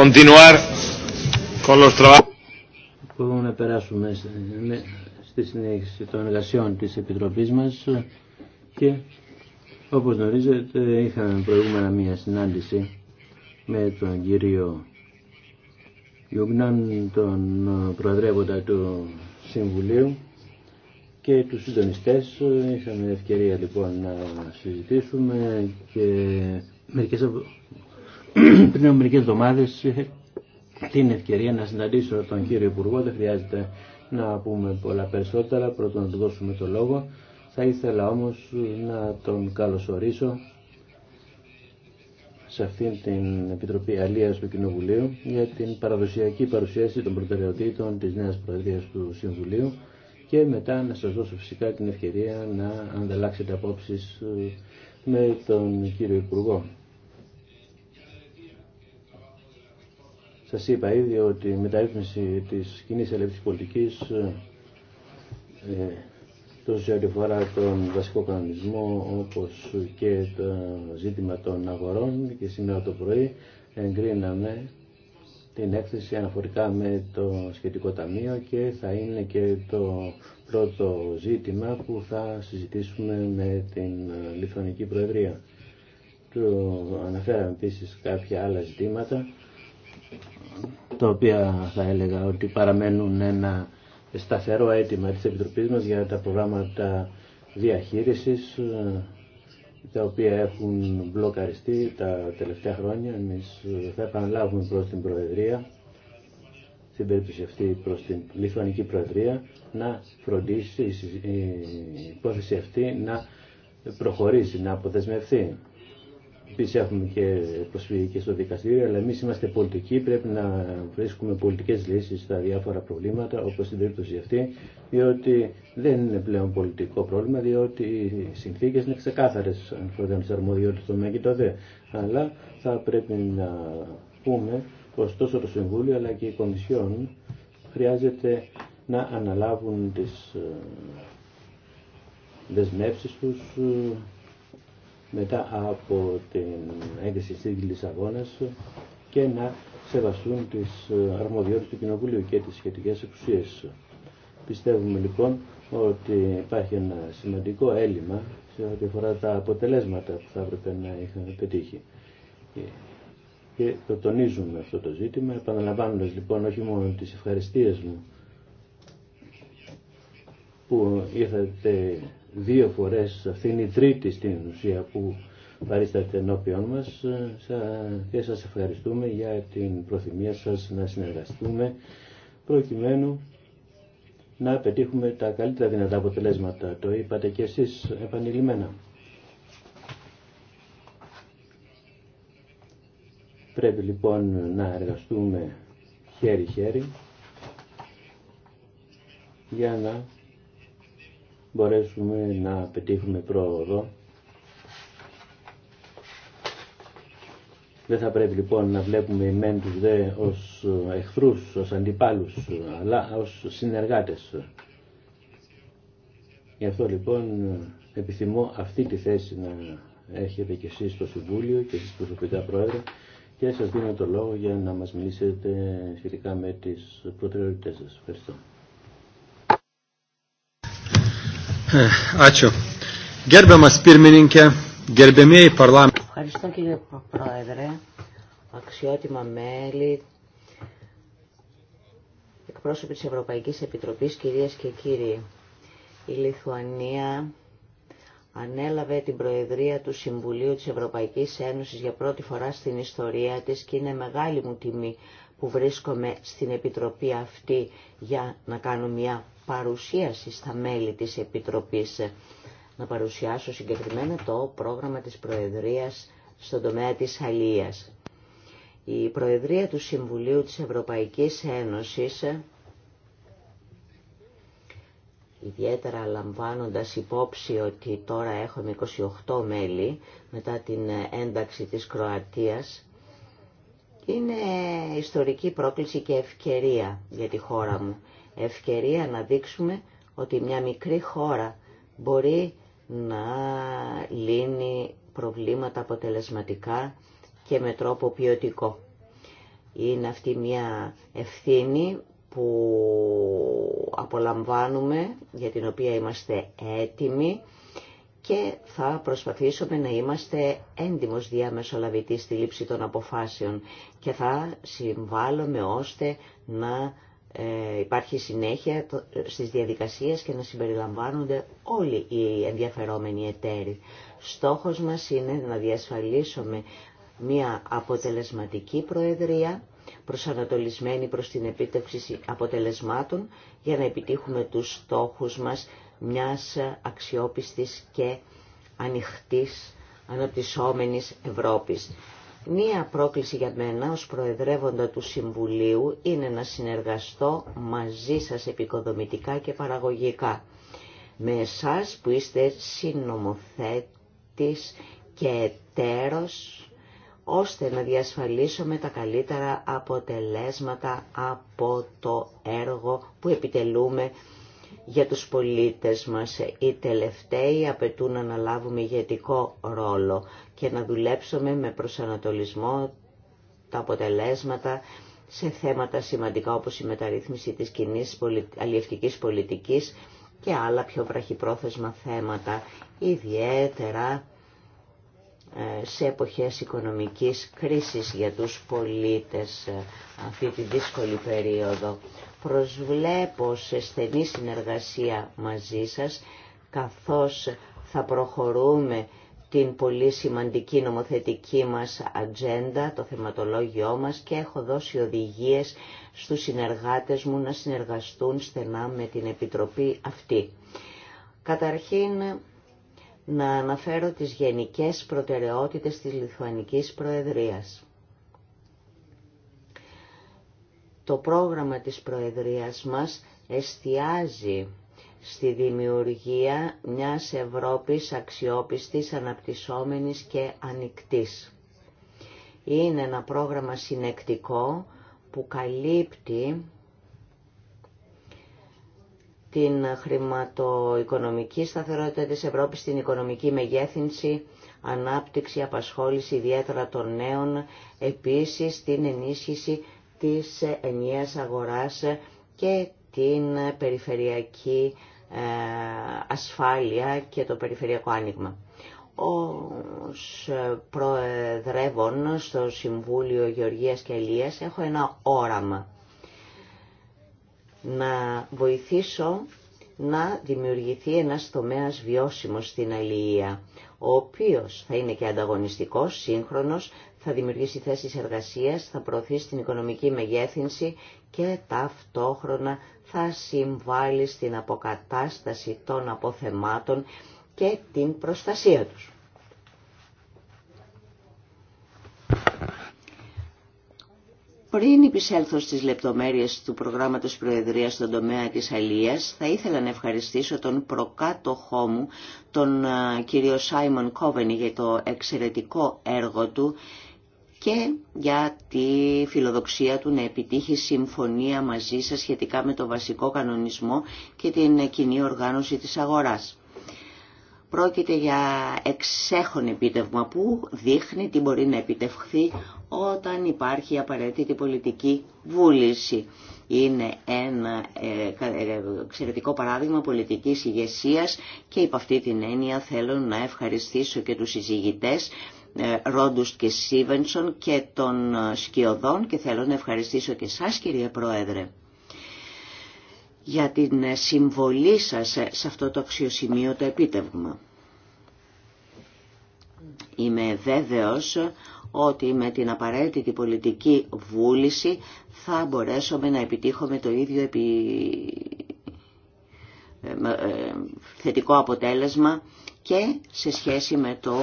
continuar con los Μπορούμε να περάσουμε στη συνέχιση των εργασιών της Επιτροπής μας και όπως γνωρίζετε είχαμε προηγούμενα μία συνάντηση με τον κύριο Γιουγνάν, τον Προεδρεύοντα του Συμβουλίου και τους συντονιστές. Είχαμε ευκαιρία λοιπόν να συζητήσουμε και μερικές πριν από μερικέ ε, την ευκαιρία να συναντήσω τον κύριο Υπουργό, δεν χρειάζεται να πούμε πολλά περισσότερα, πρώτον να του δώσουμε το λόγο. Θα ήθελα όμως ε, να τον καλωσορίσω σε αυτήν την Επιτροπή Αλία του Κοινοβουλίου για την παραδοσιακή παρουσίαση των προτεραιοτήτων της νέα Προεδρία του Συμβουλίου και μετά να σας δώσω φυσικά την ευκαιρία να ανταλλάξετε απόψεις ε, με τον κύριο Υπουργό. Σας είπα ήδη ότι η μεταρρύθμιση της κοινή ελεύθερης πολιτικής ε, τόσο ό,τι αφορά τον βασικό κανονισμό όπως και το ζήτημα των αγορών και σήμερα το πρωί εγκρίναμε την έκθεση αναφορικά με το σχετικό ταμείο και θα είναι και το πρώτο ζήτημα που θα συζητήσουμε με την Λιθουανική Προεδρία. Του αναφέραμε επίση κάποια άλλα ζητήματα τα οποία θα έλεγα ότι παραμένουν ένα σταθερό αίτημα της Επιτροπής μας για τα προγράμματα διαχείρισης τα οποία έχουν μπλοκαριστεί τα τελευταία χρόνια. Εμείς θα επαναλάβουμε προς την Προεδρία, στην περίπτωση αυτή προς την Λιθουανική Προεδρία, να φροντίσει η υπόθεση αυτή να προχωρήσει, να αποδεσμευθεί. Επίση έχουμε και προσφυγικέ στο δικαστήριο, αλλά εμεί είμαστε πολιτικοί, πρέπει να βρίσκουμε πολιτικέ λύσει στα διάφορα προβλήματα, όπω στην περίπτωση αυτή, διότι δεν είναι πλέον πολιτικό πρόβλημα, διότι οι συνθήκε είναι ξεκάθαρε αν να τι αρμοδιότητε του ΔΕ. Αλλά θα πρέπει να πούμε πω τόσο το Συμβούλιο αλλά και η Κομισιόν χρειάζεται να αναλάβουν τι ε, δεσμεύσει του ε, μετά από την έγκριση της Λισαβόνας και να σεβαστούν τις ε, αρμοδιότητες του Κοινοβουλίου και τις σχετικές εξουσίες. Πιστεύουμε λοιπόν ότι υπάρχει ένα σημαντικό έλλειμμα σε ό,τι αφορά τα αποτελέσματα που θα έπρεπε να είχαν πετύχει. Και το τονίζουμε αυτό το ζήτημα, επαναλαμβάνοντα λοιπόν όχι μόνο τις ευχαριστίες μου που ήρθατε δύο φορές, αυτή είναι η τρίτη στην ουσία που παρίσταται ενώπιον μας ε, και σας ευχαριστούμε για την προθυμία σας να συνεργαστούμε προκειμένου να πετύχουμε τα καλύτερα δυνατά αποτελέσματα. Το είπατε και εσείς επανειλημμένα. Πρέπει λοιπόν να εργαστούμε χέρι-χέρι για να μπορέσουμε να πετύχουμε πρόοδο. Δεν θα πρέπει λοιπόν να βλέπουμε οι μεν τους δε ως εχθρούς, ως αντιπάλους, αλλά ως συνεργάτες. Γι' αυτό λοιπόν επιθυμώ αυτή τη θέση να έχετε και εσείς στο Συμβούλιο και εσείς προσωπικά Πρόεδρε και σας δίνω το λόγο για να μας μιλήσετε σχετικά με τις προτεραιότητες σας. Ευχαριστώ. Ačiū. Ε, Gerbiamas pirmininkė, gerbėmėjai parlamentai. Ευχαριστώ κύριε Πρόεδρε, αξιότιμα μέλη, εκπρόσωποι της Ευρωπαϊκής Επιτροπής, κυρίες και κύριοι. Η Λιθουανία ανέλαβε την Προεδρία του Συμβουλίου της Ευρωπαϊκής Ένωσης για πρώτη φορά στην ιστορία της και είναι μεγάλη μου τιμή που βρίσκομαι στην Επιτροπή αυτή για να κάνω μια παρουσίαση στα μέλη της Επιτροπής. Να παρουσιάσω συγκεκριμένα το πρόγραμμα της Προεδρίας στον τομέα της Αλίας. Η Προεδρία του Συμβουλίου της Ευρωπαϊκής Ένωσης, ιδιαίτερα λαμβάνοντας υπόψη ότι τώρα έχουμε 28 μέλη μετά την ένταξη της Κροατίας, είναι ιστορική πρόκληση και ευκαιρία για τη χώρα μου ευκαιρία να δείξουμε ότι μια μικρή χώρα μπορεί να λύνει προβλήματα αποτελεσματικά και με τρόπο ποιοτικό. Είναι αυτή μια ευθύνη που απολαμβάνουμε, για την οποία είμαστε έτοιμοι και θα προσπαθήσουμε να είμαστε έντιμος διαμεσολαβητής στη λήψη των αποφάσεων και θα συμβάλλουμε ώστε να ε, υπάρχει συνέχεια στις διαδικασίες και να συμπεριλαμβάνονται όλοι οι ενδιαφερόμενοι εταίροι. Στόχος μας είναι να διασφαλίσουμε μια αποτελεσματική προεδρία προσανατολισμένη προς την επίτευξη αποτελεσμάτων για να επιτύχουμε τους στόχους μας μιας αξιόπιστης και ανοιχτής αναπτυσσόμενης Ευρώπης. Μία πρόκληση για μένα ως Προεδρεύοντα του Συμβουλίου είναι να συνεργαστώ μαζί σας επικοδομητικά και παραγωγικά. Με εσάς που είστε συνομοθέτης και εταίρος ώστε να διασφαλίσουμε τα καλύτερα αποτελέσματα από το έργο που επιτελούμε για τους πολίτες μας. Οι τελευταίοι απαιτούν να αναλάβουμε ηγετικό ρόλο και να δουλέψουμε με προσανατολισμό τα αποτελέσματα σε θέματα σημαντικά όπως η μεταρρύθμιση της κοινή αλλιευτικής πολιτικής και άλλα πιο βραχυπρόθεσμα θέματα, ιδιαίτερα ε, σε εποχές οικονομικής κρίσης για τους πολίτες ε, αυτή τη δύσκολη περίοδο. Προσβλέπω σε στενή συνεργασία μαζί σας, καθώς θα προχωρούμε την πολύ σημαντική νομοθετική μας ατζέντα, το θεματολόγιό μας και έχω δώσει οδηγίες στους συνεργάτες μου να συνεργαστούν στενά με την Επιτροπή αυτή. Καταρχήν, να αναφέρω τις γενικές προτεραιότητες της Λιθουανικής Προεδρίας. Το πρόγραμμα της Προεδρίας μας εστιάζει στη δημιουργία μιας Ευρώπης αξιόπιστης, αναπτυσσόμενης και ανοιχτής. Είναι ένα πρόγραμμα συνεκτικό που καλύπτει την χρηματοοικονομική σταθερότητα της Ευρώπης, την οικονομική μεγέθυνση, ανάπτυξη, απασχόληση ιδιαίτερα των νέων, επίσης την ενίσχυση της ενιαίας αγοράς και την περιφερειακή ε, ασφάλεια και το περιφερειακό άνοιγμα. Ο προεδρεύων στο Συμβούλιο Γεωργίας και Ελίας έχω ένα όραμα. Να βοηθήσω να δημιουργηθεί ένας τομέας βιώσιμος στην αλληλεία, ο οποίος θα είναι και ανταγωνιστικός, σύγχρονος, θα δημιουργήσει θέσεις εργασίας, θα προωθήσει την οικονομική μεγέθυνση και ταυτόχρονα θα συμβάλλει στην αποκατάσταση των αποθεμάτων και την προστασία τους. Πριν επισέλθω στις λεπτομέρειες του προγράμματος Προεδρίας στον τομέα της Αλίας, θα ήθελα να ευχαριστήσω τον προκάτοχό μου, τον κύριο Σάιμον Κόβενι, για το εξαιρετικό έργο του και για τη φιλοδοξία του να επιτύχει συμφωνία μαζί σας σχετικά με το βασικό κανονισμό και την κοινή οργάνωση της αγοράς. Πρόκειται για εξέχον επίτευγμα που δείχνει τι μπορεί να επιτευχθεί όταν υπάρχει απαραίτητη πολιτική βούληση. Είναι ένα ε, ε, εξαιρετικό παράδειγμα πολιτικής ηγεσίας και υπ' αυτή την έννοια θέλω να ευχαριστήσω και τους συζηγητές... Ε, Ρόντους και Σίβενσον και των ε, Σκιωδών και θέλω να ευχαριστήσω και σας κύριε Πρόεδρε για την ε, συμβολή σας σε αυτό το αξιοσημείωτο επίτευγμα. Είμαι βέβαιος ότι με την απαραίτητη πολιτική βούληση θα μπορέσουμε να επιτύχουμε το ίδιο επί... θετικό αποτέλεσμα και σε σχέση με το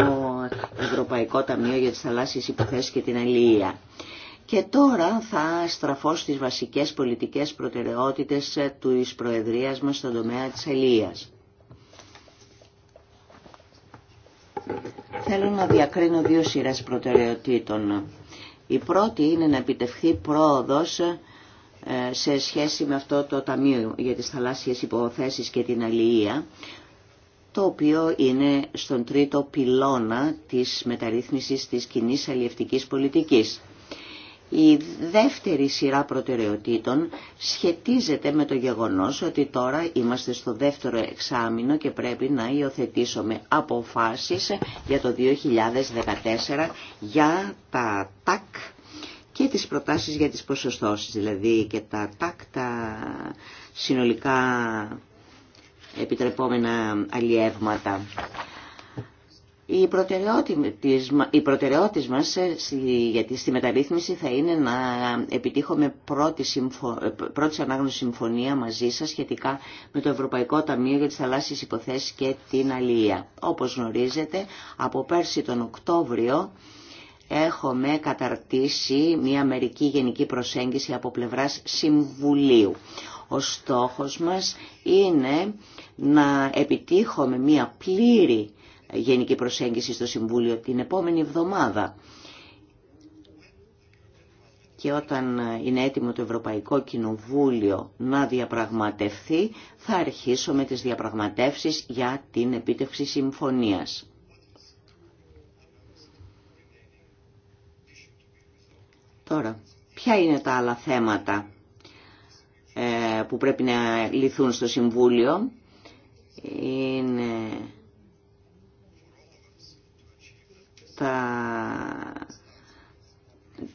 Ευρωπαϊκό Ταμείο για τις Θαλάσσιες Υποθέσεις και την Αλληλεία. Και τώρα θα στραφώ στις βασικές πολιτικές προτεραιότητες του Προεδρίας μας στον τομέα της Αλληλείας. Θέλω να διακρίνω δύο σειρές προτεραιοτήτων. Η πρώτη είναι να επιτευχθεί πρόοδος ε, σε σχέση με αυτό το Ταμείο για τις θαλάσσιες υποθέσεις και την αλληλεία, το οποίο είναι στον τρίτο πυλώνα της μεταρρύθμισης της κοινή αλλιευτικής πολιτικής. Η δεύτερη σειρά προτεραιοτήτων σχετίζεται με το γεγονός ότι τώρα είμαστε στο δεύτερο εξάμεινο και πρέπει να υιοθετήσουμε αποφάσεις για το 2014 για τα ΤΑΚ και τις προτάσεις για τις ποσοστώσεις, δηλαδή και τα ΤΑΚ, τα συνολικά επιτρεπόμενα αλλιεύματα. Η προτεραιότητα οι μας ε, γιατί στη μεταρρύθμιση θα είναι να επιτύχουμε πρώτη, συμφω... Ε, πρώτη ανάγνωση συμφωνία μαζί σας σχετικά με το Ευρωπαϊκό Ταμείο για τις Θαλάσσιες Υποθέσεις και την Αλία. Όπως γνωρίζετε, από πέρσι τον Οκτώβριο έχουμε καταρτήσει μια μερική γενική προσέγγιση από πλευράς Συμβουλίου. Ο στόχος μας είναι να επιτύχουμε μια πλήρη γενική προσέγγιση στο Συμβούλιο την επόμενη εβδομάδα. Και όταν είναι έτοιμο το Ευρωπαϊκό Κοινοβούλιο να διαπραγματευθεί, θα αρχίσουμε τις διαπραγματεύσεις για την επίτευξη συμφωνίας. Τώρα, ποια είναι τα άλλα θέματα ε, που πρέπει να λυθούν στο Συμβούλιο είναι τα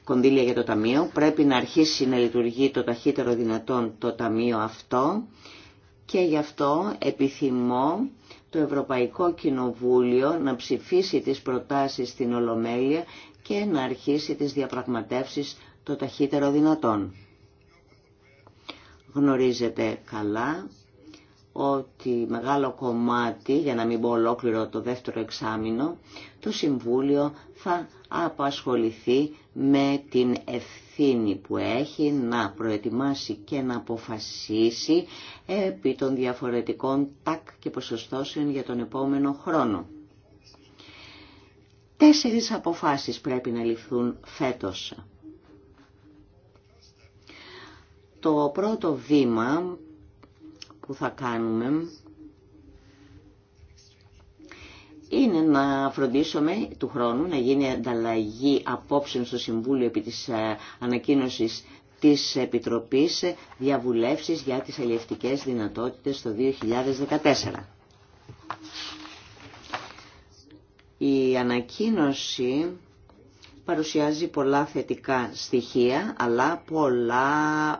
κονδύλια για το Ταμείο. Πρέπει να αρχίσει να λειτουργεί το ταχύτερο δυνατόν το Ταμείο αυτό και γι' αυτό επιθυμώ το Ευρωπαϊκό Κοινοβούλιο να ψηφίσει τις προτάσεις στην Ολομέλεια και να αρχίσει τις διαπραγματεύσεις το ταχύτερο δυνατόν. Γνωρίζετε καλά ότι μεγάλο κομμάτι, για να μην πω ολόκληρο το δεύτερο εξάμεινο, το Συμβούλιο θα απασχοληθεί με την ευθύνη που έχει να προετοιμάσει και να αποφασίσει επί των διαφορετικών τάκ και ποσοστώσεων για τον επόμενο χρόνο. Τέσσερις αποφάσεις πρέπει να ληφθούν φέτος. Το πρώτο βήμα που θα κάνουμε είναι να φροντίσουμε του χρόνου να γίνει ανταλλαγή απόψεων στο Συμβούλιο επί της ε, ανακοίνωσης της Επιτροπής Διαβουλεύσεις για τις αλληλευτικές δυνατότητες το 2014. Η ανακοίνωση παρουσιάζει πολλά θετικά στοιχεία, αλλά πολλά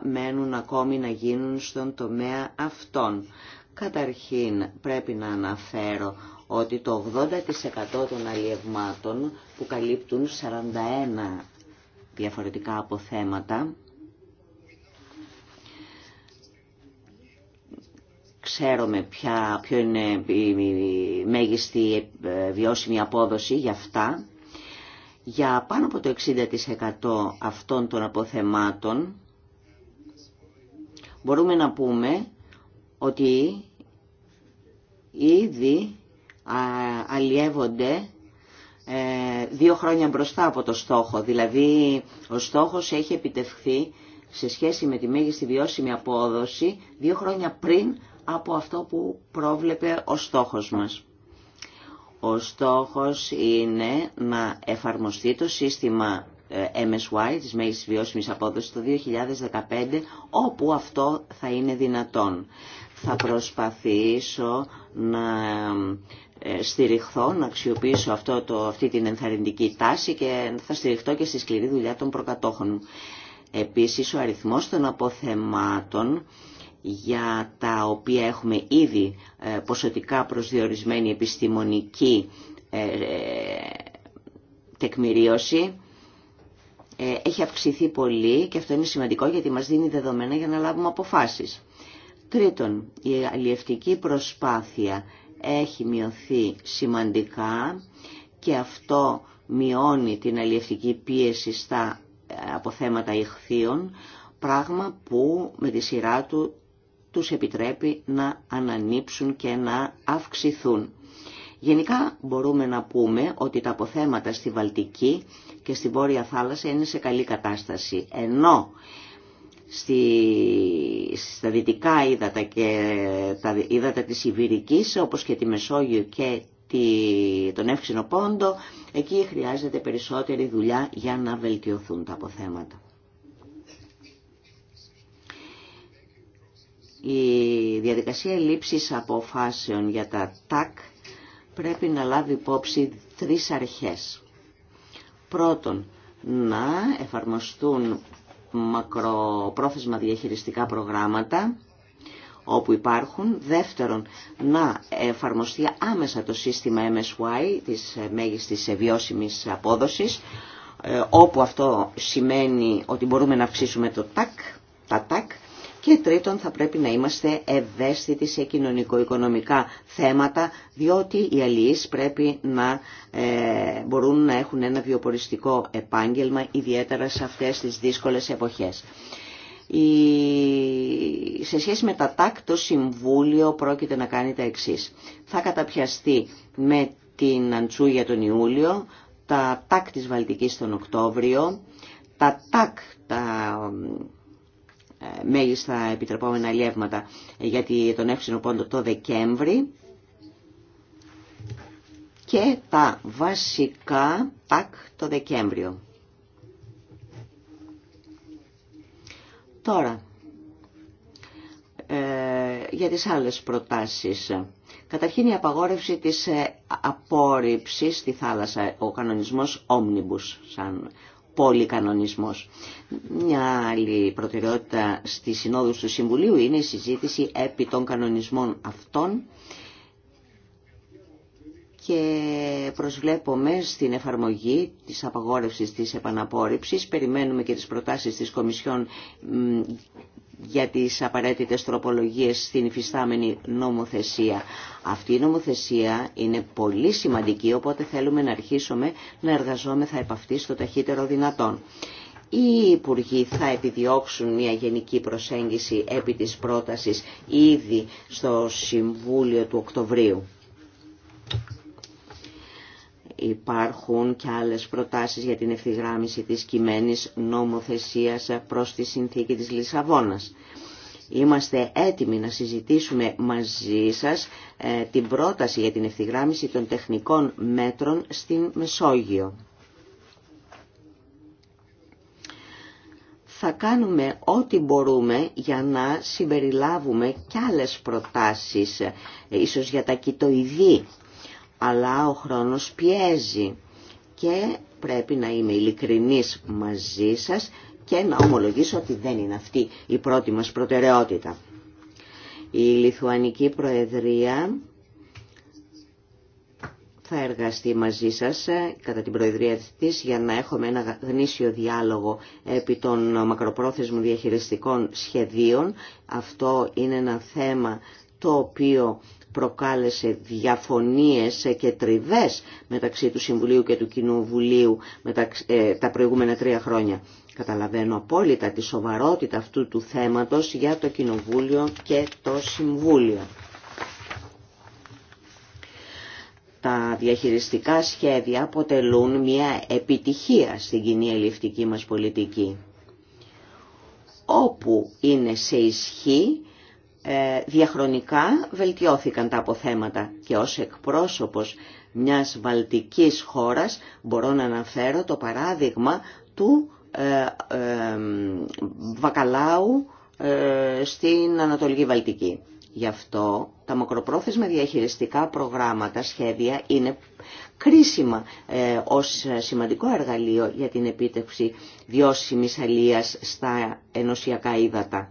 μένουν ακόμη να γίνουν στον τομέα αυτών. Καταρχήν πρέπει να αναφέρω ότι το 80% των αλλιευμάτων που καλύπτουν 41 διαφορετικά αποθέματα ξέρουμε ποια, ποιο είναι η μέγιστη ε, βιώσιμη απόδοση για αυτά για πάνω από το 60% αυτών των αποθεμάτων μπορούμε να πούμε ότι ήδη αλλιεύονται ε, δύο χρόνια μπροστά από το στόχο. Δηλαδή ο στόχος έχει επιτευχθεί σε σχέση με τη μέγιστη βιώσιμη απόδοση δύο χρόνια πριν από αυτό που πρόβλεπε ο στόχος μας. Ο στόχος είναι να εφαρμοστεί το σύστημα ε, MSY, της μέγιστης βιώσιμης απόδοσης, το 2015, όπου αυτό θα είναι δυνατόν. Θα προσπαθήσω να ε, στηριχθώ, να αξιοποιήσω αυτό το, αυτή την ενθαρρυντική τάση και θα στηριχτώ και στη σκληρή δουλειά των προκατόχων μου. Επίσης, ο αριθμός των αποθεμάτων για τα οποία έχουμε ήδη ε, ποσοτικά προσδιορισμένη επιστημονική ε, ε, τεκμηρίωση έχει αυξηθεί πολύ και αυτό είναι σημαντικό γιατί μας δίνει δεδομένα για να λάβουμε αποφάσεις. Τρίτον, η αλλιευτική προσπάθεια έχει μειωθεί σημαντικά και αυτό μειώνει την αλλιευτική πίεση στα αποθέματα ηχθείων, πράγμα που με τη σειρά του τους επιτρέπει να ανανύψουν και να αυξηθούν. Γενικά μπορούμε να πούμε ότι τα αποθέματα στη Βαλτική και στη Βόρεια Θάλασσα είναι σε καλή κατάσταση, ενώ στη, στα δυτικά ύδατα και τα ύδατα της Ιβηρικής, όπως και τη Μεσόγειο και τη, τον Εύξηνο Πόντο, εκεί χρειάζεται περισσότερη δουλειά για να βελτιωθούν τα αποθέματα. Η διαδικασία λήψης αποφάσεων για τα ΤΑΚ πρέπει να λάβει υπόψη τρεις αρχές. Πρώτον, να εφαρμοστούν μακροπρόθεσμα διαχειριστικά προγράμματα όπου υπάρχουν. Δεύτερον, να εφαρμοστεί άμεσα το σύστημα MSY της μέγιστης βιώσιμης απόδοσης ε, όπου αυτό σημαίνει ότι μπορούμε να αυξήσουμε το ΤΑΚ, τα ΤΑΚ και τρίτον, θα πρέπει να είμαστε ευαίσθητοι σε κοινωνικο-οικονομικά θέματα, διότι οι αλληλείς πρέπει να ε, μπορούν να έχουν ένα βιοποριστικό επάγγελμα, ιδιαίτερα σε αυτές τις δύσκολες εποχές. Η... Σε σχέση με τα τάκ, το Συμβούλιο πρόκειται να κάνει τα εξής. Θα καταπιαστεί με την Αντσούγια τον Ιούλιο, τα τάκ της Βαλτικής τον Οκτώβριο, τα τάκ, τα ε, μέγιστα επιτρεπόμενα λεύματα για τον εύξηνο πόντο το Δεκέμβρη και τα βασικά ΠΑΚ το Δεκέμβριο. Τώρα, ε, για τις άλλες προτάσεις. Καταρχήν η απαγόρευση της ε, απόρριψης στη θάλασσα, ο κανονισμός Omnibus, σαν πολυκανονισμός. Μια άλλη προτεραιότητα στη συνόδους του Συμβουλίου είναι η συζήτηση επί των κανονισμών αυτών και προσβλέπουμε στην εφαρμογή της απαγόρευσης της επαναπόρριψης. Περιμένουμε και τις προτάσεις της Κομισιόν για τις απαραίτητες τροπολογίες στην υφιστάμενη νομοθεσία. Αυτή η νομοθεσία είναι πολύ σημαντική, οπότε θέλουμε να αρχίσουμε να εργαζόμεθα επ' αυτή στο ταχύτερο δυνατόν. Οι Υπουργοί θα επιδιώξουν μια γενική προσέγγιση επί της πρότασης ήδη στο Συμβούλιο του Οκτωβρίου υπάρχουν και άλλες προτάσεις για την ευθυγράμμιση της κειμένης νομοθεσίας προς τη συνθήκη της Λισαβόνας. Είμαστε έτοιμοι να συζητήσουμε μαζί σας ε, την πρόταση για την ευθυγράμμιση των τεχνικών μέτρων στην Μεσόγειο. Θα κάνουμε ό,τι μπορούμε για να συμπεριλάβουμε και άλλες προτάσεις, ε, ίσως για τα κοιτοειδή αλλά ο χρόνος πιέζει και πρέπει να είμαι ειλικρινής μαζί σας και να ομολογήσω ότι δεν είναι αυτή η πρώτη μας προτεραιότητα. Η Λιθουανική Προεδρία θα εργαστεί μαζί σας ε, κατά την Προεδρία της για να έχουμε ένα γνήσιο διάλογο επί των μακροπρόθεσμων διαχειριστικών σχεδίων. Αυτό είναι ένα θέμα το οποίο προκάλεσε διαφωνίες και τριβές μεταξύ του Συμβουλίου και του Κοινοβουλίου ε, τα προηγούμενα τρία χρόνια. Καταλαβαίνω απόλυτα τη σοβαρότητα αυτού του θέματος για το Κοινοβούλιο και το Συμβούλιο. Τα διαχειριστικά σχέδια αποτελούν μια επιτυχία στην κοινή ελληνική μας πολιτική. Όπου είναι σε ισχύ ε, διαχρονικά βελτιώθηκαν τα αποθέματα και ως εκπρόσωπος μιας βαλτικής χώρας μπορώ να αναφέρω το παράδειγμα του ε, ε, βακαλάου στην Ανατολική Βαλτική. Γι' αυτό τα μακροπρόθεσμα διαχειριστικά προγράμματα, σχέδια είναι κρίσιμα ε, ως σημαντικό εργαλείο για την επίτευξη βιώσιμης αλίας στα ενωσιακά ύδατα.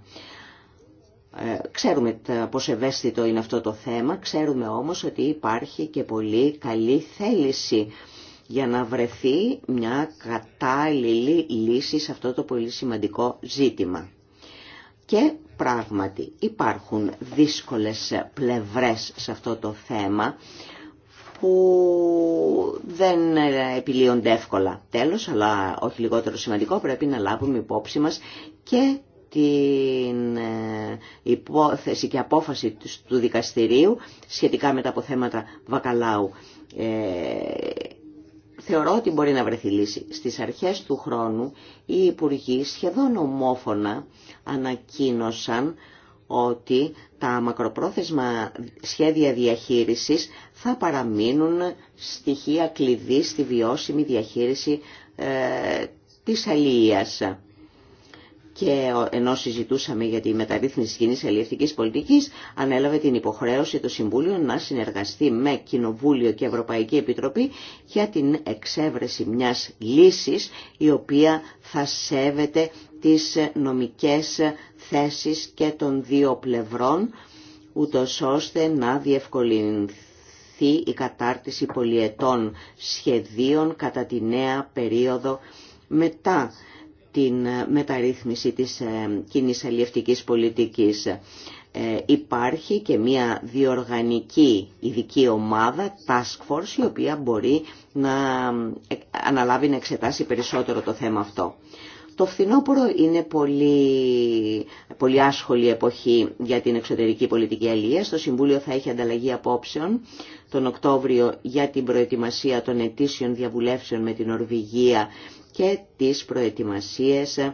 Ε, ξέρουμε πόσο ευαίσθητο είναι αυτό το θέμα, ξέρουμε όμως ότι υπάρχει και πολύ καλή θέληση για να βρεθεί μια κατάλληλη λύση σε αυτό το πολύ σημαντικό ζήτημα. Και πράγματι υπάρχουν δύσκολες πλευρές σε αυτό το θέμα που δεν επιλύονται εύκολα. Τέλος, αλλά όχι λιγότερο σημαντικό, πρέπει να λάβουμε υπόψη μας και την ε, υπόθεση και απόφαση του δικαστηρίου σχετικά με τα αποθέματα Βακαλάου. Ε, θεωρώ ότι μπορεί να βρεθεί λύση. Στις αρχές του χρόνου οι υπουργοί σχεδόν ομόφωνα ανακοίνωσαν ότι τα μακροπρόθεσμα σχέδια διαχείρισης θα παραμείνουν στοιχεία κλειδί στη βιώσιμη διαχείριση ε, της αλληλίας και ενώ συζητούσαμε για τη μεταρρύθμιση κοινή αλληλευτικής πολιτικής, ανέλαβε την υποχρέωση το Συμβούλιο να συνεργαστεί με Κοινοβούλιο και Ευρωπαϊκή Επιτροπή για την εξέβρεση μιας λύσης η οποία θα σέβεται τις νομικές θέσεις και των δύο πλευρών, ούτω ώστε να διευκολυνθεί η κατάρτιση πολιετών σχεδίων κατά τη νέα περίοδο μετά την μεταρρύθμιση της ε, κοινή αλληλευτικής πολιτικής. Ε, υπάρχει και μια διοργανική ειδική ομάδα, task force, η οποία μπορεί να ε, αναλάβει να εξετάσει περισσότερο το θέμα αυτό. Το φθινόπωρο είναι πολύ, πολύ άσχολη εποχή για την εξωτερική πολιτική αλληλεία. Στο Συμβούλιο θα έχει ανταλλαγή απόψεων τον Οκτώβριο για την προετοιμασία των ετήσιων διαβουλεύσεων με την Ορβηγία και τις προετοιμασίες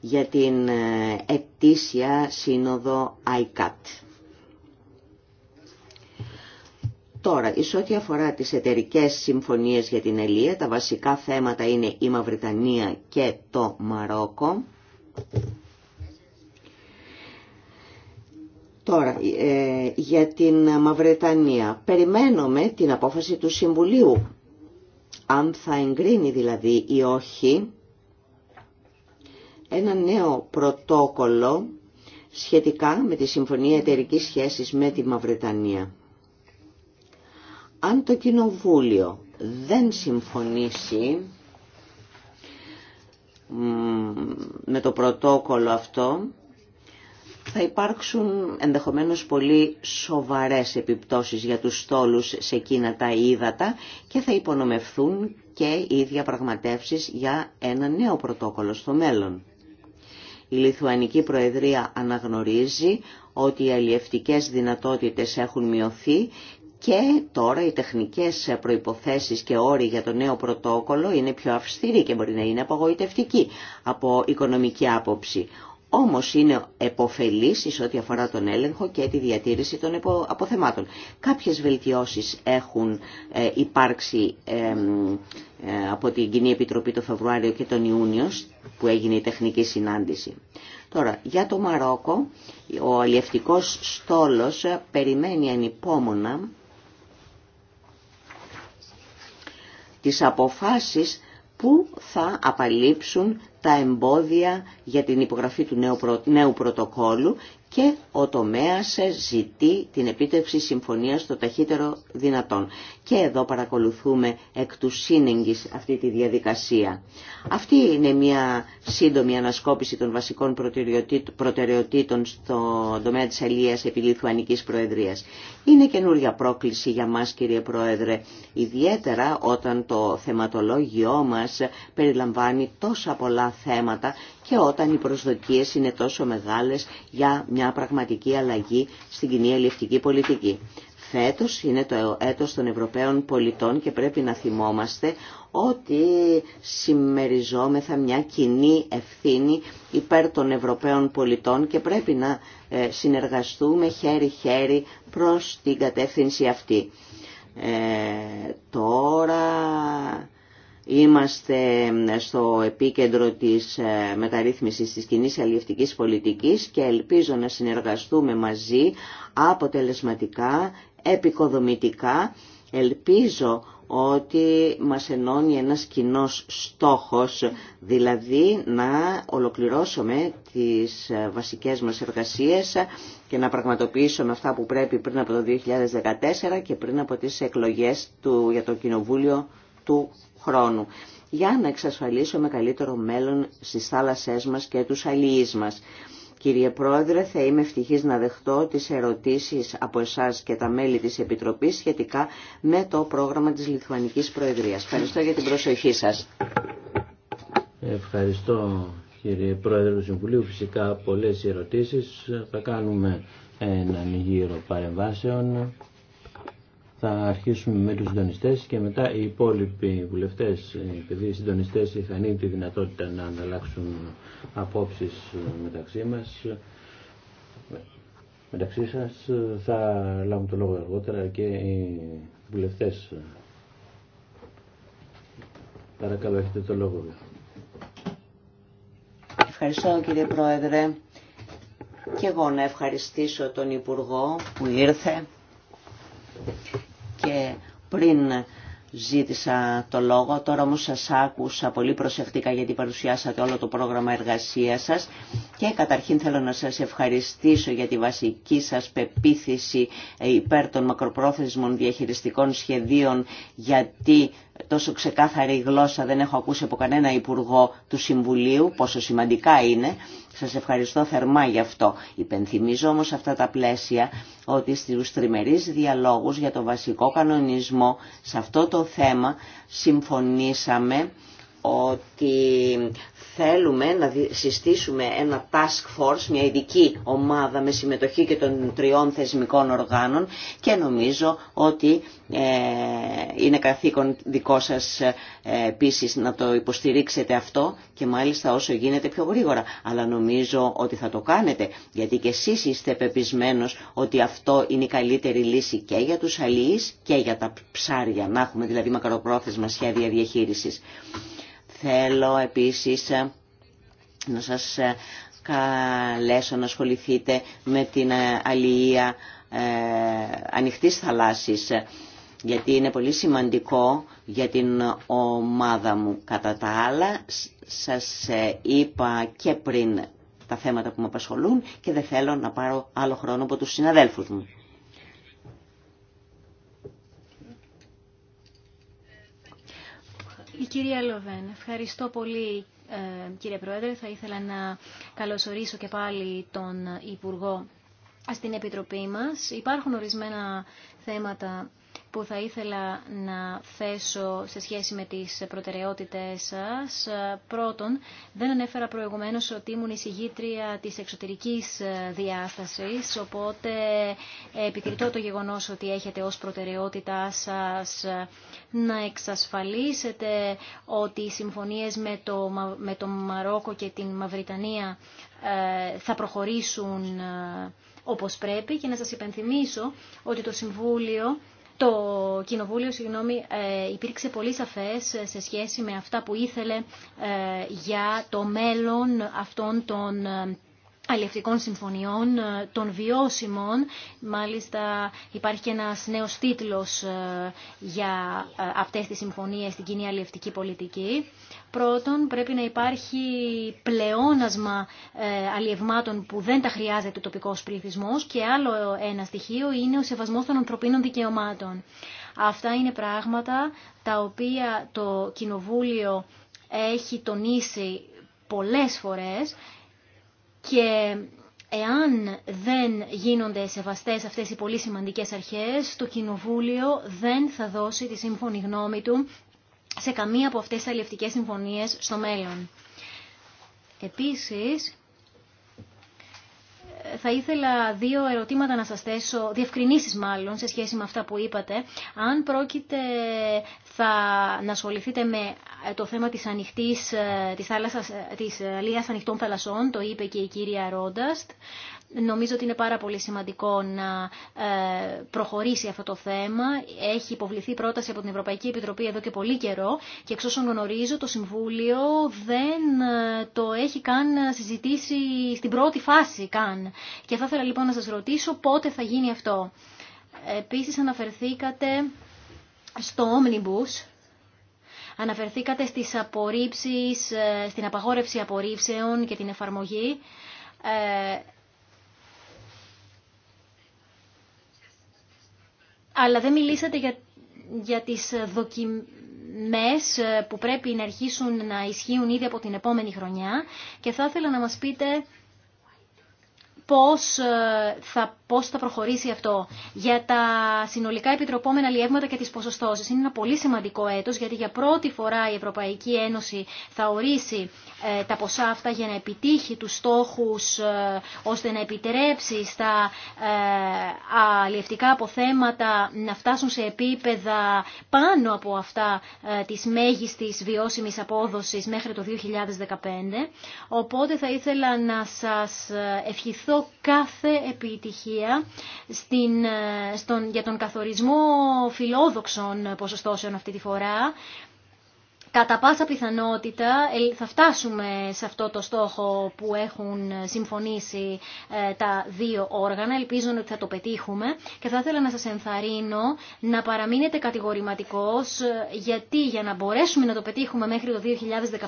για την ε, ετήσια σύνοδο ICAT. Τώρα, εις ό,τι αφορά τις εταιρικές συμφωνίες για την Ελία, τα βασικά θέματα είναι η Μαυριτανία και το Μαρόκο. Τώρα, ε, για την Μαυρετανία. Περιμένουμε την απόφαση του Συμβουλίου αν θα εγκρίνει δηλαδή ή όχι ένα νέο πρωτόκολλο σχετικά με τη Συμφωνία Εταιρικής Σχέσης με τη Μαυρετανία. Αν το Κοινοβούλιο δεν συμφωνήσει με το πρωτόκολλο αυτό, θα υπάρξουν ενδεχομένως πολύ σοβαρές επιπτώσεις για τους στόλους σε εκείνα τα ύδατα και θα υπονομευθούν και οι διαπραγματεύσεις για ένα νέο πρωτόκολλο στο μέλλον. Η Λιθουανική Προεδρία αναγνωρίζει ότι οι αλλιευτικές δυνατότητες έχουν μειωθεί και τώρα οι τεχνικές προϋποθέσεις και όροι για το νέο πρωτόκολλο είναι πιο αυστηροί και μπορεί να είναι απογοητευτικοί από οικονομική άποψη όμως είναι εποφελής ό,τι αφορά τον έλεγχο και τη διατήρηση των αποθεμάτων. Κάποιες βελτιώσεις έχουν ε, υπάρξει ε, από την Κοινή Επιτροπή το Φεβρουάριο και τον Ιούνιο που έγινε η τεχνική συνάντηση. Τώρα, για το Μαρόκο, ο αλλιευτικός στόλος ε, περιμένει ανυπόμονα τις αποφάσεις που θα απαλείψουν τα εμπόδια για την υπογραφή του νέου πρωτοκόλλου και ο τομέας ζητεί την επίτευξη συμφωνίας το ταχύτερο δυνατόν. Και εδώ παρακολουθούμε εκ του σύνεγγυς αυτή τη διαδικασία. Αυτή είναι μια σύντομη ανασκόπηση των βασικών προτεραιοτήτων στον τομέα της Αλίας επί Λιθουανικής Προεδρίας. Είναι καινούρια πρόκληση για μας κύριε Πρόεδρε, ιδιαίτερα όταν το θεματολόγιο μας περιλαμβάνει τόσα πολλά θέματα και όταν οι προσδοκίες είναι τόσο μεγάλες για μια πραγματική αλλαγή στην κοινή ελληνική πολιτική. Φέτος είναι το έτος των Ευρωπαίων πολιτών και πρέπει να θυμόμαστε ότι συμμεριζόμεθα μια κοινή ευθύνη υπέρ των Ευρωπαίων πολιτών και πρέπει να ε, συνεργαστούμε χέρι-χέρι προς την κατεύθυνση αυτή. Ε, τώρα Είμαστε στο επίκεντρο της ε, μεταρρύθμισης της κοινή αλληλευτικής πολιτικής και ελπίζω να συνεργαστούμε μαζί αποτελεσματικά, επικοδομητικά. Ελπίζω ότι μας ενώνει ένας κοινός στόχος, δηλαδή να ολοκληρώσουμε τις ε, βασικές μας εργασίες και να πραγματοποιήσουμε αυτά που πρέπει πριν από το 2014 και πριν από τις εκλογές του, για το Κοινοβούλιο του χρόνου για να εξασφαλίσουμε καλύτερο μέλλον στις θάλασσές μας και τους αλληλείς μας. Κύριε Πρόεδρε, θα είμαι ευτυχής να δεχτώ τις ερωτήσεις από εσάς και τα μέλη της Επιτροπής σχετικά με το πρόγραμμα της Λιθουανικής Προεδρίας. Ευχαριστώ για την προσοχή σας. Ευχαριστώ κύριε Πρόεδρε του Συμβουλίου. Φυσικά πολλές ερωτήσεις. Θα κάνουμε έναν γύρο παρεμβάσεων θα αρχίσουμε με τους συντονιστές και μετά οι υπόλοιποι βουλευτές, επειδή οι συντονιστές είχαν ήδη τη δυνατότητα να ανταλλάξουν απόψεις μεταξύ μας, μεταξύ σας θα λάβουν το λόγο αργότερα και οι βουλευτές. Παρακαλώ, έχετε το λόγο. Ευχαριστώ κύριε Πρόεδρε. Και εγώ να ευχαριστήσω τον Υπουργό που ήρθε και πριν ζήτησα το λόγο. Τώρα όμως σας άκουσα πολύ προσεκτικά γιατί παρουσιάσατε όλο το πρόγραμμα εργασίας σας και καταρχήν θέλω να σας ευχαριστήσω για τη βασική σας πεποίθηση υπέρ των μακροπρόθεσμων διαχειριστικών σχεδίων γιατί τόσο ξεκάθαρη γλώσσα δεν έχω ακούσει από κανένα υπουργό του Συμβουλίου πόσο σημαντικά είναι σας ευχαριστώ θερμά γι' αυτό. Υπενθυμίζω όμως αυτά τα πλαίσια ότι στους τριμερείς διαλόγους για το βασικό κανονισμό σε αυτό το θέμα συμφωνήσαμε ότι θέλουμε να συστήσουμε ένα task force, μια ειδική ομάδα με συμμετοχή και των τριών θεσμικών οργάνων και νομίζω ότι ε, είναι καθήκον δικό σας ε, επίση να το υποστηρίξετε αυτό και μάλιστα όσο γίνεται πιο γρήγορα. Αλλά νομίζω ότι θα το κάνετε γιατί και εσείς είστε πεπισμένος ότι αυτό είναι η καλύτερη λύση και για τους αλληλείς και για τα ψάρια. Να έχουμε δηλαδή μακροπρόθεσμα σχέδια διαχείρισης. Θέλω επίσης να σας καλέσω να ασχοληθείτε με την αλληλεία ε, ανοιχτής θαλάσσης γιατί είναι πολύ σημαντικό για την ομάδα μου. Κατά τα άλλα, σας ε, είπα και πριν τα θέματα που με απασχολούν και δεν θέλω να πάρω άλλο χρόνο από τους συναδέλφους μου. Η κυρία Λοβέν, ευχαριστώ πολύ ε, κύριε Πρόεδρε. Θα ήθελα να καλωσορίσω και πάλι τον Υπουργό στην Επιτροπή μας. Υπάρχουν ορισμένα θέματα που θα ήθελα να θέσω σε σχέση με τις προτεραιότητες σας. Πρώτον, δεν ανέφερα προηγουμένως ότι ήμουν εισηγήτρια της εξωτερικής διάστασης, οπότε επικριτώ το γεγονός ότι έχετε ως προτεραιότητά σας να εξασφαλίσετε ότι οι συμφωνίες με το, με το Μαρόκο και την Μαυριτανία ε, θα προχωρήσουν ε, όπως πρέπει και να σας υπενθυμίσω ότι το Συμβούλιο το Κοινοβούλιο συγγνώμη, ε, υπήρξε πολύ σαφές σε σχέση με αυτά που ήθελε ε, για το μέλλον αυτών των ε, αλληλευτικών συμφωνιών ε, των βιώσιμων. Μάλιστα υπάρχει και ένας νέος τίτλος ε, για ε, αυτές τις συμφωνίες στην κοινή αλληλευτική πολιτική. Πρώτον, πρέπει να υπάρχει πλεόνασμα αλλιευμάτων που δεν τα χρειάζεται ο τοπικός πληθυσμό και άλλο ένα στοιχείο είναι ο σεβασμός των ανθρωπίνων δικαιωμάτων. Αυτά είναι πράγματα τα οποία το Κοινοβούλιο έχει τονίσει πολλές φορές και εάν δεν γίνονται σεβαστές αυτές οι πολύ σημαντικές αρχές, το Κοινοβούλιο δεν θα δώσει τη σύμφωνη γνώμη του σε καμία από αυτές τις αλληλευτικές συμφωνίες στο μέλλον. Επίσης, θα ήθελα δύο ερωτήματα να σας θέσω, διευκρινήσεις μάλλον, σε σχέση με αυτά που είπατε. Αν πρόκειται θα να ασχοληθείτε με ε, το θέμα της ανοιχτής, ε, της, θάλασσας, ε, της ανοιχτών θαλασσών, το είπε και η κυρία Ρόνταστ. Νομίζω ότι είναι πάρα πολύ σημαντικό να προχωρήσει αυτό το θέμα. Έχει υποβληθεί πρόταση από την Ευρωπαϊκή Επιτροπή εδώ και πολύ καιρό και εξ όσων γνωρίζω το Συμβούλιο δεν το έχει καν συζητήσει στην πρώτη φάση καν. Και θα ήθελα λοιπόν να σας ρωτήσω πότε θα γίνει αυτό. Επίσης αναφερθήκατε στο Omnibus, Αναφερθήκατε στις απορρίψεις, ε, στην απαγόρευση απορρίψεων και την εφαρμογή. Ε, αλλά δεν μιλήσατε για, για τις δοκιμές ε, που πρέπει να αρχίσουν να ισχύουν ήδη από την επόμενη χρονιά και θα ήθελα να μας πείτε πώς ε, θα, πώς θα προχωρήσει αυτό. Για τα συνολικά επιτροπόμενα λιεύματα και τις ποσοστώσεις. Είναι ένα πολύ σημαντικό έτος γιατί για πρώτη φορά η Ευρωπαϊκή Ένωση θα ορίσει ε, τα ποσά αυτά για να επιτύχει τους στόχους ε, ώστε να επιτρέψει στα ε, αλλιευτικά αποθέματα να φτάσουν σε επίπεδα πάνω από αυτά ε, της μέγιστης βιώσιμης απόδοσης μέχρι το 2015. Οπότε θα ήθελα να σας ευχηθώ κάθε επιτυχία στην, ε, στον, για τον καθορισμό φιλόδοξων ποσοστώσεων αυτή τη φορά. Κατά πάσα πιθανότητα ε, θα φτάσουμε σε αυτό το στόχο που έχουν συμφωνήσει ε, τα δύο όργανα. Ελπίζω ότι θα το πετύχουμε και θα ήθελα να σας ενθαρρύνω να παραμείνετε κατηγορηματικός γιατί για να μπορέσουμε να το πετύχουμε μέχρι το 2015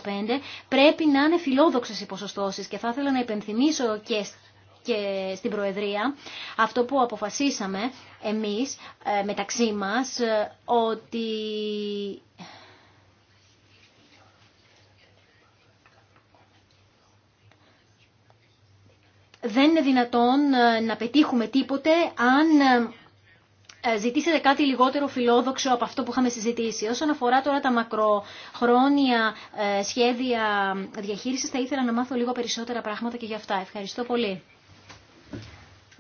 πρέπει να είναι φιλόδοξες οι ποσοστώσεις και θα ήθελα να υπενθυμίσω και και στην Προεδρία αυτό που αποφασίσαμε εμείς ε, μεταξύ μας ε, ότι δεν είναι δυνατόν ε, να πετύχουμε τίποτε αν ζητήσετε κάτι λιγότερο φιλόδοξο από αυτό που είχαμε συζητήσει. Όσον αφορά τώρα τα μακροχρόνια σχέδια διαχείρισης, θα ήθελα να μάθω λίγο περισσότερα πράγματα και για αυτά. Ευχαριστώ πολύ.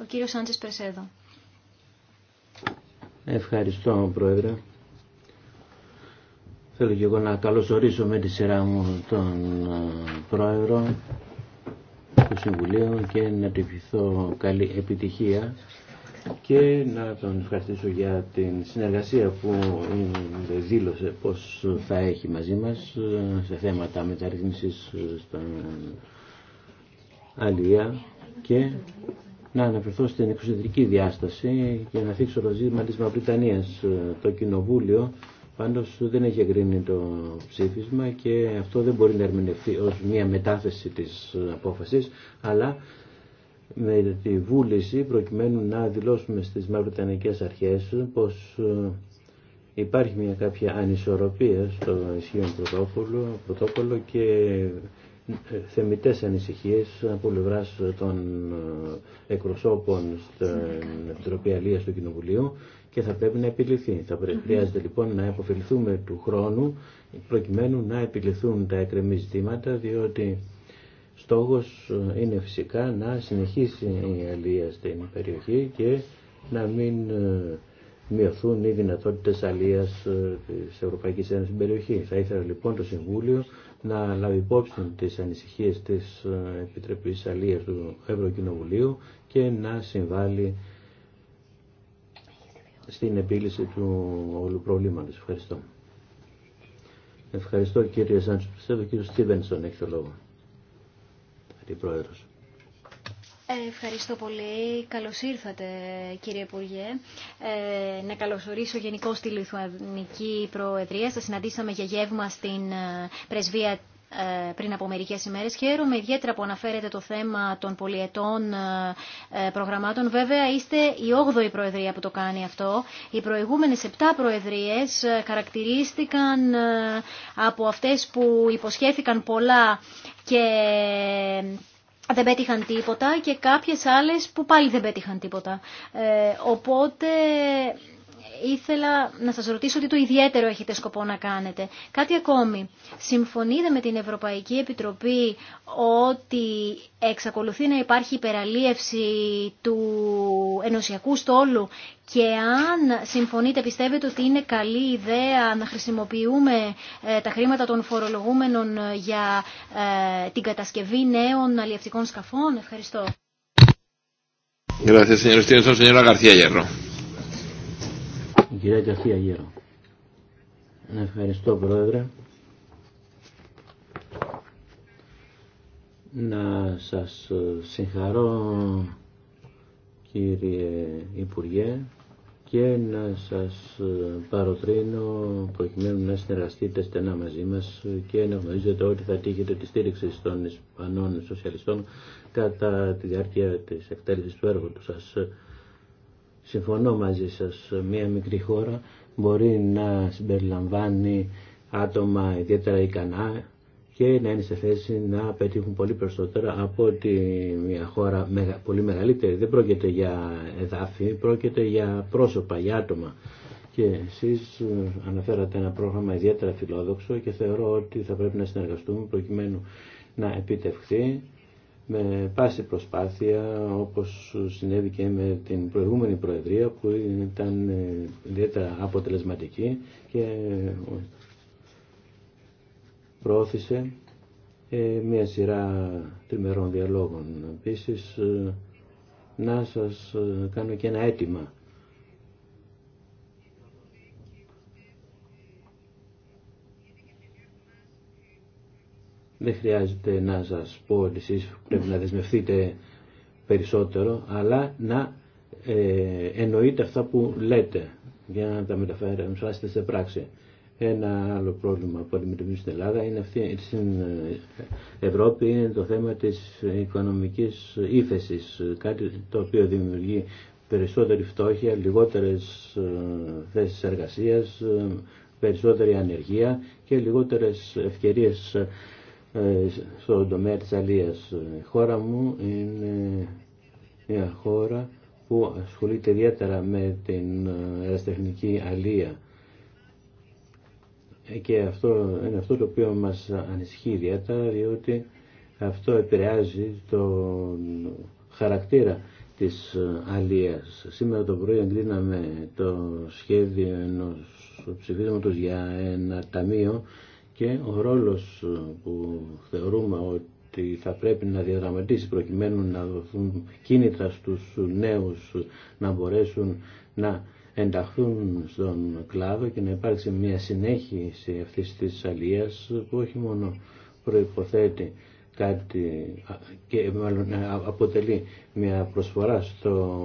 Ο κύριο Σάντζε Περσέδο. Ευχαριστώ, Πρόεδρε. Θέλω και εγώ να καλωσορίσω με τη σειρά μου τον ε, Πρόεδρο του Συμβουλίου και να του ευχηθώ καλή επιτυχία και να τον ευχαριστήσω για την συνεργασία που δήλωσε πως θα έχει μαζί μας ε, σε θέματα μεταρρύθμισης στον Αλία και να αναφερθώ στην εξωτερική διάσταση και να θίξω το ζήτημα της Μαυριτανίας. Το Κοινοβούλιο πάντως δεν έχει εγκρίνει το ψήφισμα και αυτό δεν μπορεί να ερμηνευτεί ως μια μετάθεση της απόφασης, αλλά με τη βούληση προκειμένου να δηλώσουμε στις μαυριτανικές αρχές πως ε, υπάρχει μια κάποια ανισορροπία στο ισχύον πρωτόκολλο, πρωτόκολλο και θεμητές ανησυχίες από πλευρά των ε, εκπροσώπων στην Επιτροπή Αλίας του Κοινοβουλίου και θα πρέπει να επιληθεί. Θα πρέπει, χρειάζεται λοιπόν να αποφεληθούμε του χρόνου προκειμένου να επιληθούν τα εκρεμή ζητήματα διότι στόχος ε, είναι φυσικά να συνεχίσει η αλία στην περιοχή και να μην ε, μειωθούν οι δυνατότητες αλίας της Ευρωπαϊκής Ένωσης στην περιοχή. Θα ήθελα λοιπόν το Συμβούλιο να λάβει υπόψη τις ανησυχίες της ε, Επιτροπής Αλίας του Ευρωκοινοβουλίου και να συμβάλλει στην επίλυση του όλου προβλήματος. Ευχαριστώ. Ευχαριστώ κύριε Σάντσο Πιστεύω. Κύριο Στίβενσον έχει το λόγο. Αντιπρόεδρος. Ε, ευχαριστώ πολύ. Καλώς ήρθατε κύριε Υπουργέ. Ε, να καλωσορίσω γενικώ τη Λιθουανική Προεδρία. Σας συναντήσαμε για γεύμα στην ε, πρεσβεία ε, πριν από μερικέ ημέρε. Χαίρομαι ιδιαίτερα που αναφέρετε το θέμα των πολιετών προγραμμάτων. Βέβαια, είστε η 8η Προεδρία που το κάνει αυτό. Οι προηγούμενε 7 Προεδρίε χαρακτηρίστηκαν από αυτέ που υποσχέθηκαν πολλά και δεν πέτυχαν τίποτα και κάποιες άλλες που πάλι δεν πέτυχαν τίποτα. Ε, οπότε ήθελα να σας ρωτήσω τι το ιδιαίτερο έχετε σκοπό να κάνετε. Κάτι ακόμη. Συμφωνείτε με την Ευρωπαϊκή Επιτροπή ότι εξακολουθεί να υπάρχει υπεραλίευση του ενωσιακού στόλου και αν συμφωνείτε πιστεύετε ότι είναι καλή ιδέα να χρησιμοποιούμε ε, τα χρήματα των φορολογούμενων για ε, την κατασκευή νέων αλλιευτικών σκαφών. Ευχαριστώ. Gracias, señor Señora García κυρία Γέρο. Ευχαριστώ Πρόεδρε. Να σας συγχαρώ κύριε Υπουργέ και να σας παροτρύνω προκειμένου να συνεργαστείτε στενά μαζί μας και να γνωρίζετε ότι θα τύχετε τη στήριξη των Ισπανών Σοσιαλιστών κατά τη διάρκεια της εκτέλεσης του έργου του σας. Συμφωνώ μαζί σας, μια μικρή χώρα μπορεί να συμπεριλαμβάνει άτομα ιδιαίτερα ικανά και να είναι σε θέση να πετύχουν πολύ περισσότερα από ότι μια χώρα πολύ μεγαλύτερη. Δεν πρόκειται για εδάφη, πρόκειται για πρόσωπα, για άτομα. Και εσείς ε, αναφέρατε ένα πρόγραμμα ιδιαίτερα φιλόδοξο και θεωρώ ότι θα πρέπει να συνεργαστούμε προκειμένου να επιτευχθεί με πάση προσπάθεια όπως συνέβη και με την προηγούμενη Προεδρία που ήταν ε, ιδιαίτερα αποτελεσματική και ε, προώθησε ε, μια σειρά τριμερών διαλόγων. Επίσης να σας κάνω και ένα αίτημα Δεν χρειάζεται να σας πω εσείς πρέπει να δεσμευτείτε περισσότερο, αλλά να ε, εννοείτε αυτά που λέτε για να τα μεταφέρετε σε πράξη. Ένα άλλο πρόβλημα που αντιμετωπίζει στην Ελλάδα είναι αυτή, στην ε, Ευρώπη είναι το θέμα της οικονομικής ύφεση, κάτι το οποίο δημιουργεί περισσότερη φτώχεια, λιγότερες ε, θέσεις εργασίας, ε, περισσότερη ανεργία και λιγότερες ευκαιρίες ε, στον τομέα της αλίας. Η χώρα μου είναι μια χώρα που ασχολείται ιδιαίτερα με την ε, αεραστεχνική αλία και αυτό είναι αυτό το οποίο μας ανισχύει ιδιαίτερα διότι αυτό επηρεάζει τον χαρακτήρα της ε, αλίας. Σήμερα το πρωί εγκρίναμε το σχέδιο ενός ψηφίσματος για ένα ταμείο και ο ρόλος ε, που θεωρούμε ότι θα πρέπει να διαδραματίσει προκειμένου να δοθούν κίνητρα στους νέους να μπορέσουν να ενταχθούν στον κλάδο και να υπάρξει μια συνέχιση αυτής της αλίας που όχι μόνο προϋποθέτει κάτι και μάλλον ε, αποτελεί μια προσφορά στο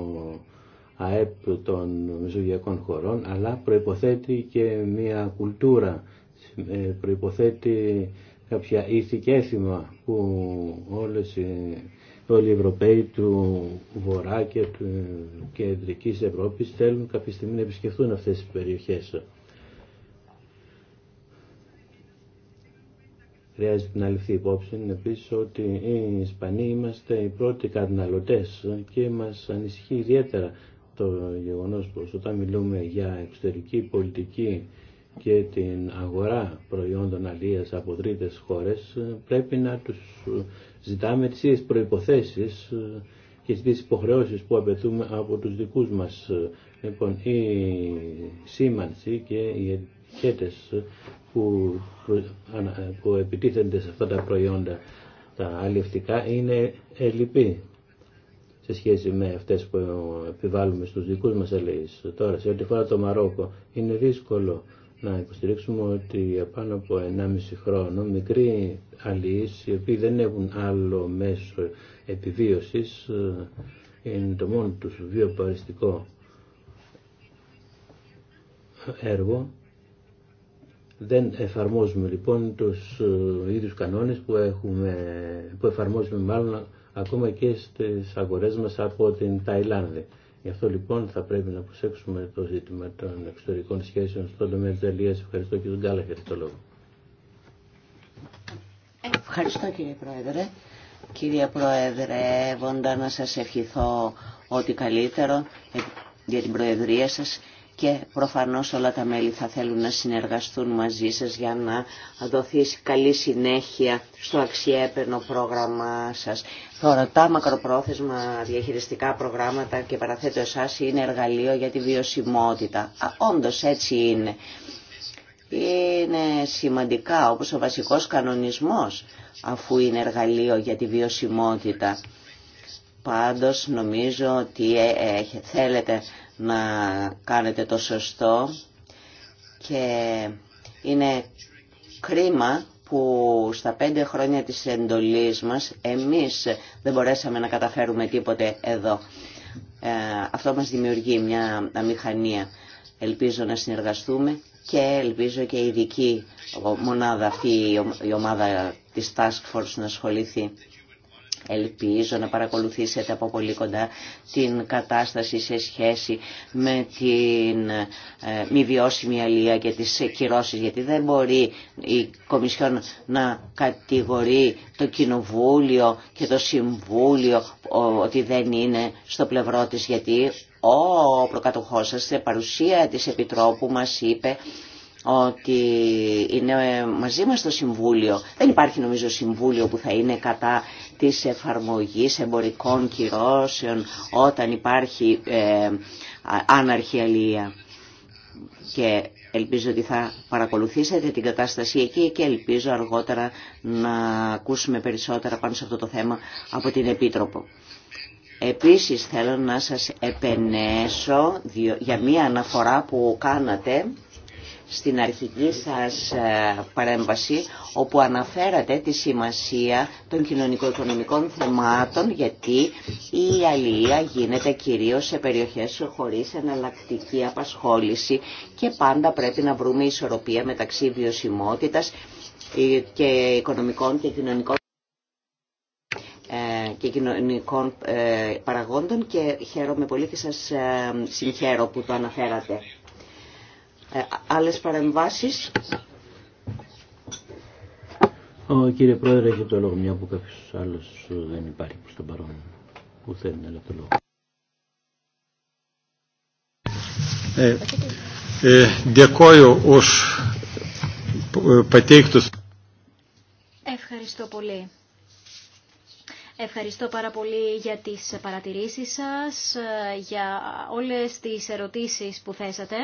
ΑΕΠ των μεσογειακών χωρών αλλά προϋποθέτει και μια κουλτούρα ε, προϋποθέτει κάποια ήθη και έθιμα που όλες όλοι οι Ευρωπαίοι του Βορρά και του Κεντρικής Ευρώπης θέλουν κάποια στιγμή να επισκεφθούν αυτές τις περιοχές. Χρειάζεται να ληφθεί υπόψη επίσης ότι οι Ισπανοί είμαστε οι πρώτοι καταναλωτές και μας ανησυχεί ιδιαίτερα το γεγονός πως όταν μιλούμε για εξωτερική πολιτική και την αγορά προϊόντων αλίας από τρίτες χώρες πρέπει να τους ζητάμε τις ίδιες προϋποθέσεις και τις υποχρεώσεις που απαιτούμε από τους δικούς μας. Λοιπόν, η σήμανση και οι ετικέτες που, που επιτίθενται σε αυτά τα προϊόντα τα αλληλευτικά είναι ελλειπή σε σχέση με αυτές που επιβάλλουμε στους δικούς μας ελεύθερους. Τώρα, σε ό,τι φορά το Μαρόκο, είναι δύσκολο να υποστηρίξουμε ότι για πάνω από 1,5 χρόνο μικροί αλληλείς οι οποίοι δεν έχουν άλλο μέσο επιβίωσης ε, είναι το μόνο τους βιοπαριστικό έργο δεν εφαρμόζουμε λοιπόν τους ε, ίδιους κανόνες που, έχουμε, που εφαρμόζουμε μάλλον ακόμα και στις αγορές μας από την Ταϊλάνδη. Γι' αυτό λοιπόν θα πρέπει να προσέξουμε το ζήτημα των εξωτερικών σχέσεων στον τομέα τη Αλίας. Ευχαριστώ και τον για το λόγο. Ευχαριστώ κύριε Πρόεδρε. Κύριε Πρόεδρε, βόντα να σας ευχηθώ ό,τι καλύτερο για την Προεδρία σας και προφανώς όλα τα μέλη θα θέλουν να συνεργαστούν μαζί σας για να δοθεί καλή συνέχεια στο αξιέπαινο πρόγραμμα σας. Τώρα τα μακροπρόθεσμα διαχειριστικά προγράμματα και παραθέτω εσάς είναι εργαλείο για τη βιωσιμότητα. Α, όντως έτσι είναι. Είναι σημαντικά όπως ο βασικός κανονισμός αφού είναι εργαλείο για τη βιωσιμότητα. Πάντως νομίζω ότι ε, ε, θέλετε να κάνετε το σωστό και είναι κρίμα που στα πέντε χρόνια της εντολής μας εμείς δεν μπορέσαμε να καταφέρουμε τίποτε εδώ. Ε, αυτό μας δημιουργεί μια αμηχανία. Ελπίζω να συνεργαστούμε και ελπίζω και η ειδική μονάδα αυτή, η ομάδα της Task Force να ασχοληθεί. Ελπίζω να παρακολουθήσετε από πολύ κοντά την κατάσταση σε σχέση με την ε, μη βιώσιμη αλληλεία και τις κυρώσεις, γιατί δεν μπορεί η Κομισιόν να κατηγορεί το Κοινοβούλιο και το Συμβούλιο ότι δεν είναι στο πλευρό της, γιατί ο προκατοχός σας σε παρουσία της Επιτρόπου μας είπε ότι είναι μαζί μας το Συμβούλιο. Δεν υπάρχει νομίζω Συμβούλιο που θα είναι κατά της εφαρμογής εμπορικών κυρώσεων όταν υπάρχει ε, άναρχη Και ελπίζω ότι θα παρακολουθήσετε την κατάσταση εκεί και ελπίζω αργότερα να ακούσουμε περισσότερα πάνω σε αυτό το θέμα από την Επίτροπο. Επίσης θέλω να σας επενέσω για μία αναφορά που κάνατε στην αρχική σας ε, παρέμβαση όπου αναφέρατε τη σημασία των κοινωνικο-οικονομικών θεμάτων γιατί η αλληλεία γίνεται κυρίως σε περιοχές χωρίς εναλλακτική απασχόληση και πάντα πρέπει να βρούμε ισορροπία μεταξύ βιωσιμότητας ε, και οικονομικών και κοινωνικών ε, και κοινωνικών παραγόντων και χαίρομαι πολύ και σας συγχαίρω που το αναφέρατε. Ε, άλλες παρεμβάσεις. Ο κύριε Πρόεδρε έχει το λόγο μια που κάποιος άλλος δεν υπάρχει προς τον παρόν που θέλει να το λόγο. Ε, ε Ευχαριστώ πολύ. Ευχαριστώ πάρα πολύ για τις παρατηρήσεις σας, για όλες τις ερωτήσεις που θέσατε.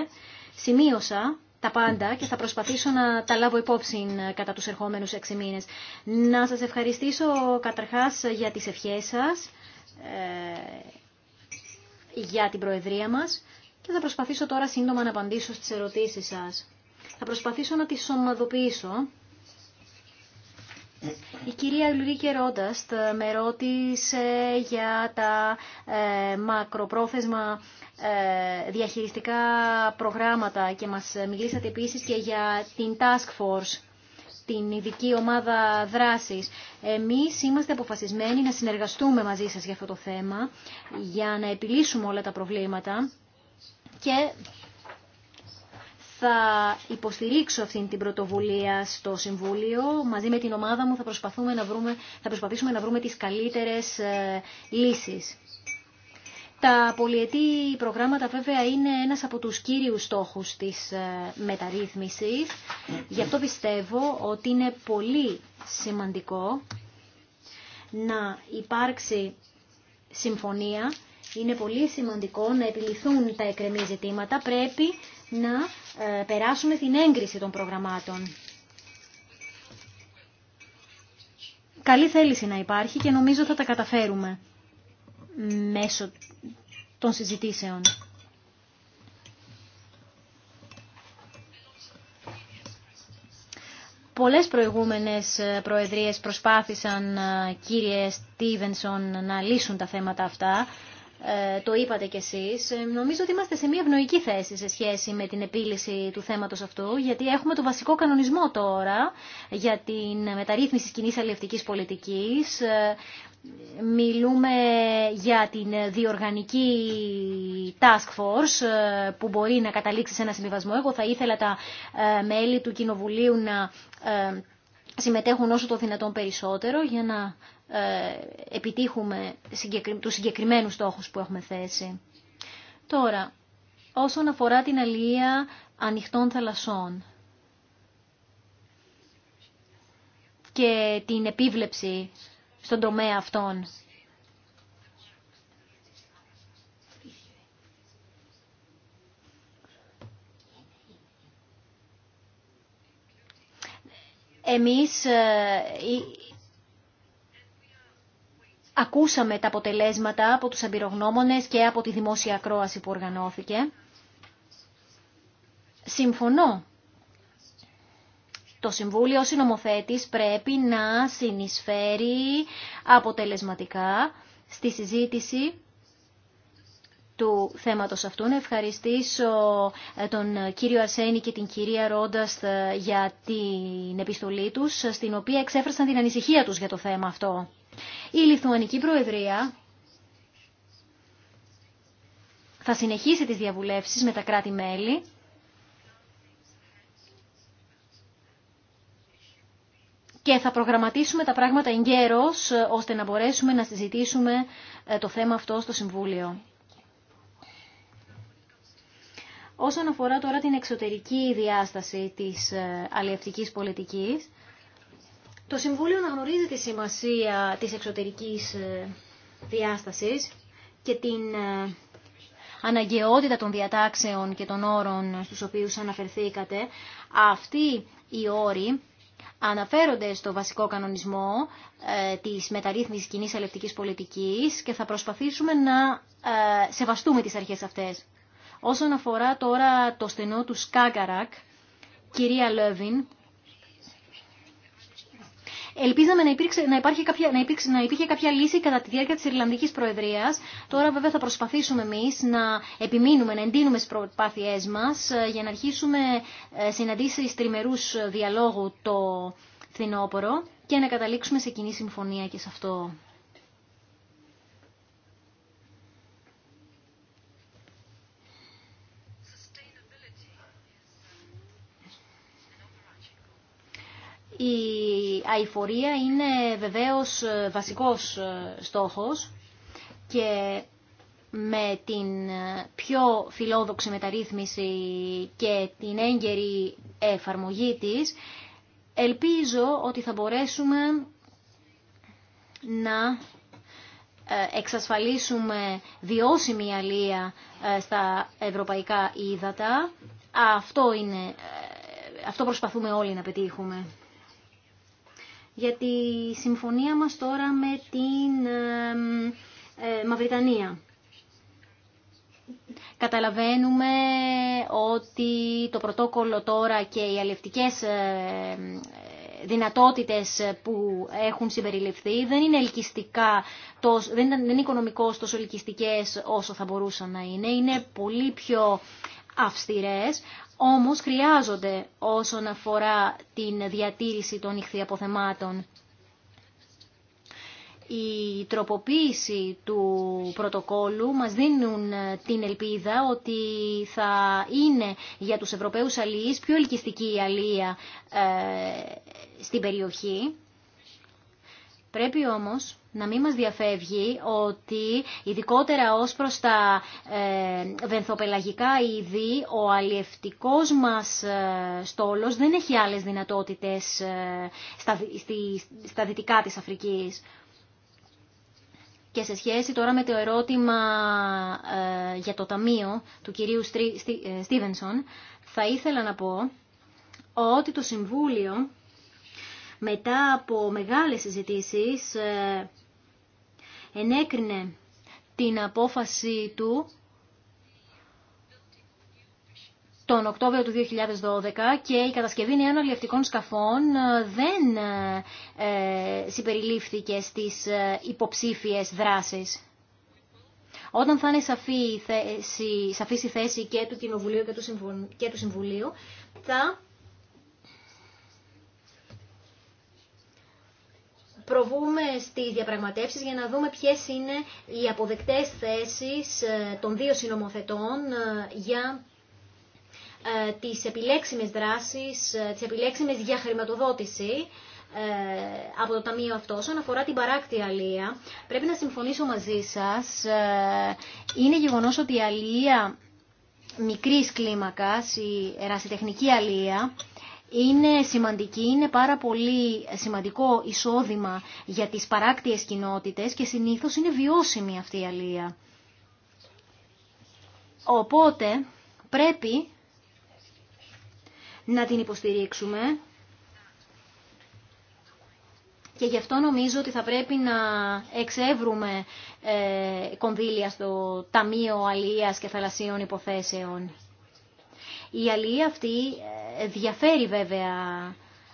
Σημείωσα τα πάντα και θα προσπαθήσω να τα λάβω υπόψη ε, κατά τους ερχόμενους έξι μήνες. Να σας ευχαριστήσω καταρχάς για τις ευχές σας, ε, για την Προεδρία μας και θα προσπαθήσω τώρα σύντομα να απαντήσω στις ερωτήσεις σας. Θα προσπαθήσω να τις ομαδοποιήσω. Η κυρία Λουρίκε Ρόνταστ με ρώτησε για τα ε, μακροπρόθεσμα ε, διαχειριστικά προγράμματα και μας μιλήσατε επίσης και για την Task Force, την ειδική ομάδα δράσης. Εμείς είμαστε αποφασισμένοι να συνεργαστούμε μαζί σας για αυτό το θέμα, για να επιλύσουμε όλα τα προβλήματα και θα υποστηρίξω αυτή την πρωτοβουλία στο Συμβούλιο. Μαζί με την ομάδα μου θα, προσπαθούμε να βρούμε, προσπαθήσουμε να βρούμε τις καλύτερες ε, λύσεις. Τα πολιετή προγράμματα βέβαια είναι ένας από τους κύριους στόχους της ε, μεταρρύθμισης. Γι' αυτό πιστεύω ότι είναι πολύ σημαντικό να υπάρξει συμφωνία. Είναι πολύ σημαντικό να επιληθούν τα εκκρεμή ζητήματα. Πρέπει να ε, περάσουμε την έγκριση των προγραμμάτων. Καλή θέληση να υπάρχει και νομίζω θα τα καταφέρουμε μέσω των συζητήσεων. Πολλές προηγούμενες ε, προεδρίες προσπάθησαν, ε, κύριε Στίβενσον, να λύσουν τα θέματα αυτά. Ε, το είπατε κι εσείς. Νομίζω ότι είμαστε σε μια ευνοϊκή θέση σε σχέση με την επίλυση του θέματος αυτού, γιατί έχουμε το βασικό κανονισμό τώρα για την μεταρρύθμιση της κοινής αλληλευτικής πολιτικής. Μιλούμε για την ε, διοργανική task force ε, που μπορεί να καταλήξει σε ένα συμβιβασμό. Εγώ θα ήθελα τα ε, μέλη του Κοινοβουλίου να συμμετέχουν όσο το δυνατόν περισσότερο για να επιτύχουμε τους συγκεκριμένους στόχους που έχουμε θέσει. Τώρα, όσον αφορά την αλληλεία ανοιχτών θαλασσών και την επίβλεψη στον τομέα αυτών. Εμείς ε, ακούσαμε τα αποτελέσματα από τους αμπειρογνώμονες και από τη δημόσια ακρόαση που οργανώθηκε. Συμφωνώ. Το Συμβούλιο συνομοθέτης πρέπει να συνεισφέρει αποτελεσματικά στη συζήτηση του θέματος αυτού. Να ευχαριστήσω ε, τον ε, κύριο Αρσένη και την κυρία Ρόντας ε, για την επιστολή τους, στην οποία εξέφρασαν την ανησυχία τους για το θέμα αυτό. Η Λιθουανική Προεδρία θα συνεχίσει τις διαβουλεύσεις με τα κράτη-μέλη και θα προγραμματίσουμε τα πράγματα εγκαίρως ώστε να μπορέσουμε να συζητήσουμε το θέμα αυτό στο Συμβούλιο. Όσον αφορά τώρα την εξωτερική διάσταση της ε, αλλιευτικής πολιτικής, το Συμβούλιο αναγνωρίζει τη σημασία της εξωτερικής ε, διάστασης και την ε, αναγκαιότητα των διατάξεων και των όρων στους οποίους αναφερθήκατε. Αυτοί οι όροι αναφέρονται στο βασικό κανονισμό της μεταρρύθμισης κοινή αλληλευτικής πολιτικής και θα προσπαθήσουμε να σεβαστούμε τις αρχές αυτές. Όσον αφορά τώρα το στενό του Σκάγκαρακ, κυρία Λέβιν, Ελπίζαμε να, υπήρξε, να, υπάρχει κάποια, να, να υπήρχε κάποια λύση κατά τη διάρκεια της Ιρλανδικής Προεδρίας. Τώρα βέβαια θα προσπαθήσουμε εμείς να επιμείνουμε, να εντείνουμε στις προσπάθειές μας ε, για να αρχίσουμε ε, συναντήσεις τριμερούς ε, διαλόγου το φθινόπωρο και να καταλήξουμε σε κοινή συμφωνία και σε αυτό. η αηφορία είναι βεβαίως ε, βασικός ε, στόχος και με την ε, πιο φιλόδοξη μεταρρύθμιση και την έγκαιρη εφαρμογή της, ελπίζω ότι θα μπορέσουμε να εξασφαλίσουμε βιώσιμη αλία στα ευρωπαϊκά ύδατα. Αυτό, είναι, αυτό προσπαθούμε όλοι να πετύχουμε για τη συμφωνία μας τώρα με την Μαυριτανία. Ε, Καταλαβαίνουμε ότι το πρωτόκολλο τώρα και οι αλευτικές ε, δυνατότητες που έχουν συμπεριληφθεί δεν είναι ελκυστικά, δεν, δεν είναι οικονομικώς τόσο ελκυστικές όσο θα μπορούσαν να είναι. Είναι πολύ πιο αυστηρές, όμως χρειάζονται όσον αφορά την διατήρηση των ηχθιαποθεμάτων. Η τροποποίηση του πρωτοκόλλου μας δίνουν ε, την ελπίδα ότι θα είναι για τους Ευρωπαίους αλληλείς πιο ελκυστική η αλληλεία ε, στην περιοχή Πρέπει όμως να μην μας διαφεύγει ότι ειδικότερα ως προς τα ε, βενθοπελαγικά είδη ο αλλιευτικός μας ε, στόλος δεν έχει άλλες δυνατότητες ε, στα, στα δυτικά της Αφρικής. Και σε σχέση τώρα με το ερώτημα ε, για το ταμείο του κυρίου Στίβενσον θα ήθελα να πω ότι το Συμβούλιο μετά από μεγάλες συζητήσεις ε, ενέκρινε την απόφαση του τον Οκτώβριο του 2012 και η κατασκευή νέων αλληλευτικών σκαφών ε, δεν ε, συμπεριλήφθηκε στις υποψήφιες δράσεις. Όταν θα είναι σαφή η θέση, η θέση και του Κοινοβουλίου και του Συμβουλίου, θα προβούμε στι διαπραγματεύσει για να δούμε ποιε είναι οι αποδεκτές θέσει ε, των δύο συνομοθετών ε, για ε, τις επιλέξιμες δράσεις, τις επιλέξιμες για χρηματοδότηση από το Ταμείο αυτό. Όσον αφορά την παράκτη αλία, πρέπει να συμφωνήσω μαζί σας. Είναι γεγονός ότι η αλία μικρής κλίμακας, η ερασιτεχνική αλία, είναι σημαντική, είναι πάρα πολύ σημαντικό εισόδημα για τις παράκτιες κοινότητες και συνήθως είναι βιώσιμη αυτή η αλία. Οπότε πρέπει να την υποστηρίξουμε και γι' αυτό νομίζω ότι θα πρέπει να εξεύρουμε ε, κονδύλια στο Ταμείο Αλίας και Θαλασσίων Υποθέσεων. Η αλληλεία αυτή ε, διαφέρει βέβαια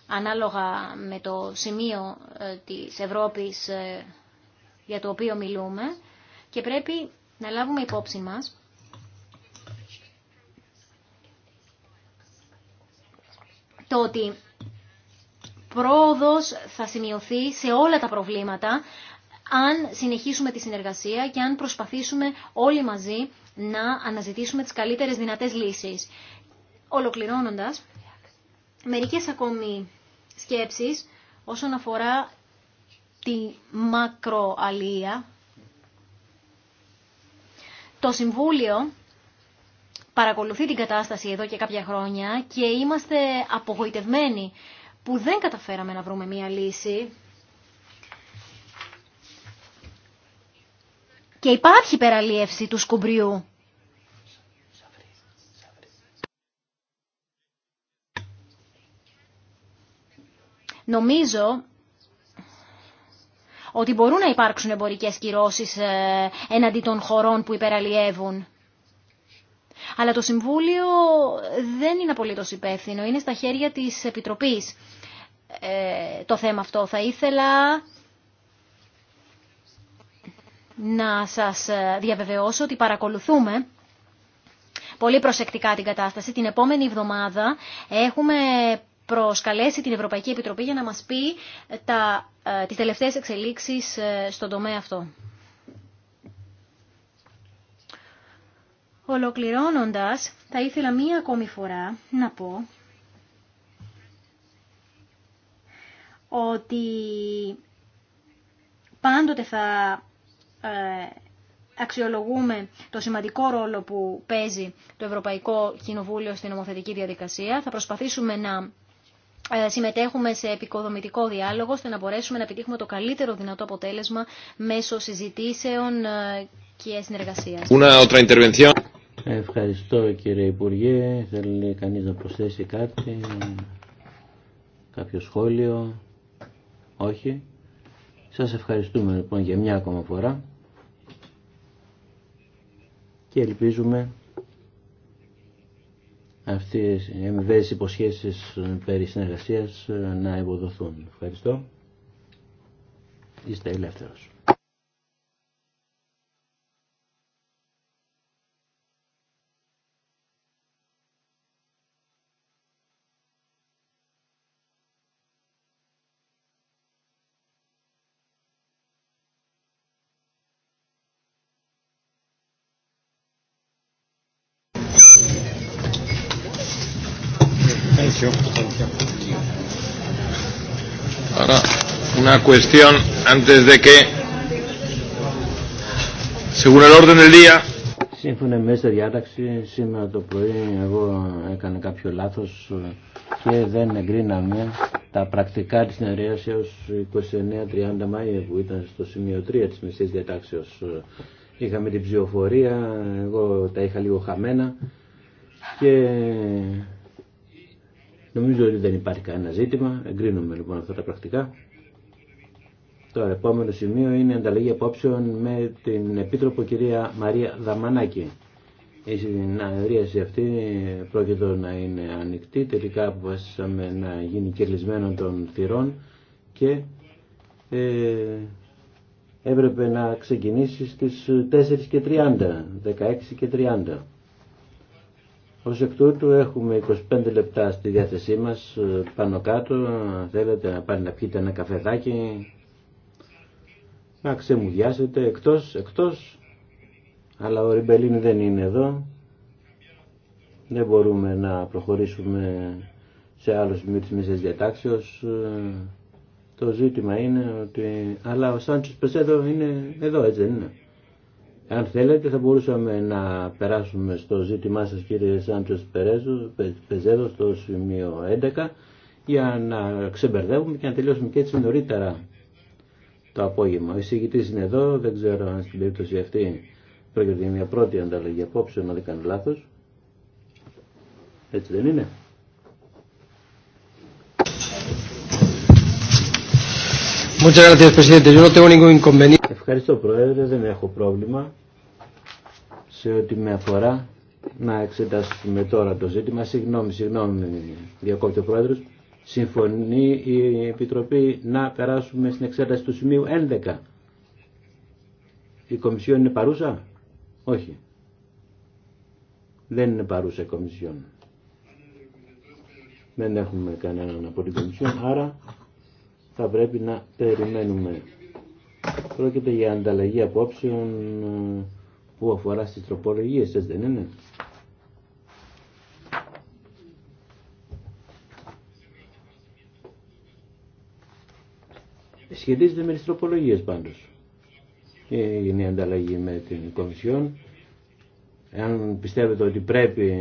ανάλογα με το σημείο ε, της Ευρώπης ε, για το οποίο μιλούμε και πρέπει να λάβουμε υπόψη μας το ότι πρόοδος θα σημειωθεί σε όλα τα προβλήματα αν συνεχίσουμε τη συνεργασία και αν προσπαθήσουμε όλοι μαζί να αναζητήσουμε τις καλύτερες δυνατές λύσεις. Ολοκληρώνοντας, μερικές ακόμη σκέψεις όσον αφορά τη μακροαλία. Το Συμβούλιο παρακολουθεί την κατάσταση εδώ και κάποια χρόνια και είμαστε απογοητευμένοι που δεν καταφέραμε να βρούμε μία λύση. Και υπάρχει περαλίευση του σκουμπριού. Νομίζω ότι μπορούν να υπάρξουν εμπορικές κυρώσεις ε, εναντί των χωρών που υπεραλλιεύουν. Αλλά το Συμβούλιο δεν είναι απολύτως υπεύθυνο, είναι στα χέρια της Επιτροπής ε, το θέμα αυτό. Θα ήθελα να σας ε, διαβεβαιώσω ότι παρακολουθούμε πολύ προσεκτικά την κατάσταση. Την επόμενη εβδομάδα έχουμε προσκαλέσει την Ευρωπαϊκή Επιτροπή για να μας πει ε, τα, ε, τις τελευταίες εξελίξεις ε, στον τομέα αυτό. Ολοκληρώνοντας, θα ήθελα μία ακόμη φορά να πω ότι πάντοτε θα αξιολογούμε το σημαντικό ρόλο που παίζει το Ευρωπαϊκό Κοινοβούλιο στην νομοθετική διαδικασία. Θα προσπαθήσουμε να ε, συμμετέχουμε σε επικοδομητικό διάλογο ώστε να μπορέσουμε να επιτύχουμε το καλύτερο δυνατό αποτέλεσμα μέσω συζητήσεων ε, και συνεργασίας. Ευχαριστώ κύριε Υπουργέ. Θέλει κανείς να προσθέσει κάτι, κάποιο σχόλιο. Όχι. Σας ευχαριστούμε λοιπόν για μια ακόμα φορά και ελπίζουμε αυτές οι αμοιβές υποσχέσεις περί συνεργασίας να υποδοθούν. Ευχαριστώ. Είστε ελεύθερος. cuestión antes de que, según el orden del día, Σύμφωνα με τη διάταξη, σήμερα το πρωί εγώ έκανα κάποιο λάθο και δεν εγκρίναμε τα πρακτικά τη συνεδρια ω έως 29-30 Μαΐου που ήταν στο σημείο 3 τη μεσέ διατάξεω. Είχαμε την ψηφοφορία, εγώ τα είχα λίγο χαμένα και νομίζω ότι δεν υπάρχει κανένα ζήτημα. Εγκρίνουμε λοιπόν αυτά τα πρακτικά. Το επόμενο σημείο είναι ανταλλαγή απόψεων με την Επίτροπο κυρία Μαρία Δαμανάκη. Η συνεδρίαση αυτή πρόκειται να είναι ανοιχτή. Τελικά αποφασίσαμε να γίνει κερδισμένο των θυρών και ε, έπρεπε να ξεκινήσει στις 4 και 30, 16 και 30. Ως εκ τούτου έχουμε 25 λεπτά στη διάθεσή μας ε, πάνω κάτω. Θέλετε να πάρετε να πιείτε ένα καφεδάκι να ξεμουδιάσετε εκτός, εκτός, αλλά ο Ριμπελίνη δεν είναι εδώ. Δεν μπορούμε να προχωρήσουμε σε άλλο σημείο της μέσης διατάξεως. Το ζήτημα είναι ότι... Αλλά ο Σάντσος Πεσέδο είναι εδώ, έτσι δεν είναι. Αν θέλετε θα μπορούσαμε να περάσουμε στο ζήτημά σας κύριε Σάντσος Πεζέδο στο σημείο 11 για να ξεμπερδεύουμε και να τελειώσουμε και έτσι νωρίτερα το απόγευμα. Ο εισηγητή είναι εδώ, δεν ξέρω αν στην περίπτωση αυτή πρόκειται για μια πρώτη ανταλλαγή απόψε, να δεν κάνω λάθος. Έτσι δεν είναι. Ευχαριστώ Πρόεδρε, δεν έχω πρόβλημα σε ό,τι με αφορά να εξετάσουμε τώρα το ζήτημα. Συγγνώμη, συγγνώμη, διακόπτει ο Πρόεδρος συμφωνεί η Επιτροπή να περάσουμε στην εξέταση του σημείου 11. Η Κομισιόν είναι παρούσα? Όχι. Δεν είναι παρούσα η Κομισιόν. Δεν έχουμε κανέναν από την Κομισιόν, άρα θα πρέπει να περιμένουμε. Πρόκειται για ανταλλαγή απόψεων ε, που αφορά στις τροπολογίες, έτσι δεν είναι. σχετίζεται με τις τροπολογίες πάντως. Είναι η ανταλλαγή με την Κομισιόν. Αν πιστεύετε ότι πρέπει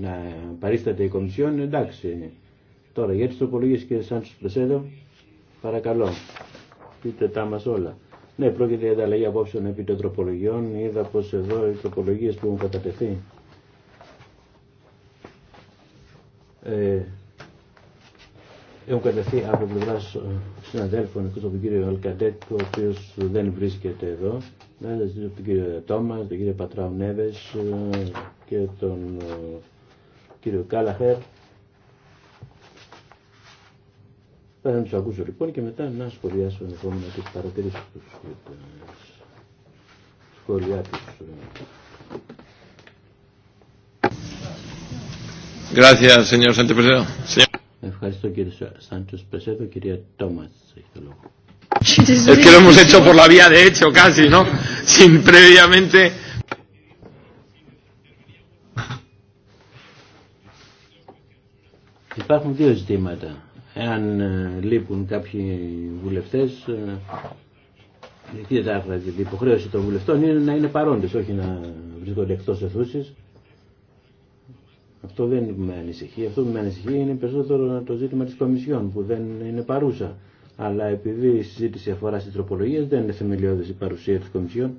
να παρίσταται η Κομισιόν, εντάξει. Τώρα για τις τροπολογίες και σαν τους Πρεσέδο, παρακαλώ, πείτε τα μας όλα. Ναι, πρόκειται για ανταλλαγή απόψεων επί των τροπολογιών. Είδα πως εδώ οι τροπολογίες που έχουν κατατεθεί ε, έχουν κατευθεί από πλευρά ε, συναδέλφων εκτό από τον κύριο Αλκαντέκ, ο οποίο δεν βρίσκεται εδώ. Να ζητήσω τον κύριο Τόμα, τον κύριο Πατράου Νέβε ε, και τον ε, κύριο Κάλαχερ. Θα του ακούσω λοιπόν και μετά να σχολιάσω επόμενα τι παρατηρήσει του και τα σχόλιά του. Gracias, señor Santipresidente. Ευχαριστώ κύριε Σάντσο Πεσέδο, κυρία Τόμα. Έχει το λόγο. Ε, es Υπάρχουν δύο ζητήματα. Εάν ε, λείπουν κάποιοι βουλευτές, ε, τι θα η υποχρέωση των βουλευτών είναι να είναι παρόντες, όχι να βρίσκονται εκτός αιθούση. Αυτό δεν με ανησυχεί. Αυτό που με ανησυχεί είναι περισσότερο το ζήτημα της Κομισιόν που δεν είναι παρούσα. Αλλά επειδή η συζήτηση αφορά στι τροπολογίε δεν είναι θεμελιώδη η παρουσία της Κομισιόν.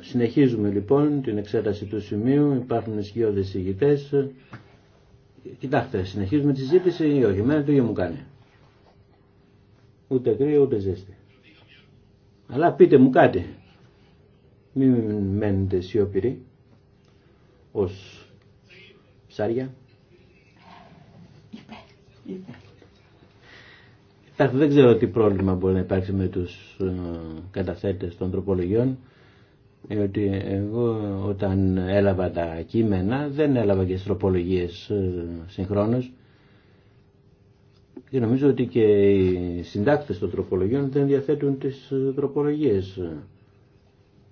Συνεχίζουμε λοιπόν την εξέταση του σημείου. Υπάρχουν ισχυρότερε ηγητέ. Κοιτάξτε, συνεχίζουμε τη συζήτηση ή όχι. Μένα το ίδιο μου κάνει. Ούτε κρύο ούτε ζέστη. Αλλά πείτε μου κάτι μην μένετε σιωπηροί ως ψάρια. δεν ξέρω τι πρόβλημα μπορεί να υπάρξει με τους ε, καταθέτες των τροπολογιών, διότι εγώ όταν έλαβα τα κείμενα δεν έλαβα και τις τροπολογίες ε, συγχρόνως και νομίζω ότι και οι συντάκτες των τροπολογιών δεν διαθέτουν τις ε, τροπολογίες.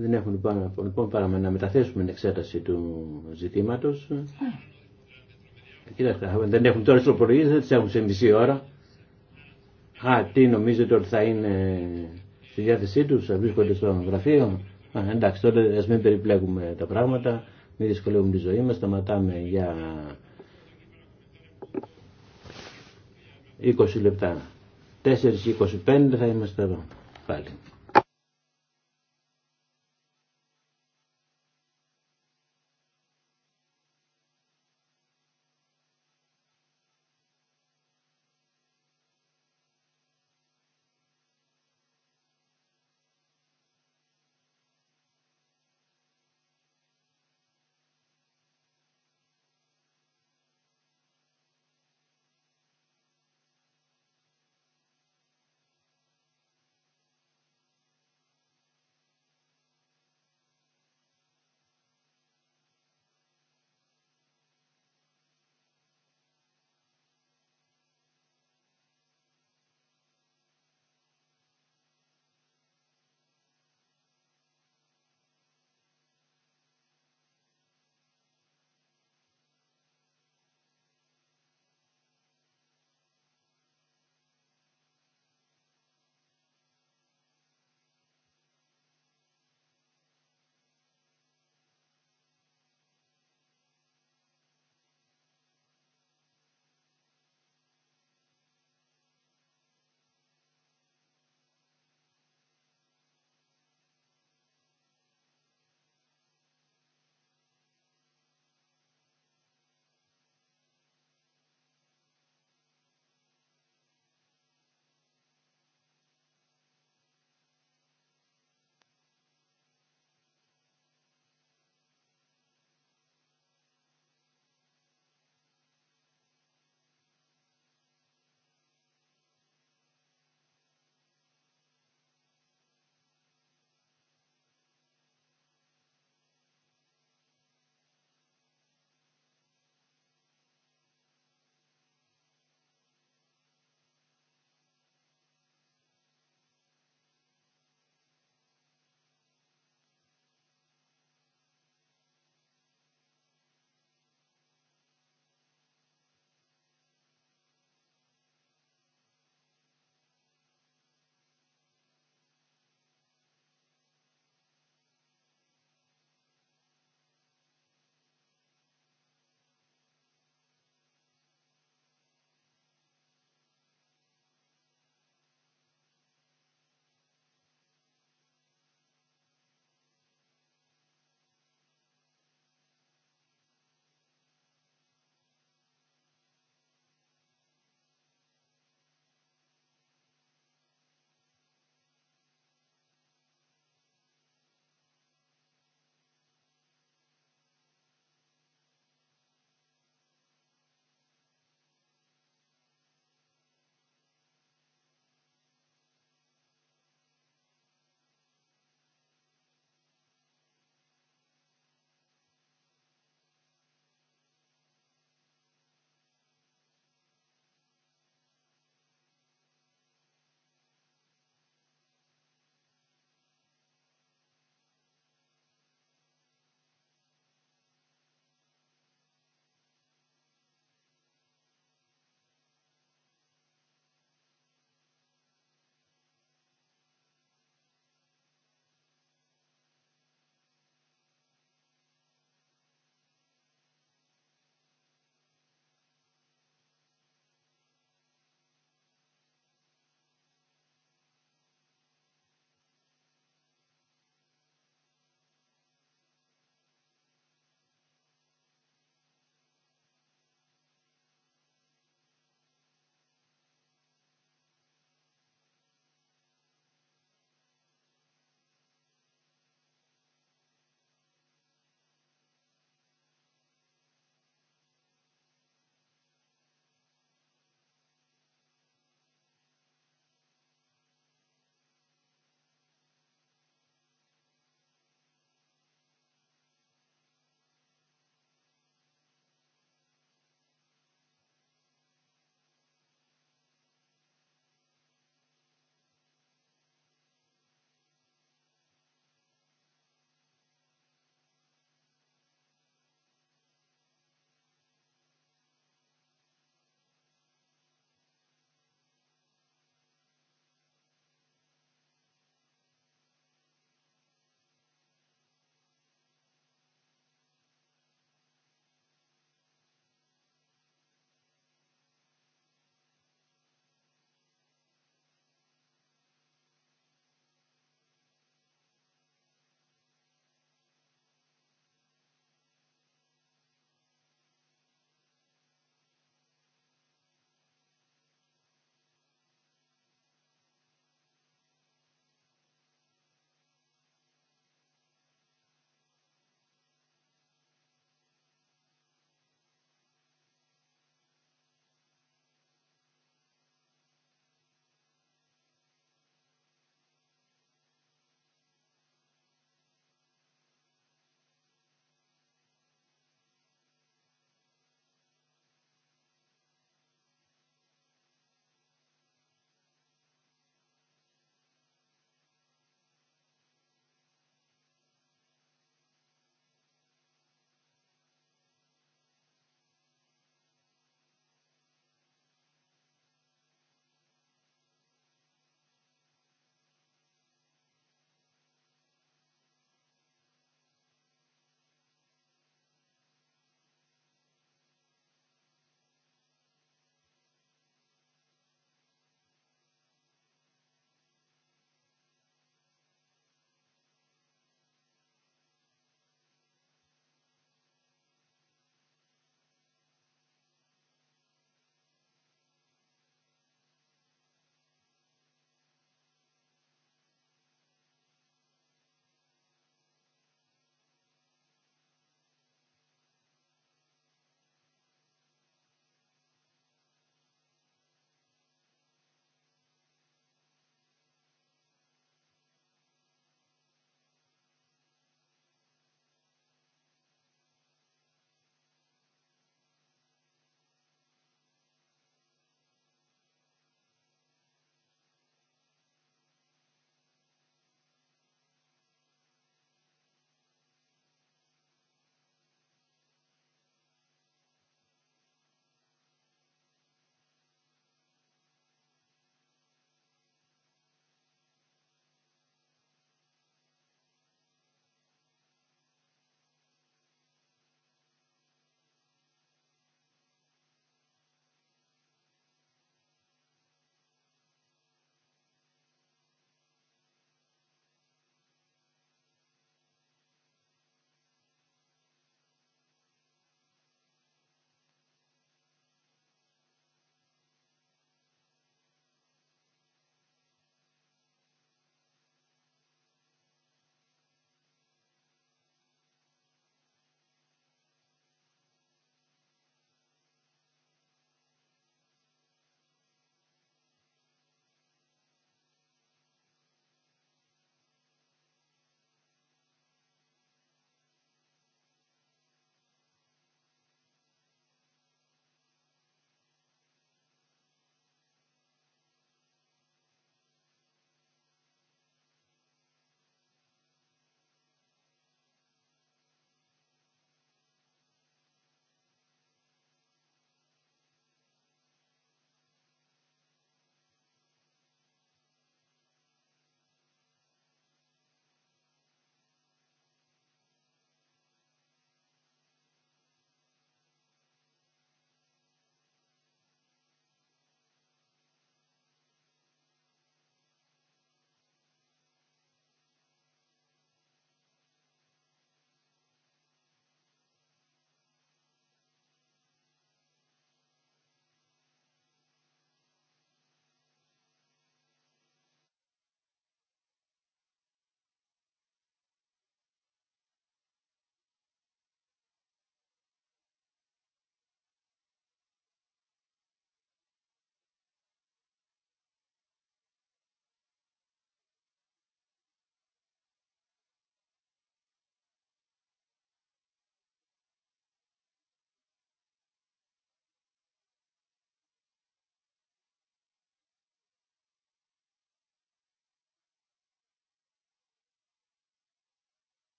Δεν έχουμε λοιπόν, λοιπόν παρά να μεταθέσουμε την εξέταση του ζητήματο. Ναι. Κοίταξε δεν έχουν τώρα τροπολογίε, δεν τι έχουν σε μισή ώρα. Α, τι νομίζετε ότι θα είναι στη διάθεσή του, θα βρίσκονται στο γραφείο. Α, εντάξει, τότε α μην περιπλέκουμε τα πράγματα, μην δυσκολεύουμε τη ζωή μας, σταματάμε για 20 λεπτά. 4 25 θα είμαστε εδώ πάλι.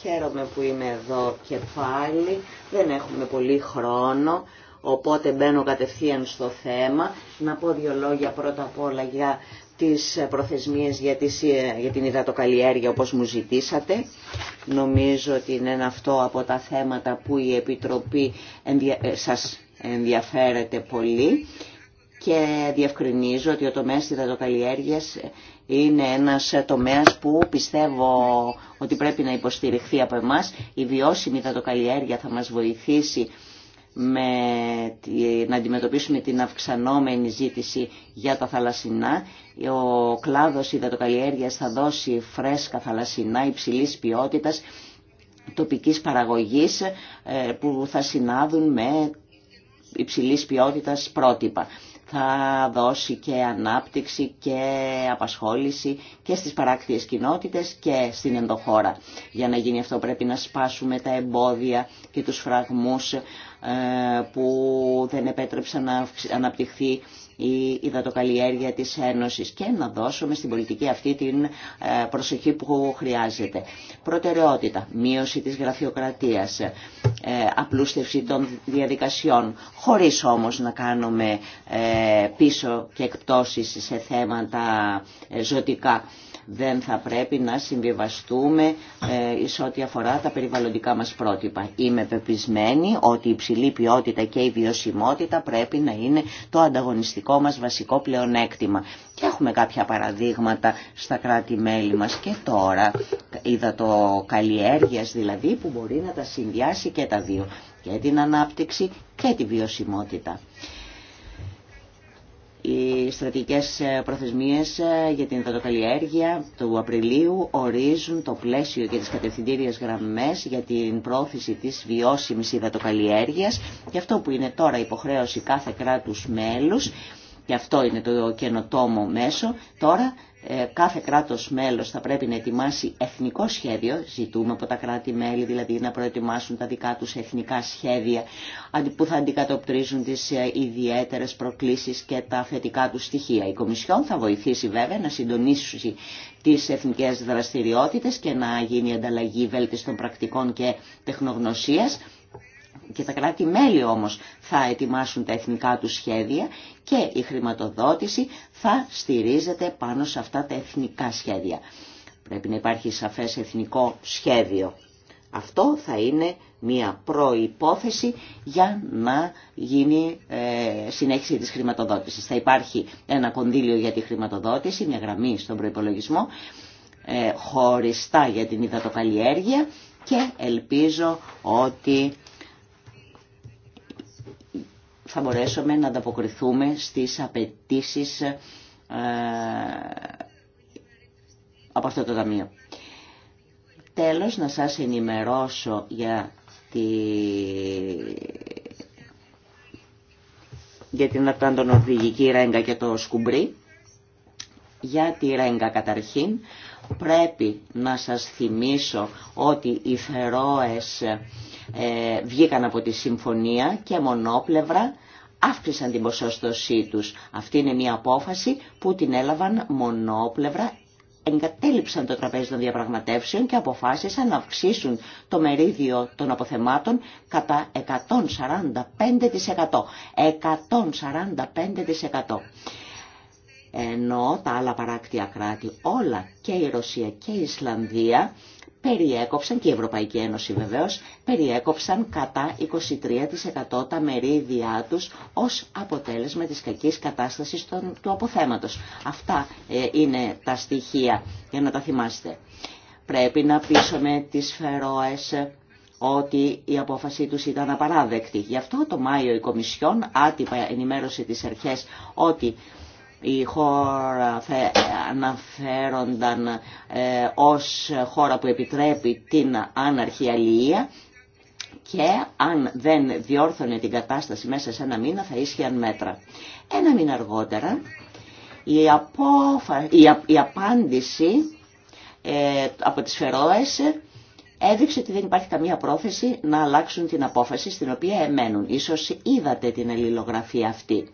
Χαίρομαι που είμαι εδώ και πάλι. Δεν έχουμε πολύ χρόνο, οπότε μπαίνω κατευθείαν στο θέμα. Να πω δύο λόγια πρώτα απ' όλα για τις προθεσμίες για, την υδατοκαλλιέργεια όπως μου ζητήσατε. Νομίζω ότι είναι αυτό από τα θέματα που η Επιτροπή ενδια... σας ενδιαφέρεται πολύ και διευκρινίζω ότι ο τομέας υδατοκαλλιέργειας είναι ένας τομέας που πιστεύω ότι πρέπει να υποστηριχθεί από εμάς. Η βιώσιμη υδατοκαλλιέργεια θα μας βοηθήσει με, να αντιμετωπίσουμε την αυξανόμενη ζήτηση για τα θαλασσινά. Ο κλάδος υδατοκαλλιέργειας θα δώσει φρέσκα θαλασσινά υψηλής ποιότητα τοπικής παραγωγής ε, που θα συνάδουν με υψηλής ποιότητας πρότυπα θα δώσει και ανάπτυξη και απασχόληση και στις παράκτιες κοινότητες και στην ενδοχώρα. Για να γίνει αυτό πρέπει να σπάσουμε τα εμπόδια και τους φραγμούς ε, που δεν επέτρεψαν να αναπτυχθεί η υδατοκαλλιέργεια της Ένωσης και να δώσουμε στην πολιτική αυτή την ε, προσοχή που χρειάζεται. Προτεραιότητα, μείωση της γραφειοκρατίας, ε, απλούστευση των διαδικασιών, χωρίς όμως να κάνουμε ε, πίσω και εκπτώσεις σε θέματα ζωτικά δεν θα πρέπει να συμβιβαστούμε σε ό,τι αφορά τα περιβαλλοντικά μας πρότυπα. Είμαι πεπισμένη ότι η υψηλή ποιότητα και η βιωσιμότητα πρέπει να είναι το ανταγωνιστικό μας βασικό πλεονέκτημα. Και έχουμε κάποια παραδείγματα στα κράτη-μέλη μας και τώρα είδα το καλλιέργεια, δηλαδή που μπορεί να τα συνδυάσει και τα δύο και την ανάπτυξη και τη βιωσιμότητα. Οι στρατηγικέ ε, προθεσμίες ε, για την υδατοκαλλιέργεια του Απριλίου ορίζουν το πλαίσιο και τις κατευθυντήριες γραμμές για την πρόθεση της βιώσιμης υδατοκαλλιέργειας και αυτό που είναι τώρα υποχρέωση κάθε κράτους μέλους και αυτό είναι το καινοτόμο μέσο, τώρα ε, κάθε κράτος μέλος θα πρέπει να ετοιμάσει εθνικό σχέδιο, ζητούμε από τα κράτη-μέλη δηλαδή να προετοιμάσουν τα δικά τους εθνικά σχέδια που θα αντικατοπτρίζουν τις ε, ιδιαίτερες προκλήσεις και τα θετικά του στοιχεία. Η Κομισιόν θα βοηθήσει βέβαια να συντονίσει τις εθνικές δραστηριότητες και να γίνει ανταλλαγή βέλτιστων πρακτικών και τεχνογνωσίας και τα κράτη-μέλη όμως θα ετοιμάσουν τα εθνικά του σχέδια και η χρηματοδότηση θα στηρίζεται πάνω σε αυτά τα εθνικά σχέδια. Πρέπει να υπάρχει σαφές εθνικό σχέδιο. Αυτό θα είναι μια προϋπόθεση για να γίνει ε, συνέχιση της χρηματοδότησης. Θα υπάρχει ένα κονδύλιο για τη χρηματοδότηση, μια γραμμή στον προϋπολογισμό, ε, χωριστά για την υδατοκαλλιέργεια και ελπίζω ότι θα μπορέσουμε να ανταποκριθούμε στις απαιτήσει ε, από αυτό το ταμείο. Τέλος, να σας ενημερώσω για, τη... για την οδηγική Ρέγκα και το σκουμπρί. Για τη Ρέγκα καταρχήν πρέπει να σας θυμίσω ότι οι Φερόες ε, βγήκαν από τη συμφωνία και μονόπλευρα αύξησαν την ποσόστοσή τους. Αυτή είναι μια απόφαση που την έλαβαν μονόπλευρα, εγκατέλειψαν το τραπέζι των διαπραγματεύσεων και αποφάσισαν να αυξήσουν το μερίδιο των αποθεμάτων κατά 145%. 145%. Ενώ τα άλλα παράκτια κράτη, όλα και η Ρωσία και η Ισλανδία περιέκοψαν και η Ευρωπαϊκή Ένωση βεβαίως, περιέκοψαν κατά 23% τα μερίδια τους ως αποτέλεσμα της κακής κατάστασης του αποθέματος. Αυτά ε, είναι τα στοιχεία για να τα θυμάστε. Πρέπει να πείσουμε τις Φερόες ότι η απόφαση τους ήταν απαράδεκτη. Γι' αυτό το Μάιο η Κομισιόν άτυπα ενημέρωσε τις αρχές ότι η χώρα αναφέρονταν ε, ως χώρα που επιτρέπει την άναρχη αλληλεία και αν δεν διόρθωνε την κατάσταση μέσα σε ένα μήνα θα ίσχυαν μέτρα. Ένα μήνα αργότερα η, απόφα... η, απάντηση ε, από τις Φερόες έδειξε ότι δεν υπάρχει καμία πρόθεση να αλλάξουν την απόφαση στην οποία εμένουν. Ίσως είδατε την αλληλογραφία αυτή.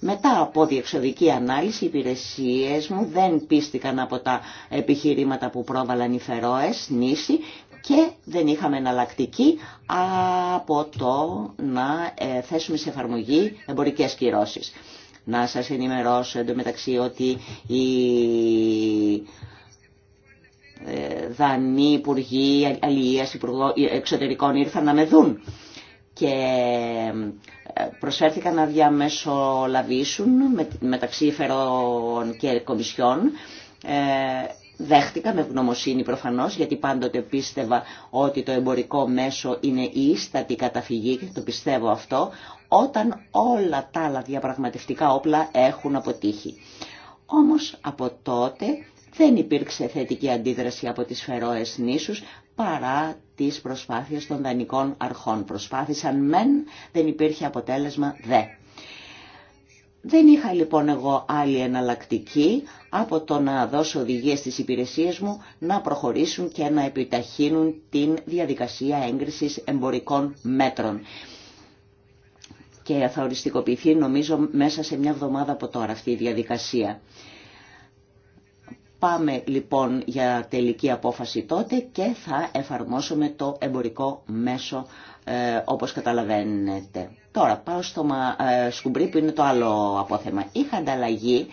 Μετά από διεξοδική ανάλυση, οι υπηρεσίες μου δεν πίστηκαν από τα επιχειρήματα που πρόβαλαν οι Φερόε, νήσι, και δεν είχαμε εναλλακτική από το να ε, θέσουμε σε εφαρμογή εμπορικές κυρώσεις. Να σας ενημερώσω εντωμεταξύ ότι οι ε, δανείοι υπουργοί, αλληλείας ε, εξωτερικών ήρθαν να με δουν. Και προσφέρθηκαν να διαμεσολαβήσουν μεταξύ φερών και κομισιών. Ε, δέχτηκα με γνωμοσύνη προφανώς, γιατί πάντοτε πίστευα ότι το εμπορικό μέσο είναι η ίστατη καταφυγή και το πιστεύω αυτό, όταν όλα τα άλλα διαπραγματευτικά όπλα έχουν αποτύχει. Όμως από τότε δεν υπήρξε θετική αντίδραση από τις Φερόες νήσους, παρά τις προσπάθειες των δανεικών αρχών. Προσπάθησαν μεν, δεν υπήρχε αποτέλεσμα δε. Δεν είχα λοιπόν εγώ άλλη εναλλακτική από το να δώσω οδηγίες στις υπηρεσίες μου να προχωρήσουν και να επιταχύνουν την διαδικασία έγκρισης εμπορικών μέτρων. Και θα οριστικοποιηθεί νομίζω μέσα σε μια εβδομάδα από τώρα αυτή η διαδικασία. Πάμε λοιπόν για τελική απόφαση τότε και θα εφαρμόσουμε το εμπορικό μέσο ε, όπως καταλαβαίνετε. Τώρα πάω στο ε, Σκουμπρί που είναι το άλλο απόθεμα. Είχα ανταλλαγή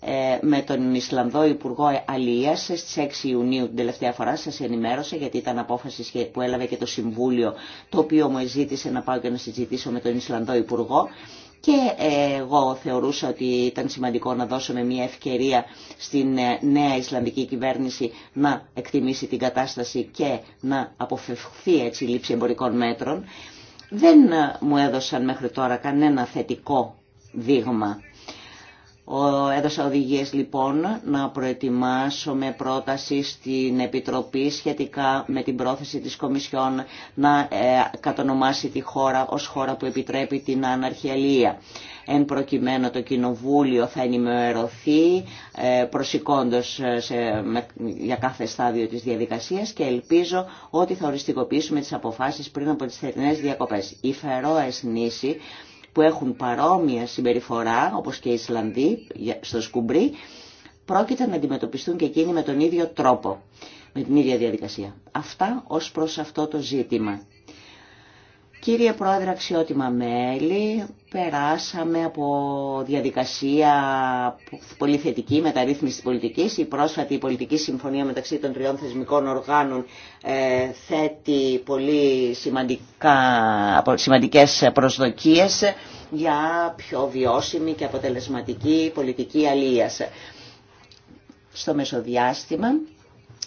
ε, με τον Ισλανδό Υπουργό Αλίας στις 6 Ιουνίου την τελευταία φορά σας ενημέρωσα γιατί ήταν απόφαση που έλαβε και το Συμβούλιο το οποίο μου ζήτησε να πάω και να συζητήσω με τον Ισλανδό Υπουργό και ε, εγώ θεωρούσα ότι ήταν σημαντικό να δώσουμε μια ευκαιρία στην ε, νέα Ισλανδική κυβέρνηση να εκτιμήσει την κατάσταση και να αποφευχθεί η λήψη εμπορικών μέτρων. Δεν ε, μου έδωσαν μέχρι τώρα κανένα θετικό δείγμα ο Έδωσα οδηγίες λοιπόν να με πρόταση στην Επιτροπή σχετικά με την πρόθεση της Κομισιόν να ε, κατονομάσει τη χώρα ως χώρα που επιτρέπει την αναρχιαλία. Εν προκειμένου το Κοινοβούλιο θα ενημερωθεί ε, προσηκόντως ε, για κάθε στάδιο της διαδικασίας και ελπίζω ότι θα οριστικοποιήσουμε τις αποφάσεις πριν από τις θερινές διακοπές. Η νήσι που έχουν παρόμοια συμπεριφορά, όπως και οι Ισλανδοί στο Σκουμπρί, πρόκειται να αντιμετωπιστούν και εκείνοι με τον ίδιο τρόπο, με την ίδια διαδικασία. Αυτά ως προς αυτό το ζήτημα. Κύριε Πρόεδρε, αξιότιμα μέλη, περάσαμε από διαδικασία πολύ θετική μεταρρύθμιση της πολιτικής. Η πρόσφατη πολιτική συμφωνία μεταξύ των τριών θεσμικών οργάνων ε, θέτει πολύ σημαντικά, σημαντικές προσδοκίες για πιο βιώσιμη και αποτελεσματική πολιτική αλίας. Στο μεσοδιάστημα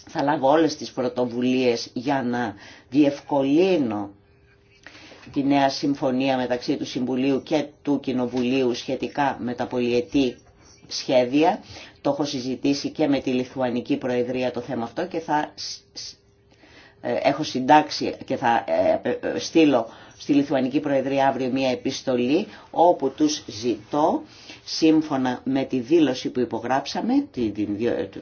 θα λάβω όλες τις πρωτοβουλίες για να διευκολύνω τη νέα συμφωνία μεταξύ του Συμβουλίου και του Κοινοβουλίου σχετικά με τα πολιετή σχέδια. Το έχω συζητήσει και με τη Λιθουανική Προεδρία το θέμα αυτό και θα ε, έχω συντάξει και θα ε, στείλω στη Λιθουανική Προεδρία αύριο μία επιστολή όπου τους ζητώ σύμφωνα με τη δήλωση που υπογράψαμε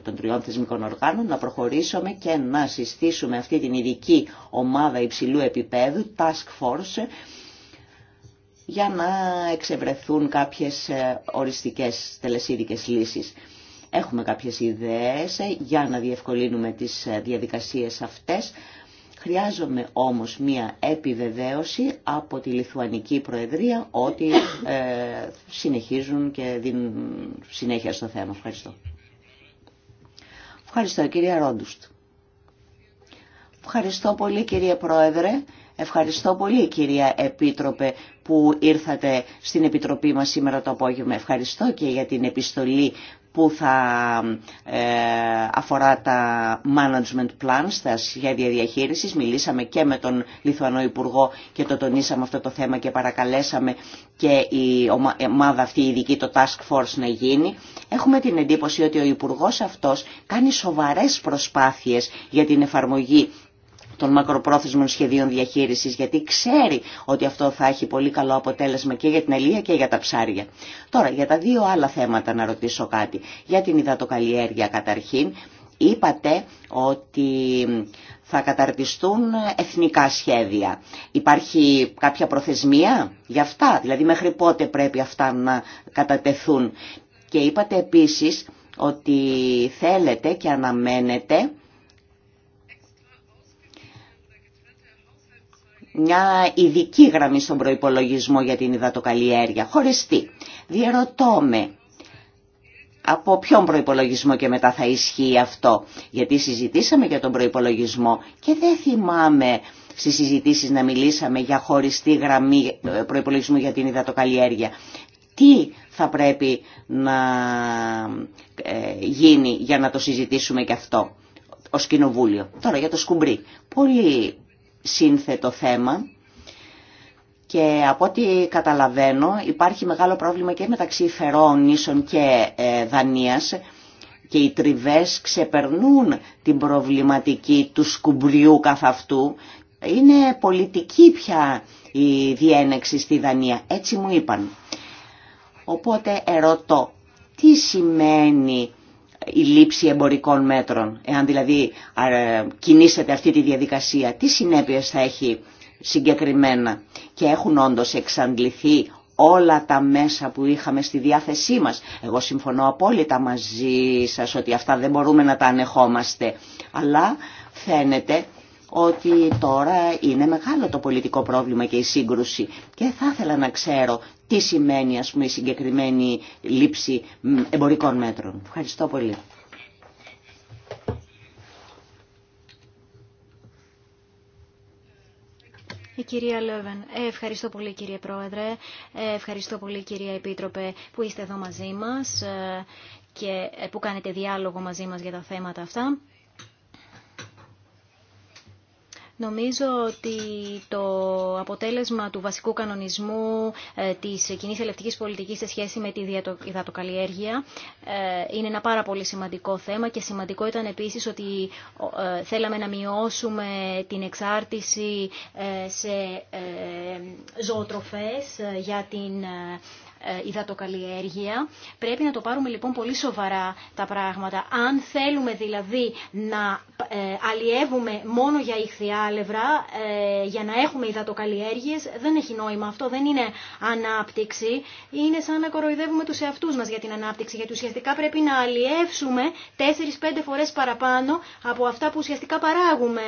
των τριών θεσμικών οργάνων να προχωρήσουμε και να συστήσουμε αυτή την ειδική ομάδα υψηλού επίπεδου, task force, για να εξευρεθούν κάποιες ε, οριστικές τελεσίδικες λύσεις. Έχουμε κάποιες ιδέες ε, για να διευκολύνουμε τις ε, διαδικασίες αυτές. Χρειάζομαι όμως μία επιβεβαίωση από τη Λιθουανική Προεδρία ότι ε, συνεχίζουν και δίνουν συνέχεια στο θέμα. Ευχαριστώ. Ευχαριστώ κυρία Ρόντουστ. Ευχαριστώ πολύ κυρία Πρόεδρε. Ευχαριστώ πολύ κυρία Επίτροπε που ήρθατε στην Επιτροπή μας σήμερα το απόγευμα. Ευχαριστώ και για την επιστολή που θα ε, αφορά τα management plans, τα σχέδια διαχείρισης. Μιλήσαμε και με τον Λιθουανό Υπουργό και το τονίσαμε αυτό το θέμα και παρακαλέσαμε και η ομάδα αυτή η ειδική, το Task Force να γίνει. Έχουμε την εντύπωση ότι ο Υπουργός αυτός κάνει σοβαρές προσπάθειες για την εφαρμογή των μακροπρόθεσμων σχεδίων διαχείρισης γιατί ξέρει ότι αυτό θα έχει πολύ καλό αποτέλεσμα και για την ελία και για τα ψάρια. Τώρα για τα δύο άλλα θέματα να ρωτήσω κάτι. Για την υδατοκαλλιέργεια καταρχήν είπατε ότι θα καταρτιστούν εθνικά σχέδια. Υπάρχει κάποια προθεσμία για αυτά, δηλαδή μέχρι πότε πρέπει αυτά να κατατεθούν. Και είπατε επίσης ότι θέλετε και αναμένετε μια ειδική γραμμή στον προϋπολογισμό για την υδατοκαλλιέργεια, χωριστή. Διερωτώ από ποιον προϋπολογισμό και μετά θα ισχύει αυτό. Γιατί συζητήσαμε για τον προϋπολογισμό και δεν θυμάμαι στις συζητήσεις να μιλήσαμε για χωριστή γραμμή ε, προϋπολογισμού για την υδατοκαλλιέργεια. Τι θα πρέπει να ε, γίνει για να το συζητήσουμε και αυτό ως κοινοβούλιο. Τώρα για το σκουμπρί. Πολύ σύνθετο θέμα και από ό,τι καταλαβαίνω υπάρχει μεγάλο πρόβλημα και μεταξύ Φερών, Νήσων και ε, Δανίας και οι τριβές ξεπερνούν την προβληματική του σκουμπριού καθ' αυτού. Είναι πολιτική πια η διένεξη στη Δανία, έτσι μου είπαν. Οπότε ερωτώ, τι σημαίνει η λήψη εμπορικών μέτρων. Εάν δηλαδή κινήσετε αυτή τη διαδικασία, τι συνέπειες θα έχει συγκεκριμένα και έχουν όντως εξαντληθεί όλα τα μέσα που είχαμε στη διάθεσή μας. Εγώ συμφωνώ απόλυτα μαζί σας ότι αυτά δεν μπορούμε να τα ανεχόμαστε. Αλλά φαίνεται ότι τώρα είναι μεγάλο το πολιτικό πρόβλημα και η σύγκρουση και θα ήθελα να ξέρω τι σημαίνει ας πούμε, η συγκεκριμένη λήψη εμπορικών μέτρων. Ευχαριστώ πολύ. Η ε, κυρία Λόβεν, ε, ευχαριστώ πολύ κύριε Πρόεδρε, ε, ευχαριστώ πολύ κυρία Επίτροπε που είστε εδώ μαζί μας και που κάνετε διάλογο μαζί μας για τα θέματα αυτά. Νομίζω ότι το αποτέλεσμα του βασικού κανονισμού ε, της κοινή ελευτικής πολιτικής σε σχέση με τη υδατοκαλλιέργεια ε, είναι ένα πάρα πολύ σημαντικό θέμα και σημαντικό ήταν επίσης ότι ε, θέλαμε να μειώσουμε την εξάρτηση σε ζωοτροφές για την ε, υδατοκαλλιέργεια. Πρέπει να το πάρουμε λοιπόν πολύ σοβαρά τα πράγματα. Αν θέλουμε δηλαδή να ε, αλλιεύουμε μόνο για ηχθιάλευρα, ε, για να έχουμε υδατοκαλλιέργειες, δεν έχει νόημα αυτό, δεν είναι ανάπτυξη. Είναι σαν να κοροϊδεύουμε τους εαυτούς μας για την ανάπτυξη, γιατί ουσιαστικά πρέπει να αλλιεύσουμε 4-5 φορές παραπάνω από αυτά που ουσιαστικά παράγουμε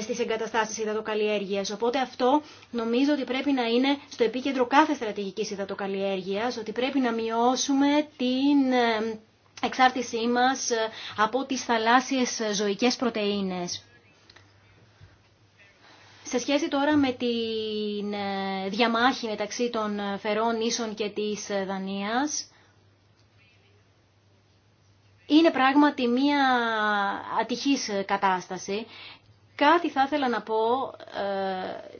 στις εγκαταστάσεις υδατοκαλλιέργειας. Οπότε αυτό νομίζω ότι πρέπει να είναι στο επίκεντρο κάθε στρατηγικής υδατοκαλλιέργειας ότι πρέπει να μειώσουμε την ε, εξάρτησή μας ε, από τις θαλάσσιες ζωικές πρωτεΐνες. Σε σχέση τώρα με τη ε, διαμάχη μεταξύ των Φερών Ίσων και της Δανίας, είναι πράγματι μία ατυχής κατάσταση. Κάτι θα ήθελα να πω,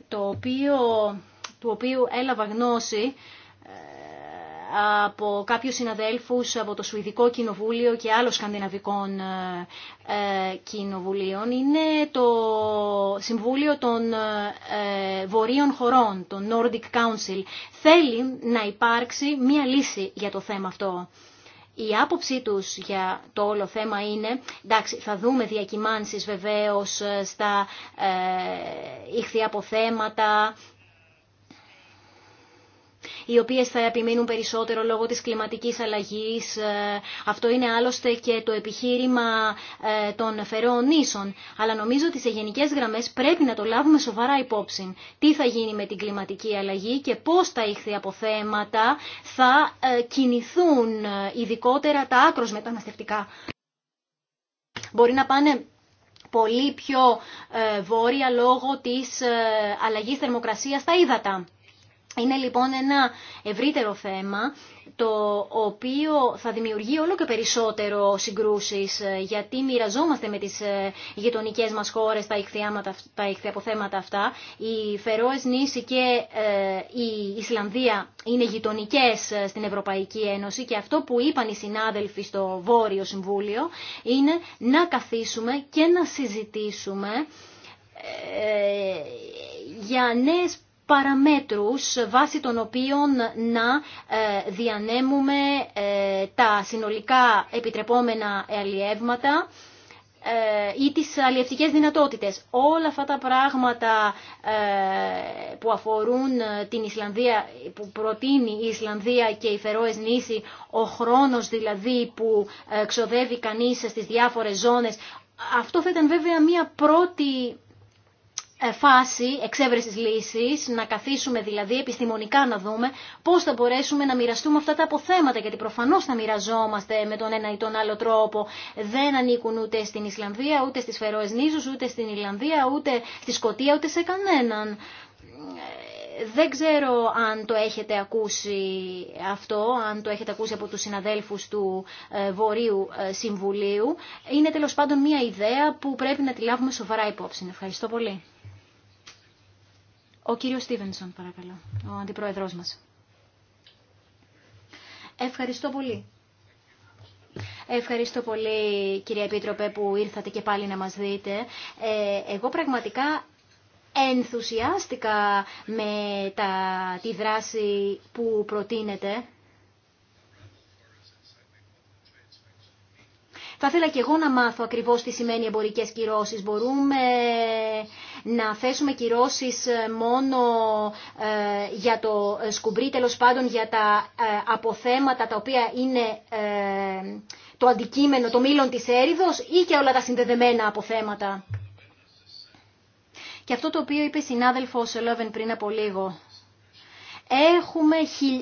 το οποίο, του οποίου έλαβα γνώση από κάποιους συναδέλφους από το Σουηδικό Κοινοβούλιο και άλλων σκανδιναβικών ε, ε, κοινοβουλίων είναι το Συμβούλιο των ε, Βορείων Χωρών, το Nordic Council. Θέλει να υπάρξει μία λύση για το θέμα αυτό. Η άποψή τους για το όλο θέμα είναι, εντάξει θα δούμε διακυμάνσεις βεβαίως στα ε, αποθέματα οι οποίες θα επιμείνουν περισσότερο λόγω της κλιματικής αλλαγής. Ε, αυτό είναι άλλωστε και το επιχείρημα ε, των φερών νήσων. Αλλά νομίζω ότι σε γενικές γραμμές πρέπει να το λάβουμε σοβαρά υπόψη. Τι θα γίνει με την κλιματική αλλαγή και πώς τα ήχθη από θα ε, κινηθούν ειδικότερα τα άκρος μεταναστευτικά. Μπορεί να πάνε πολύ πιο βόρεια λόγω της αλλαγής θερμοκρασίας στα ύδατα. Είναι λοιπόν ένα ευρύτερο θέμα το οποίο θα δημιουργεί όλο και περισσότερο συγκρούσεις ε, γιατί μοιραζόμαστε με τις ε, γειτονικέ μας χώρες τα ηχθιαποθέματα αυτά. Οι Φερόες Νήσι και ε, η Ισλανδία είναι γειτονικές στην Ευρωπαϊκή Ένωση και αυτό που είπαν οι συνάδελφοι στο Βόρειο Συμβούλιο είναι να καθίσουμε και να συζητήσουμε για νέες παραμέτρους βάσει των οποίων να ε, διανέμουμε ε, τα συνολικά επιτρεπόμενα αλλιεύματα ε, ή τις αλλιευτικές δυνατότητες. Όλα αυτά τα πράγματα που αφορούν την Ισλανδία, που προτείνει η Ισλανδία και η Φερόες νήσι, ο χρόνος δηλαδή που ξοδεύει κανείς στις διάφορες ζώνες, αυτό θα ήταν βέβαια μια πρώτη ε, φάση εξέβρεση λύση να καθίσουμε δηλαδή επιστημονικά να δούμε πώ θα μπορέσουμε να μοιραστούμε αυτά τα αποθέματα, γιατί προφανώ θα μοιραζόμαστε με τον ένα ή τον άλλο τρόπο. Δεν ανήκουν ούτε στην Ισλανδία, ούτε στι Φερόε Νίζου, ούτε στην Ιρλανδία, ούτε στη Σκοτία, ούτε σε κανέναν. Δεν ξέρω αν το έχετε ακούσει αυτό, αν το έχετε ακούσει από τους συναδέλφους του ε, Βορείου ε, Συμβουλίου. Είναι τέλος πάντων μια ιδέα που πρέπει να τη λάβουμε σοβαρά υπόψη. Ευχαριστώ πολύ. Ο κύριος Στίβενσον, παρακαλώ, ο αντιπρόεδρός μας. Ευχαριστώ πολύ. Ευχαριστώ πολύ, κυρία Επίτροπε, που ήρθατε και πάλι να μας δείτε. Ε, εγώ πραγματικά ενθουσιάστηκα με τα, τη δράση που προτείνετε Θα ήθελα και εγώ να μάθω ακριβώς τι σημαίνει εμπορικές κυρώσεις. Μπορούμε να θέσουμε κυρώσεις ε, μόνο ε, για το ε, σκουμπρί, τέλο πάντων για τα αποθέματα τα οποία είναι το αντικείμενο, το μήλον της έριδος ή και όλα τα συνδεδεμένα αποθέματα. Και αυτό το οποίο είπε η συνάδελφος Λόβεν πριν από λίγο, Έχουμε,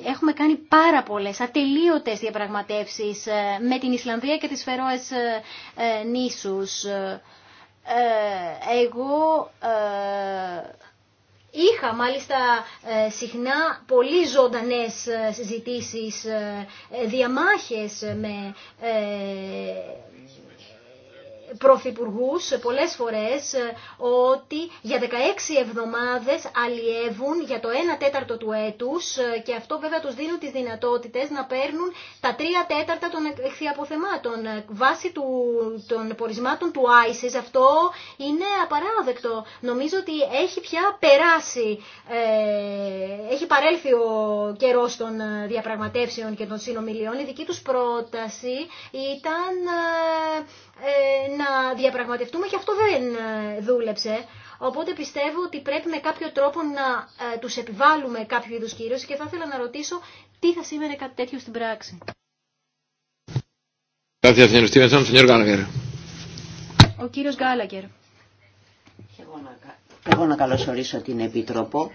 έχουμε κάνει πάρα πολλές ατελείωτες διαπραγματεύσεις ε, με την Ισλανδία και τις Φερόες ε, ε, νήσους. Εγώ Είχα μάλιστα συχνά πολύ ζωντανές συζητήσεις, διαμάχες με πρωθυπουργού πολλές φορές ε, ότι για 16 εβδομάδες αλλιεύουν για το 1 τέταρτο του έτους ε, και αυτό βέβαια τους δίνουν τι δυνατότητε να παίρνουν τα 3 τέταρτα των εχθιαποθεμάτων. Ε, βάσει του, των πορισμάτων του ISIS αυτό είναι απαράδεκτο. Νομίζω ότι έχει πια περάσει, έχει παρέλθει ο καιρός των διαπραγματεύσεων και των συνομιλιών. Η δική του πρόταση ήταν... Ε, να διαπραγματευτούμε και αυτό δεν ε, δούλεψε. Οπότε πιστεύω ότι πρέπει με κάποιο τρόπο να ε, τους επιβάλλουμε κάποιο είδους κύριο και θα ήθελα να ρωτήσω τι θα σήμαινε κάτι τέτοιο στην πράξη. Ο κύριος Γκάλαγκερ. Εγώ να καλωσορίσω την Επίτροπο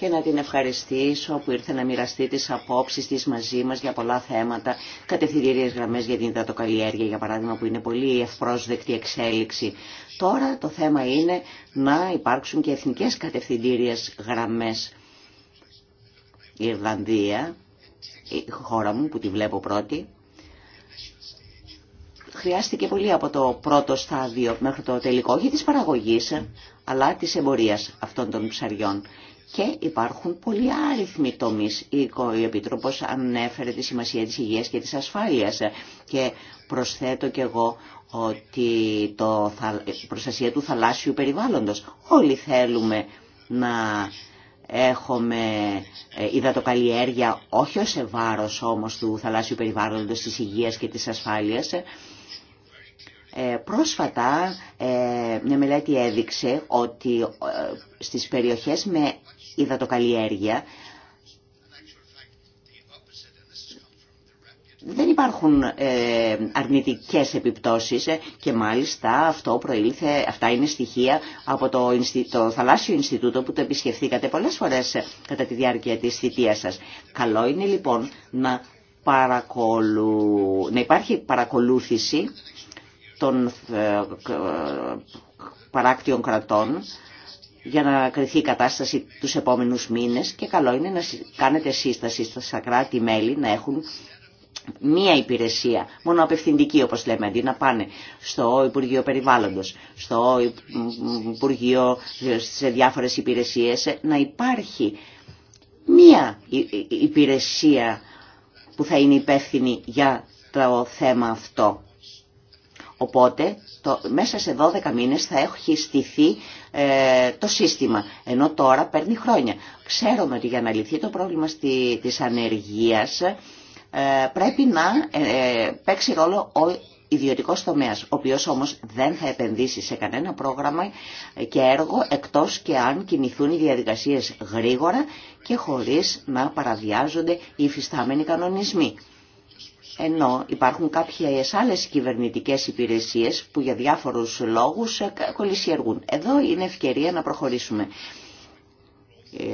και να την ευχαριστήσω που ήρθε να μοιραστεί τις απόψεις της μαζί μας για πολλά θέματα, κατευθυντήριες γραμμές για την υδατοκαλλιέργεια, για παράδειγμα, που είναι πολύ ευπρόσδεκτη εξέλιξη. Τώρα το θέμα είναι να υπάρξουν και εθνικές κατευθυντήριες γραμμές. Η Ιρλανδία, η χώρα μου που τη βλέπω πρώτη, χρειάστηκε πολύ από το πρώτο στάδιο μέχρι το τελικό, όχι της παραγωγής, αλλά της εμπορίας αυτών των ψαριών. Και υπάρχουν πολλοί άριθμοι τομεί. Ο Επίτροπο ανέφερε τη σημασία τη υγεία και τη ασφάλεια. Και προσθέτω κι εγώ ότι το προστασία του θαλάσσιου περιβάλλοντος. Όλοι θέλουμε να έχουμε ε, υδατοκαλλιέργεια, όχι ως βάρος όμως του θαλάσσιου περιβάλλοντος, της υγείας και της ασφάλειας, ε, πρόσφατα ε, μια μελέτη έδειξε ότι ε, στις περιοχές με υδατοκαλλιέργεια δεν υπάρχουν αρνητικές επιπτώσεις και μάλιστα αυτό προήλθε, αυτά είναι στοιχεία από το, το Θαλάσσιο Ινστιτούτο που το επισκεφθήκατε πολλές φορές κατά τη διάρκεια της θητείας σας. Καλό είναι λοιπόν να, παρακολου... να υπάρχει παρακολούθηση των ε, παράκτιων κρατών για να κρυθεί η κατάσταση τους επόμενους μήνες και καλό είναι να κάνετε σύσταση στα τη μελη να έχουν μία υπηρεσία, μόνο απευθυντική όπως λέμε, αντί να πάνε στο Υπουργείο Περιβάλλοντος, στο Υπουργείο, ε, σε διάφορες υπηρεσίες, ε, να υπάρχει μία υπηρεσία που θα είναι υπεύθυνη για το θέμα αυτό. Οπότε το, μέσα σε 12 μήνες θα έχει στηθεί ε, το σύστημα, ενώ τώρα παίρνει χρόνια. Ξέρουμε ότι για να λυθεί το πρόβλημα στη, της ανεργίας ε, πρέπει να ε, ε, παίξει ρόλο ο ιδιωτικός τομέας, ο οποίος όμως δεν θα επενδύσει σε κανένα πρόγραμμα και έργο εκτός και αν κινηθούν οι διαδικασίες γρήγορα και χωρίς να παραβιάζονται οι υφιστάμενοι κανονισμοί ενώ υπάρχουν κάποιες άλλες κυβερνητικές υπηρεσίες που για διάφορους λόγους ε, κολλησιεργούν. Εδώ είναι ευκαιρία να προχωρήσουμε. Ε,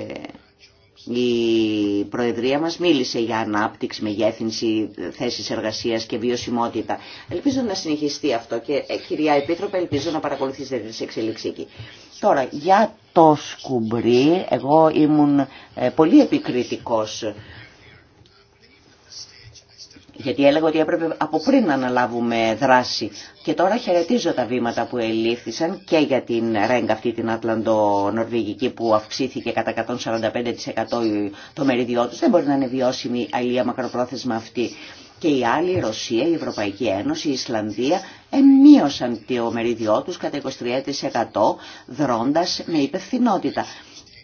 η Προεδρία μας μίλησε για ανάπτυξη, μεγέθυνση, θέσεις εργασίας και βιωσιμότητα. Ελπίζω να συνεχιστεί αυτό και ε, κυρία Επίτροπε ελπίζω να παρακολουθήσετε τις εξελίξεις εκεί. Τώρα για το σκουμπρί εγώ ήμουν πολύ επικριτικός γιατί έλεγα ότι έπρεπε από πριν να αναλάβουμε δράση. Και τώρα χαιρετίζω τα βήματα που ελήφθησαν και για την Ρέγκα αυτή την Άτλαντο-Νορβηγική που αυξήθηκε κατά 145% το μεριδιό του. Δεν μπορεί να είναι βιώσιμη η μακροπρόθεσμα αυτή. Και οι άλλοι, η Ρωσία, η Ευρωπαϊκή Ένωση, η Ισλανδία, εμείωσαν το μεριδιό τους κατά 23% δρώντας με υπευθυνότητα.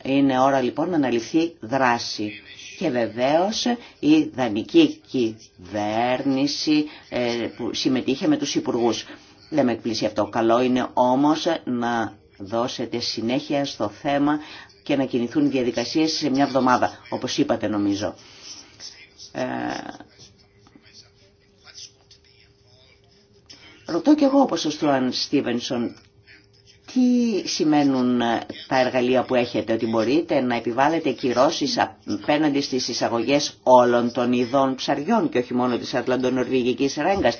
Είναι ώρα λοιπόν να αναλυθεί δράση και βεβαίως η δανική κυβέρνηση ε, που συμμετείχε με τους υπουργούς. Δεν με εκπλήσει αυτό. Καλό είναι όμως να δώσετε συνέχεια στο θέμα και να κινηθούν διαδικασίες σε μια εβδομάδα, όπως είπατε νομίζω. Ε, ρωτώ κι εγώ όπως ο Στουάν Στίβενσον τι σημαίνουν τα εργαλεία που έχετε, ότι μπορείτε να επιβάλλετε κυρώσεις απέναντι στις εισαγωγές όλων των ειδών ψαριών και όχι μόνο της Ατλαντονορβηγικής Ρέγκας.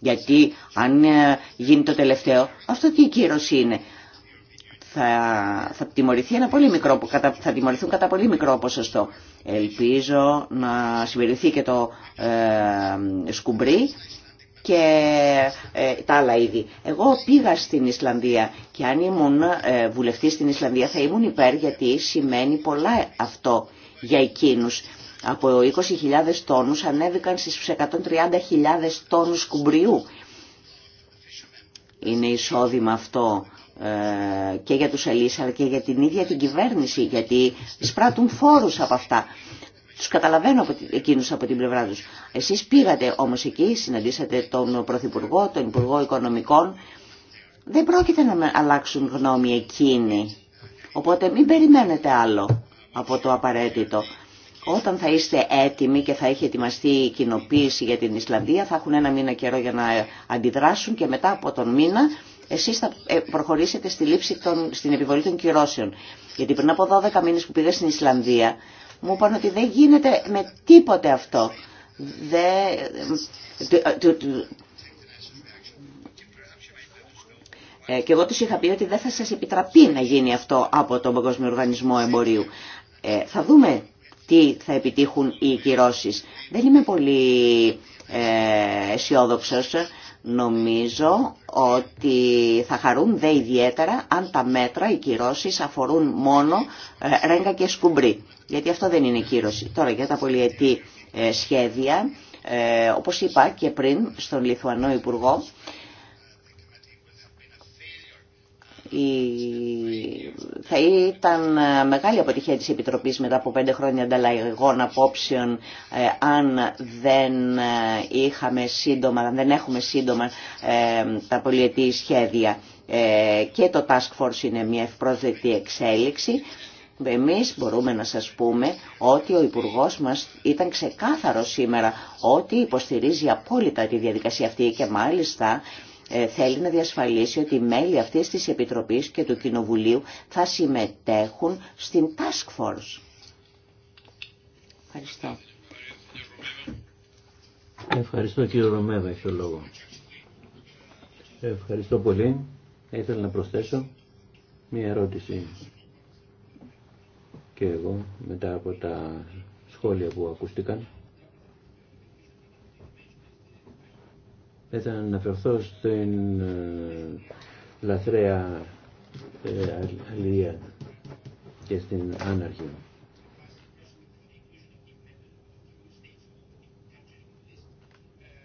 Γιατί αν ε, γίνει το τελευταίο, αυτό τι κύρωση είναι. Θα, θα τιμωρηθεί ένα πολύ μικρό, θα τιμωρηθούν κατά πολύ μικρό ποσοστό. Ελπίζω να συμπεριληφθεί και το ε, σκουμπρί και ε, τα άλλα είδη. Εγώ πήγα στην Ισλανδία και αν ήμουν ε, βουλευτής στην Ισλανδία θα ήμουν υπέρ γιατί σημαίνει πολλά αυτό για εκείνους. Από 20.000 τόνους ανέβηκαν στις 130.000 τόνους κουμπριού. Είναι εισόδημα αυτό ε, και για τους Ελίσσα αλλά και για την ίδια την κυβέρνηση γιατί σπράττουν φόρους από αυτά. Τους καταλαβαίνω από, εκείνους από την πλευρά τους. Εσείς πήγατε όμως εκεί, συναντήσατε τον Πρωθυπουργό, τον Υπουργό Οικονομικών. Δεν πρόκειται να αλλάξουν γνώμη εκείνοι. Οπότε μην περιμένετε άλλο από το απαραίτητο. Όταν θα είστε έτοιμοι και θα έχει ετοιμαστεί η κοινοποίηση για την Ισλανδία, θα έχουν ένα μήνα καιρό για να αντιδράσουν και μετά από τον μήνα εσείς θα ε, προχωρήσετε στη λήψη των, στην επιβολή των κυρώσεων. Γιατί πριν από 12 μήνες που πήγα στην Ισλανδία, μου είπαν ότι δεν γίνεται με τίποτε αυτό. δε ε, ε, και εγώ τους είχα πει ότι δεν θα σας επιτραπεί να γίνει αυτό από τον Παγκόσμιο Οργανισμό Εμπορίου. Ε, θα δούμε τι θα επιτύχουν οι κυρώσεις. Δεν είμαι πολύ ε, αισιόδοξο. Νομίζω ότι θα χαρούν δε ιδιαίτερα αν τα μέτρα, οι κυρώσεις αφορούν μόνο ε, ρέγγα και σκουμπρί. Γιατί αυτό δεν είναι κύρωση. Τώρα για τα πολυετή ε, σχέδια, ε, όπως είπα και πριν στον Λιθουανό Υπουργό, θα ήταν ε, μεγάλη αποτυχία της Επιτροπής μετά από πέντε χρόνια ανταλλαγών απόψεων ε, αν δεν ε, είχαμε σύντομα, δεν έχουμε σύντομα τα πολιετή σχέδια και το Task Force είναι μια ευπρόσδεκτη εξέλιξη εμείς μπορούμε να σας πούμε ότι ο Υπουργός μας ήταν ξεκάθαρο σήμερα ότι υποστηρίζει απόλυτα τη διαδικασία αυτή και μάλιστα ε, θέλει να διασφαλίσει ότι οι μέλη αυτής της Επιτροπής και του Κοινοβουλίου θα συμμετέχουν στην Task Force. Ευχαριστώ. Ευχαριστώ κύριο Ρωμέβα, έχει λόγο. Ευχαριστώ πολύ. Θα ήθελα να προσθέσω μία ερώτηση και εγώ μετά από τα σχόλια που ακούστηκαν Θα να αναφερθώ στην ε, λαθρέα ε, αλληλεία και στην άναρχη.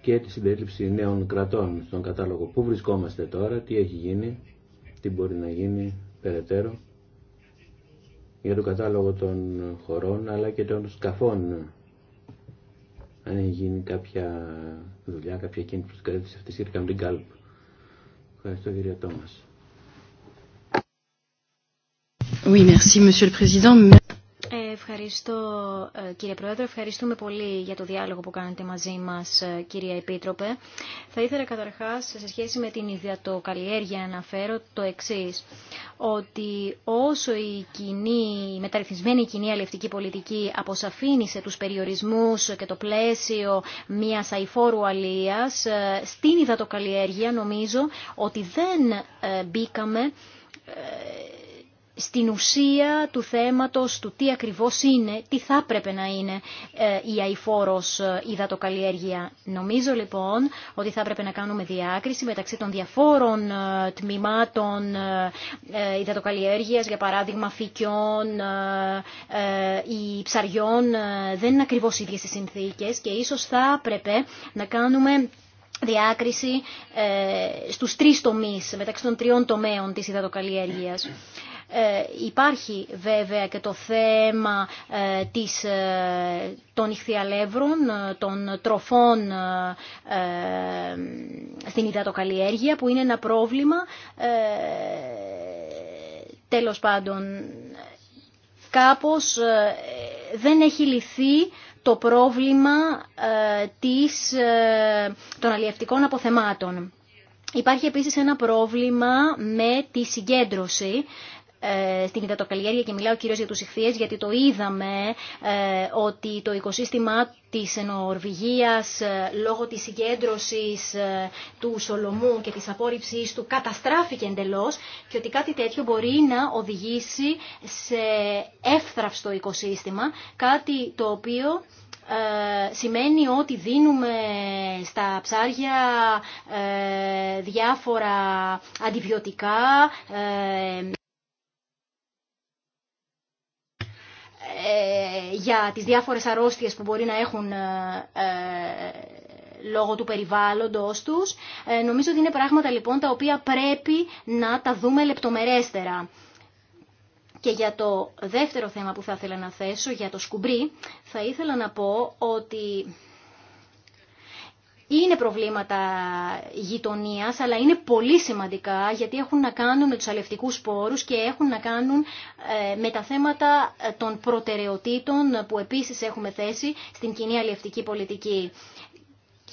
και τη συμπερίληψη νέων κρατών στον κατάλογο. Πού βρισκόμαστε τώρα, τι έχει γίνει, τι μπορεί να γίνει περαιτέρω για τον κατάλογο των χωρών αλλά και των σκαφών αν έχει γίνει κάποια δουλειά, κάποια κίνηση προς την αυτή σχετικά με την γκάλπ. Ευχαριστώ κύριε Τόμας. Oui, merci Monsieur le Président. Ευχαριστώ ε, κύριε Πρόεδρε, ευχαριστούμε πολύ για το διάλογο που κάνετε μαζί μας ε, κύριε Επίτροπε. Θα ήθελα καταρχάς σε σχέση με την ιδιατοκαλλιέργεια να αναφέρω το εξής, ότι όσο η, κοινή, η μεταρρυθμισμένη κοινή αλληλευτική πολιτική αποσαφήνισε τους περιορισμούς και το πλαίσιο μιας αηφόρου αλίας, ε, στην ιδατοκαλλιέργεια νομίζω ότι δεν μπήκαμε στην ουσία του θέματος του τι ακριβώς είναι, τι θα πρέπει να είναι ε, η αηφόρος ε, υδατοκαλλιέργεια. Νομίζω λοιπόν ότι θα πρέπει να κάνουμε διάκριση μεταξύ των διαφόρων ε, τμήματων υδατοκαλλιέργειας, για παράδειγμα φυκιών ή ψαριών, δεν είναι ακριβώς ίδιες οι συνθήκες και ίσως θα έπρεπε να κάνουμε διάκριση στους τρεις τομείς, μεταξύ των τριών τομέων της υδατοκαλλιέργειας. Ε, υπάρχει βέβαια και το θέμα ε, ε, των ηχθιαλεύρων, των τροφών στην υδατοκαλλιέργεια που είναι ένα πρόβλημα τέλος πάντων κάπως δεν έχει λυθεί το πρόβλημα των αλλιευτικών αποθεμάτων. Υπάρχει επίσης ένα πρόβλημα με τη συγκέντρωση ε, στην υδατοκαλλιέργεια και μιλάω κυρίως για τους ηχθείες γιατί το είδαμε ε, ότι το οικοσύστημα της Νορβηγίας ε, λόγω της συγκέντρωσης του Σολομού και της απόρριψής του καταστράφηκε εντελώς και ότι κάτι τέτοιο μπορεί να οδηγήσει σε εύθραυστο οικοσύστημα, κάτι το οποίο σημαίνει ότι δίνουμε στα ψάρια διάφορα αντιβιωτικά Ε, για τις διάφορες αρρώστιες που μπορεί να έχουν ε, ε, λόγω του περιβάλλοντος τους. Νομίζω ότι είναι πράγματα λοιπόν τα οποία πρέπει να τα δούμε λεπτομερέστερα. Και για το δεύτερο θέμα που θα ήθελα να θέσω, για το σκουμπρί, θα ήθελα να πω ότι είναι προβλήματα γειτονία, αλλά είναι πολύ σημαντικά γιατί έχουν να κάνουν με τους αλευτικούς πόρους και έχουν να κάνουν ε, με τα θέματα ε, των προτεραιοτήτων που επίσης έχουμε θέσει στην κοινή αλευτική πολιτική.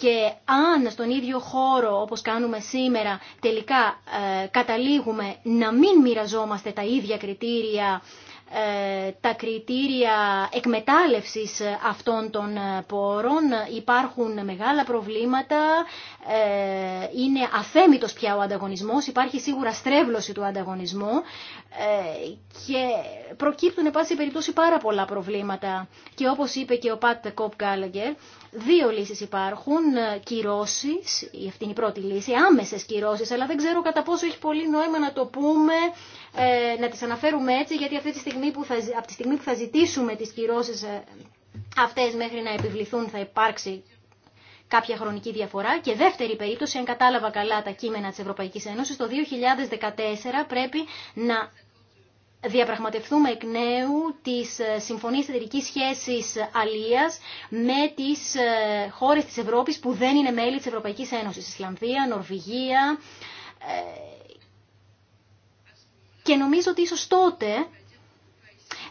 Και αν στον ίδιο χώρο, όπως κάνουμε σήμερα, τελικά ε, καταλήγουμε να μην μοιραζόμαστε τα ίδια κριτήρια ε, τα κριτήρια εκμετάλλευσης αυτών των πόρων. Υπάρχουν μεγάλα προβλήματα ε, είναι αθέμητος πια ο ανταγωνισμός, υπάρχει σίγουρα στρέβλωση του ανταγωνισμού ε, και προκύπτουν πάση περιπτώσει πάρα πολλά προβλήματα. Και όπως είπε και ο Πατ Κόπ Γκάλεγκερ, δύο λύσεις υπάρχουν, ε, κυρώσεις, αυτή είναι η πρώτη λύση, άμεσες κυρώσεις, αλλά δεν ξέρω κατά πόσο έχει πολύ νόημα να το πούμε, να τις αναφέρουμε έτσι, γιατί αυτή τη στιγμή που θα, από τη στιγμή που θα ζητήσουμε τις κυρώσεις αυτές μέχρι να επιβληθούν θα υπάρξει κάποια χρονική διαφορά. Και δεύτερη περίπτωση, αν κατάλαβα καλά τα κείμενα της Ευρωπαϊκής Ένωσης, το 2014 πρέπει να διαπραγματευτούμε εκ νέου τις ε, συμφωνίες εταιρικής σχέσης αλίας με τις ε, χώρες της Ευρώπης που δεν είναι μέλη της Ευρωπαϊκής Ένωσης. Ισλανδία, Νορβηγία. Ε, και νομίζω ότι ίσως τότε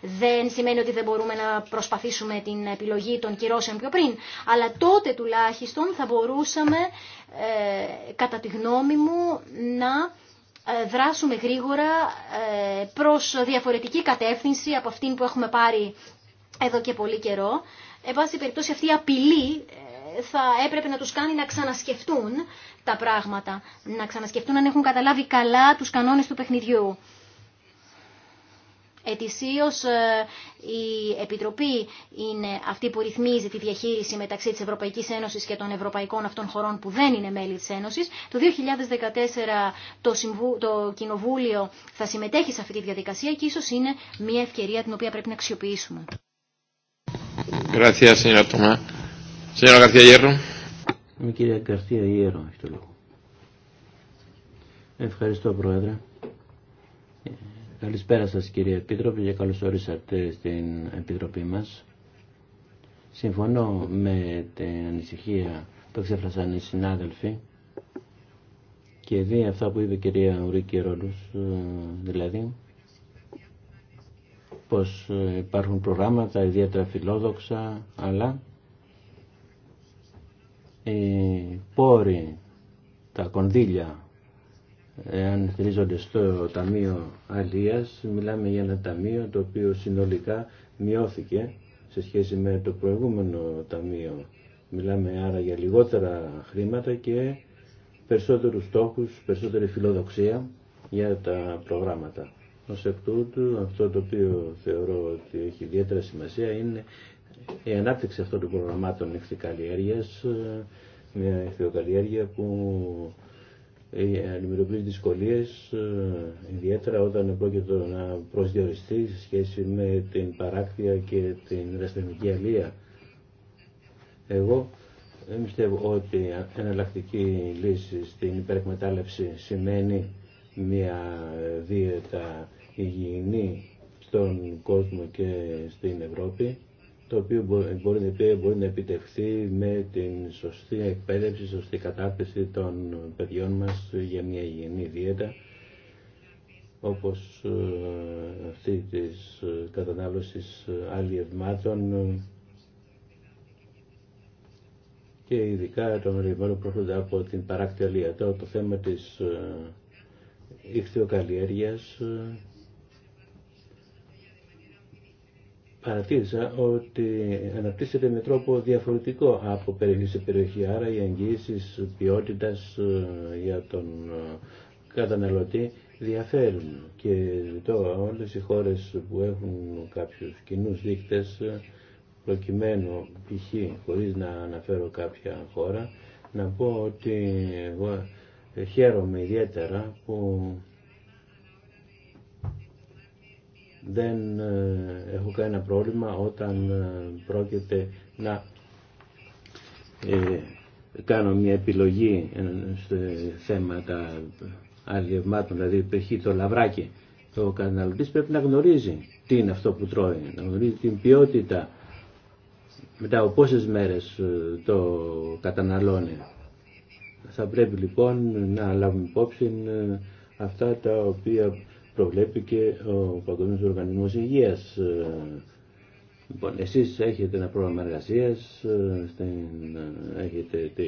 δεν σημαίνει ότι δεν μπορούμε να προσπαθήσουμε την επιλογή των κυρώσεων πιο πριν. Αλλά τότε τουλάχιστον θα μπορούσαμε, ε, κατά τη γνώμη μου, να ε, δράσουμε γρήγορα ε, προς διαφορετική κατεύθυνση από αυτήν που έχουμε πάρει εδώ και πολύ καιρό. Εν πάση περιπτώσει αυτή η απειλή θα έπρεπε να τους κάνει να ξανασκεφτούν τα πράγματα, να ξανασκεφτούν αν έχουν καταλάβει καλά τους κανόνες του παιχνιδιού. Ετησίως ε, η Επιτροπή είναι αυτή που ρυθμίζει τη διαχείριση μεταξύ της Ευρωπαϊκής Ένωσης και των ευρωπαϊκών αυτών χωρών που δεν είναι μέλη της Ένωσης. Το 2014 το, το Κοινοβούλιο θα συμμετέχει σε αυτή τη διαδικασία και ίσως είναι μια ευκαιρία την οποία πρέπει να αξιοποιήσουμε. Ευχαριστώ, Πρόεδρε. Καλησπέρα σας κύριε Επίτροπε και καλώς ορίσατε στην Επιτροπή μας. Συμφωνώ με την ανησυχία που εξέφρασαν οι συνάδελφοι και δει αυτά που είπε η κυρία Ουρίκη Ρόλους, ε, δηλαδή πως υπάρχουν προγράμματα ιδιαίτερα φιλόδοξα, αλλά οι πόροι, τα κονδύλια Εάν θυρίζονται στο Ταμείο Αλίας, μιλάμε για ένα ταμείο το οποίο συνολικά μειώθηκε σε σχέση με το προηγούμενο ταμείο. Μιλάμε άρα για λιγότερα χρήματα και περισσότερους στόχους, περισσότερη φιλοδοξία για τα προγράμματα. Ως εκ τούτου, αυτό το οποίο θεωρώ ότι έχει ιδιαίτερα σημασία είναι η ανάπτυξη αυτών των προγραμμάτων εχθικαλλιέργειας, ε, μια εχθικαλλιέργεια που ε, αντιμετωπίζει δυσκολίε ε, ιδιαίτερα όταν πρόκειται να προσδιοριστεί σε σχέση με την παράκτεια και την ραστεμική αλεία. Εγώ δεν πιστεύω ότι εναλλακτική λύση στην υπερεκμετάλλευση σημαίνει μια δίαιτα υγιεινή στον κόσμο και στην Ευρώπη το οποίο μπορεί, να επιτευχθεί με την σωστή εκπαίδευση, σωστή κατάρτιση των παιδιών μας για μια υγιεινή δίαιτα όπως ε, αυτή της ε, κατανάλωσης αλλιευμάτων ε, και ειδικά των ρημών που από την παράκτη τώρα, το θέμα της ηχθειοκαλλιέργειας παρατήρησα ότι αναπτύσσεται με τρόπο διαφορετικό από περιοχή σε περιοχή. Άρα οι εγγύησει ποιότητα ε, για τον ε, καταναλωτή διαφέρουν και ζητώ όλες οι χώρες που έχουν κάποιους κοινούς δείκτες ε, προκειμένου π.χ. χωρίς να αναφέρω κάποια χώρα να πω ότι εγώ χαίρομαι ιδιαίτερα που δεν ε, έχω κανένα πρόβλημα όταν ε, πρόκειται να ε, κάνω μια επιλογή σε θέματα αλλιευμάτων, δηλαδή π.χ. το λαβράκι. Το καταναλωτής πρέπει να γνωρίζει τι είναι αυτό που τρώει, να γνωρίζει την ποιότητα, μετά από πόσες μέρες το καταναλώνει. Θα πρέπει λοιπόν να λάβουμε υπόψη αυτά τα οποία προβλέπει και ο Παγκόσμιος Οργανισμός Υγείας. Ε, λοιπόν, εσείς έχετε ένα πρόγραμμα εργασίας, ε, ε, έχετε τη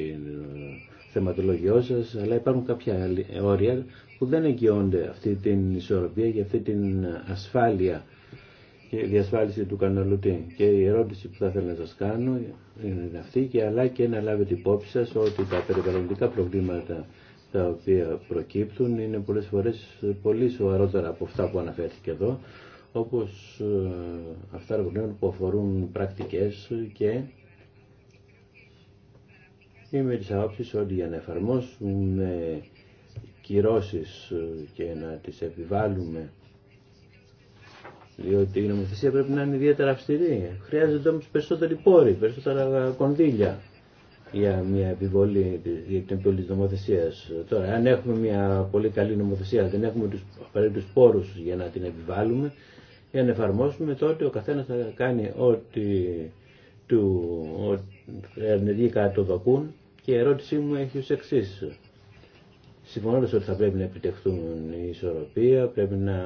θεματολογιό σας, αλλά υπάρχουν κάποια όρια που δεν εγγυώνται αυτή την ισορροπία και αυτή την ασφάλεια και διασφάλιση του καναλωτή. Και η ερώτηση που θα ήθελα να σας κάνω είναι αυτή και αλλά και να λάβετε υπόψη σας ότι τα περιβαλλοντικά προβλήματα τα οποία προκύπτουν είναι πολλές φορές πολύ σοβαρότερα από αυτά που αναφέρθηκε εδώ, όπως ε, αυτά που αφορούν πρακτικές και είμαι της άποψης ότι για να εφαρμόσουμε κυρώσεις ε, και να τις επιβάλλουμε διότι η νομοθεσία πρέπει να είναι ιδιαίτερα αυστηρή. Χρειάζεται όμως περισσότερη πόρη, περισσότερα κονδύλια για μια επιβολή για την επιβολή της νομοθεσίας. Τώρα, αν έχουμε μια πολύ καλή νομοθεσία, δεν έχουμε τους απαραίτητους πόρους για να την επιβάλλουμε, για να εφαρμόσουμε, τότε ο καθένας θα κάνει ό,τι του αρνητικά το δοκούν και η ερώτησή μου έχει ως εξή. Συμφωνώντας ότι θα πρέπει να επιτευχθούν η ισορροπία, πρέπει να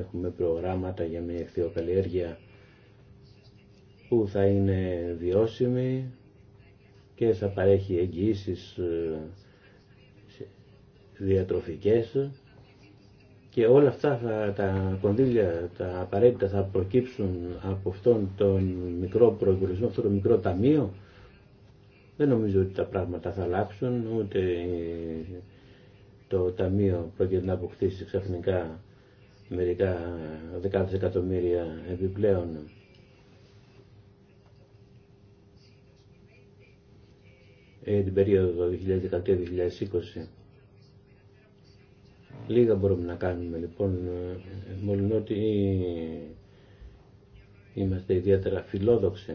έχουμε προγράμματα για μια καλλιέργεια που θα είναι βιώσιμη, και θα παρέχει εγγυήσεις ε, διατροφικές και όλα αυτά τα κονδύλια, τα απαραίτητα θα προκύψουν από αυτόν τον μικρό προϋπολογισμό, αυτό το μικρό ταμείο. Δεν νομίζω ότι τα πράγματα θα αλλάξουν, ούτε το ταμείο πρόκειται να αποκτήσει ξαφνικά μερικά δεκάδες εκατομμύρια επιπλέον. Ε, την περίοδο 2013-2020. Λίγα μπορούμε να κάνουμε λοιπόν, ε, ε, μόλι ότι είμαστε ιδιαίτερα φιλόδοξοι.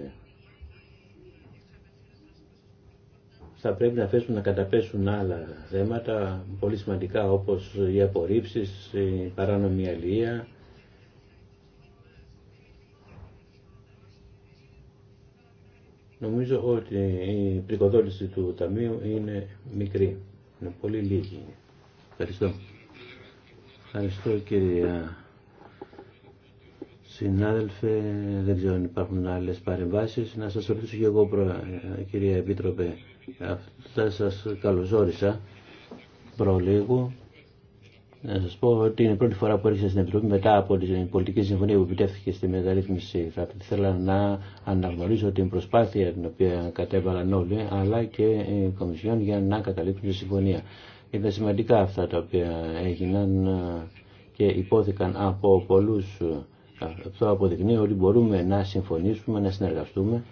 Θα πρέπει να αφήσουμε να καταπέσουν άλλα θέματα πολύ σημαντικά όπως οι απορρίψεις, η παράνομη αλληλεία, Νομίζω ότι η πρικοδότηση του Ταμείου είναι μικρή. Είναι πολύ λίγη. Ευχαριστώ. Ευχαριστώ κυρία συνάδελφε. Δεν ξέρω αν υπάρχουν άλλες παρεμβάσεις. Να σας ρωτήσω και εγώ κυρία Επίτροπε. Αυτά σας καλωσόρισα προλίγου να σα πω ότι είναι η πρώτη φορά που έρχεσαι στην Επιτροπή μετά από την πολιτική συμφωνία που επιτεύχθηκε στη μεταρρύθμιση. Θα ήθελα να αναγνωρίσω την προσπάθεια την οποία κατέβαλαν όλοι, αλλά και η Κομισιόν για να καταλήξουν τη συμφωνία. Ήταν σημαντικά αυτά τα οποία έγιναν ε, και υπόθηκαν από πολλού ε, Αυτό αποδεικνύει ότι μπορούμε να συμφωνήσουμε, να συνεργαστούμε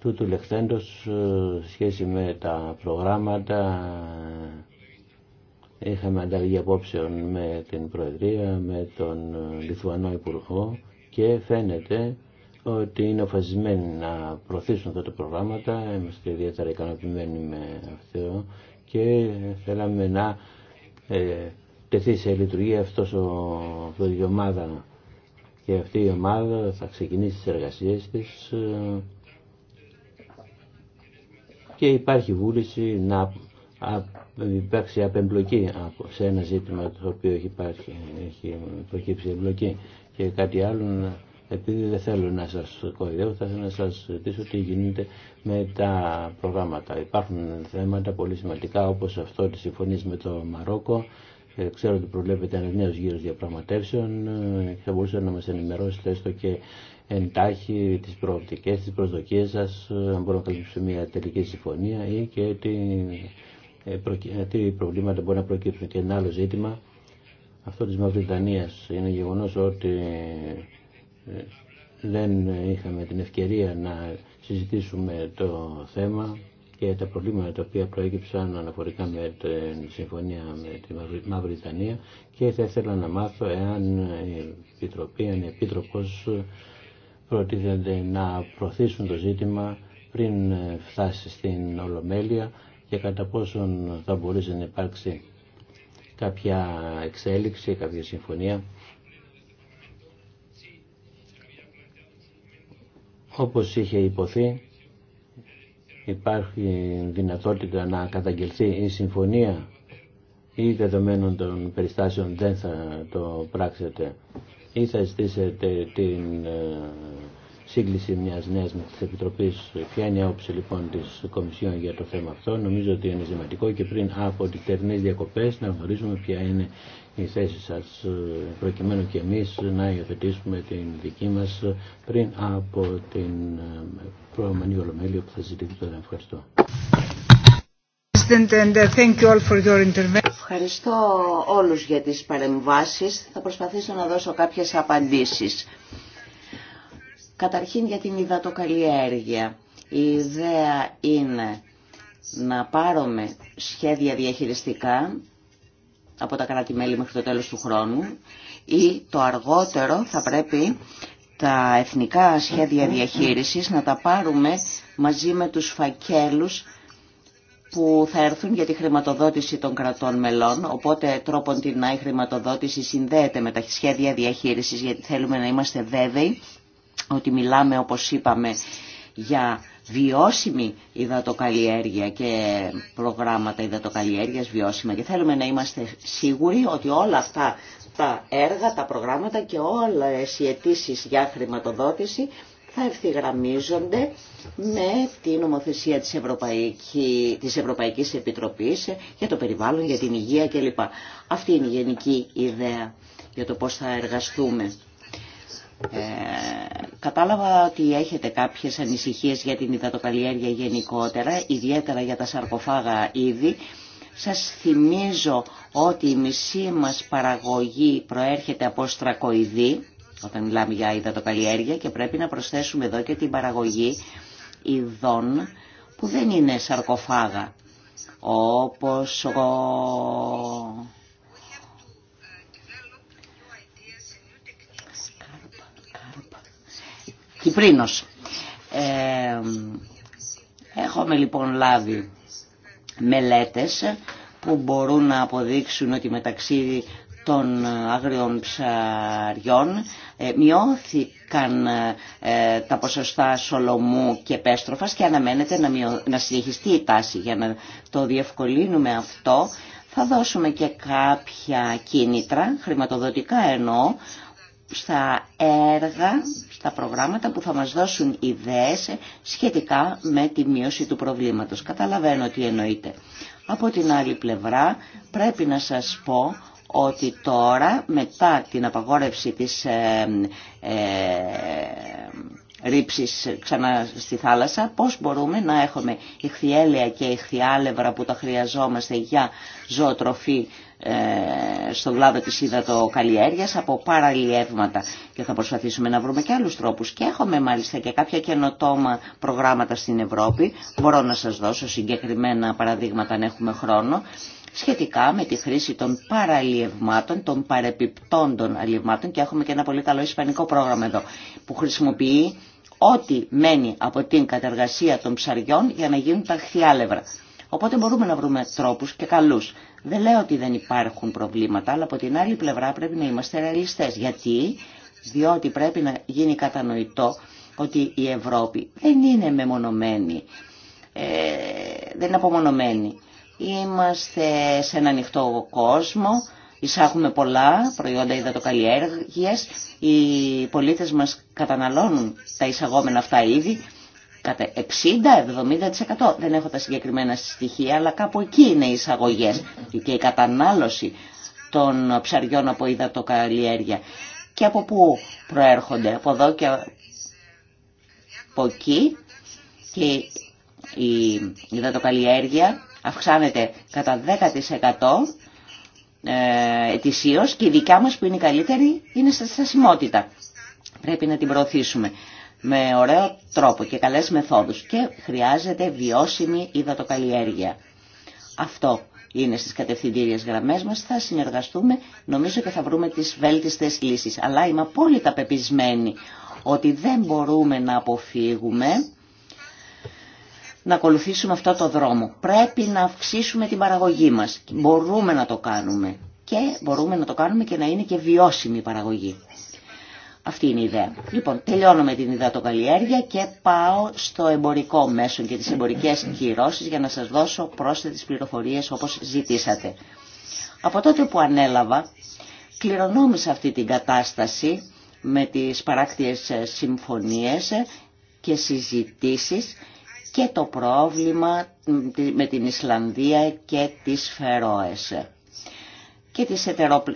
τούτου λεχθέντος ε, σχέση με τα προγράμματα Είχαμε ανταλλαγή απόψεων με την Προεδρία, με τον Λιθουανό Υπουργό και φαίνεται ότι είναι οφασισμένοι να προωθήσουν αυτά τα προγράμματα. Είμαστε ιδιαίτερα ικανοποιημένοι με αυτό και θέλαμε να ε, τεθεί σε λειτουργία αυτός ο, αυτή ομάδα. Και αυτή η ομάδα θα ξεκινήσει τις εργασίες της ε, και υπάρχει βούληση να υπάρξει δηλαδή, απεμπλοκή σε ένα ζήτημα το οποίο έχει, υπάρχει, έχει προκύψει εμπλοκή και κάτι άλλο επειδή δεν θέλω να σας κορυδεύω θα ήθελα να σας ζητήσω τι γίνεται με τα προγράμματα. Υπάρχουν θέματα πολύ σημαντικά όπως αυτό τη συμφωνία με το Μαρόκο ε, Ξέρω ότι προβλέπεται ένα νέο γύρο διαπραγματεύσεων. Ε, θα μπορούσατε να μα ενημερώσετε έστω και εντάχει τι προοπτικέ, τι προσδοκίε σα, ε, αν μπορούμε να καλύψουμε μια τελική συμφωνία ή και την ε, ε, τι προβλήματα μπορεί να προκύψουν. Και ένα άλλο ζήτημα, αυτό της Μαυριτανίας, είναι γεγονός ότι ε, δεν είχαμε την ευκαιρία να συζητήσουμε το θέμα και τα προβλήματα τα οποία προέκυψαν αναφορικά με τη συμφωνία με τη Μαυριτανία και θα ήθελα να μάθω εάν η Επιτροπή, αν η Επίτροπος προτίθεται να προωθήσουν το ζήτημα πριν φτάσει στην Ολομέλεια και κατά πόσον θα μπορούσε να υπάρξει κάποια εξέλιξη, κάποια συμφωνία. Όπως είχε υποθεί, υπάρχει δυνατότητα να καταγγελθεί η συμφωνία ή δεδομένων των περιστάσεων δεν θα το πράξετε ή θα ζητήσετε την ε, σύγκληση με τη επιτροπής. Ποια είναι η άποψη λοιπόν τη Κομισιόν για το θέμα αυτό. Νομίζω ότι είναι σημαντικό και πριν από τι τερνέ διακοπέ να γνωρίζουμε ποια είναι η θέση σα προκειμένου και εμεί να υιοθετήσουμε την δική μα πριν από την ε, προηγούμενη ολομέλεια που θα συζητηθεί τώρα. Ευχαριστώ. Uh, Ευχαριστώ όλους για τις παρεμβάσεις. Θα προσπαθήσω να δώσω κάποιες απαντήσεις. Καταρχήν για την υδατοκαλλιέργεια. Η ιδέα είναι να πάρουμε σχέδια διαχειριστικά από τα κράτη-μέλη μέχρι το τέλος του χρόνου ή το αργότερο θα πρέπει τα εθνικά σχέδια διαχείρισης να τα πάρουμε μαζί με τους φακέλους που θα έρθουν για τη χρηματοδότηση των κρατών μελών, οπότε τρόπον την να η χρηματοδότηση συνδέεται με τα σχέδια διαχείρισης, γιατί θέλουμε να είμαστε βέβαιοι ότι μιλάμε όπως είπαμε για βιώσιμη υδατοκαλλιέργεια και προγράμματα υδατοκαλλιέργειας βιώσιμα και θέλουμε να είμαστε σίγουροι ότι όλα αυτά τα έργα, τα προγράμματα και όλες οι αιτήσει για χρηματοδότηση θα ευθυγραμμίζονται με την νομοθεσία της, Ευρωπαϊκή, της Ευρωπαϊκής Επιτροπής για το περιβάλλον, για την υγεία κλπ. Αυτή είναι η γενική ιδέα για το πώς θα εργαστούμε. Ε, κατάλαβα ότι έχετε κάποιες ανησυχίες για την υδατοκαλλιέργεια γενικότερα, ιδιαίτερα για τα σαρκοφάγα είδη. Σας θυμίζω ότι η μισή μας παραγωγή προέρχεται από στρακοειδή, όταν μιλάμε για υδατοκαλλιέργεια, και πρέπει να προσθέσουμε εδώ και την παραγωγή ειδών που δεν είναι σαρκοφάγα, όπως ο Κυπρίνος. Ε, έχουμε λοιπόν λάβει μελέτες που μπορούν να αποδείξουν ότι μεταξύ των άγριων ψαριών ε, μειώθηκαν ε, τα ποσοστά σολομού και πέστροφας και αναμένεται να, να συνεχιστεί η τάση. Για να το διευκολύνουμε αυτό θα δώσουμε και κάποια κίνητρα, χρηματοδοτικά εννοώ, στα έργα, στα προγράμματα που θα μας δώσουν ιδέες σχετικά με τη μείωση του προβλήματος. Καταλαβαίνω τι εννοείται. Από την άλλη πλευρά πρέπει να σας πω ότι τώρα μετά την απαγόρευση της ε, ε ξανά στη θάλασσα, πώς μπορούμε να έχουμε ηχθιέλαια και ηχθιάλευρα που τα χρειαζόμαστε για ζωοτροφή ε, στον κλάδο της ύδατο-καλλιέργειας από παραλίευματα και θα προσπαθήσουμε να βρούμε και άλλους τρόπους και έχουμε μάλιστα και κάποια καινοτόμα προγράμματα στην Ευρώπη μπορώ να σας δώσω συγκεκριμένα παραδείγματα αν έχουμε χρόνο σχετικά με τη χρήση των παραλίευματων, των παρεπιπτόντων αλιευμάτων και έχουμε και ένα πολύ καλό ισπανικό πρόγραμμα εδώ που χρησιμοποιεί ό,τι μένει από την κατεργασία των ψαριών για να γίνουν τα χθιάλευρα. Οπότε μπορούμε να βρούμε τρόπους και καλού. Δεν λέω ότι δεν υπάρχουν προβλήματα, αλλά από την άλλη πλευρά πρέπει να είμαστε ρεαλιστές. Γιατί? Διότι πρέπει να γίνει κατανοητό ότι η Ευρώπη δεν είναι μεμονωμένη, ε, δεν είναι απομονωμένη. Είμαστε σε ένα ανοιχτό κόσμο, εισάγουμε πολλά προϊόντα υδατοκαλλιέργειας, οι πολίτες μας καταναλώνουν τα εισαγόμενα αυτά ήδη, κατά 60-70%. Δεν έχω τα συγκεκριμένα στοιχεία, αλλά κάπου εκεί είναι οι εισαγωγές και η κατανάλωση των ψαριών από υδατοκαλλιέργεια. Και από πού προέρχονται, από εδώ και από εκεί και η υδατοκαλλιέργεια αυξάνεται κατά 10% ε, ετησίως και η δικιά μας που είναι η καλύτερη είναι στη στασιμότητα. Πρέπει να την προωθήσουμε με ωραίο τρόπο και καλές μεθόδους και χρειάζεται βιώσιμη υδατοκαλλιέργεια. Αυτό είναι στις κατευθυντήριες γραμμές μας, θα συνεργαστούμε, νομίζω και θα βρούμε τις βέλτιστες λύσεις. Αλλά είμαι απόλυτα πεπισμένη ότι δεν μπορούμε να αποφύγουμε να ακολουθήσουμε αυτό το δρόμο. Πρέπει να αυξήσουμε την παραγωγή μας. Μπορούμε να το κάνουμε. Και μπορούμε να το κάνουμε και να είναι και βιώσιμη η παραγωγή. Αυτή είναι η ιδέα. Λοιπόν, τελειώνω με την υδατοκαλλιέργεια και πάω στο εμπορικό μέσο και τις εμπορικές κυρώσεις για να σας δώσω πρόσθετες πληροφορίες όπως ζητήσατε. Από τότε που ανέλαβα, κληρονόμησα αυτή την κατάσταση με τις παράκτιες συμφωνίες και συζητήσεις και το πρόβλημα με την Ισλανδία και τις Φερόες και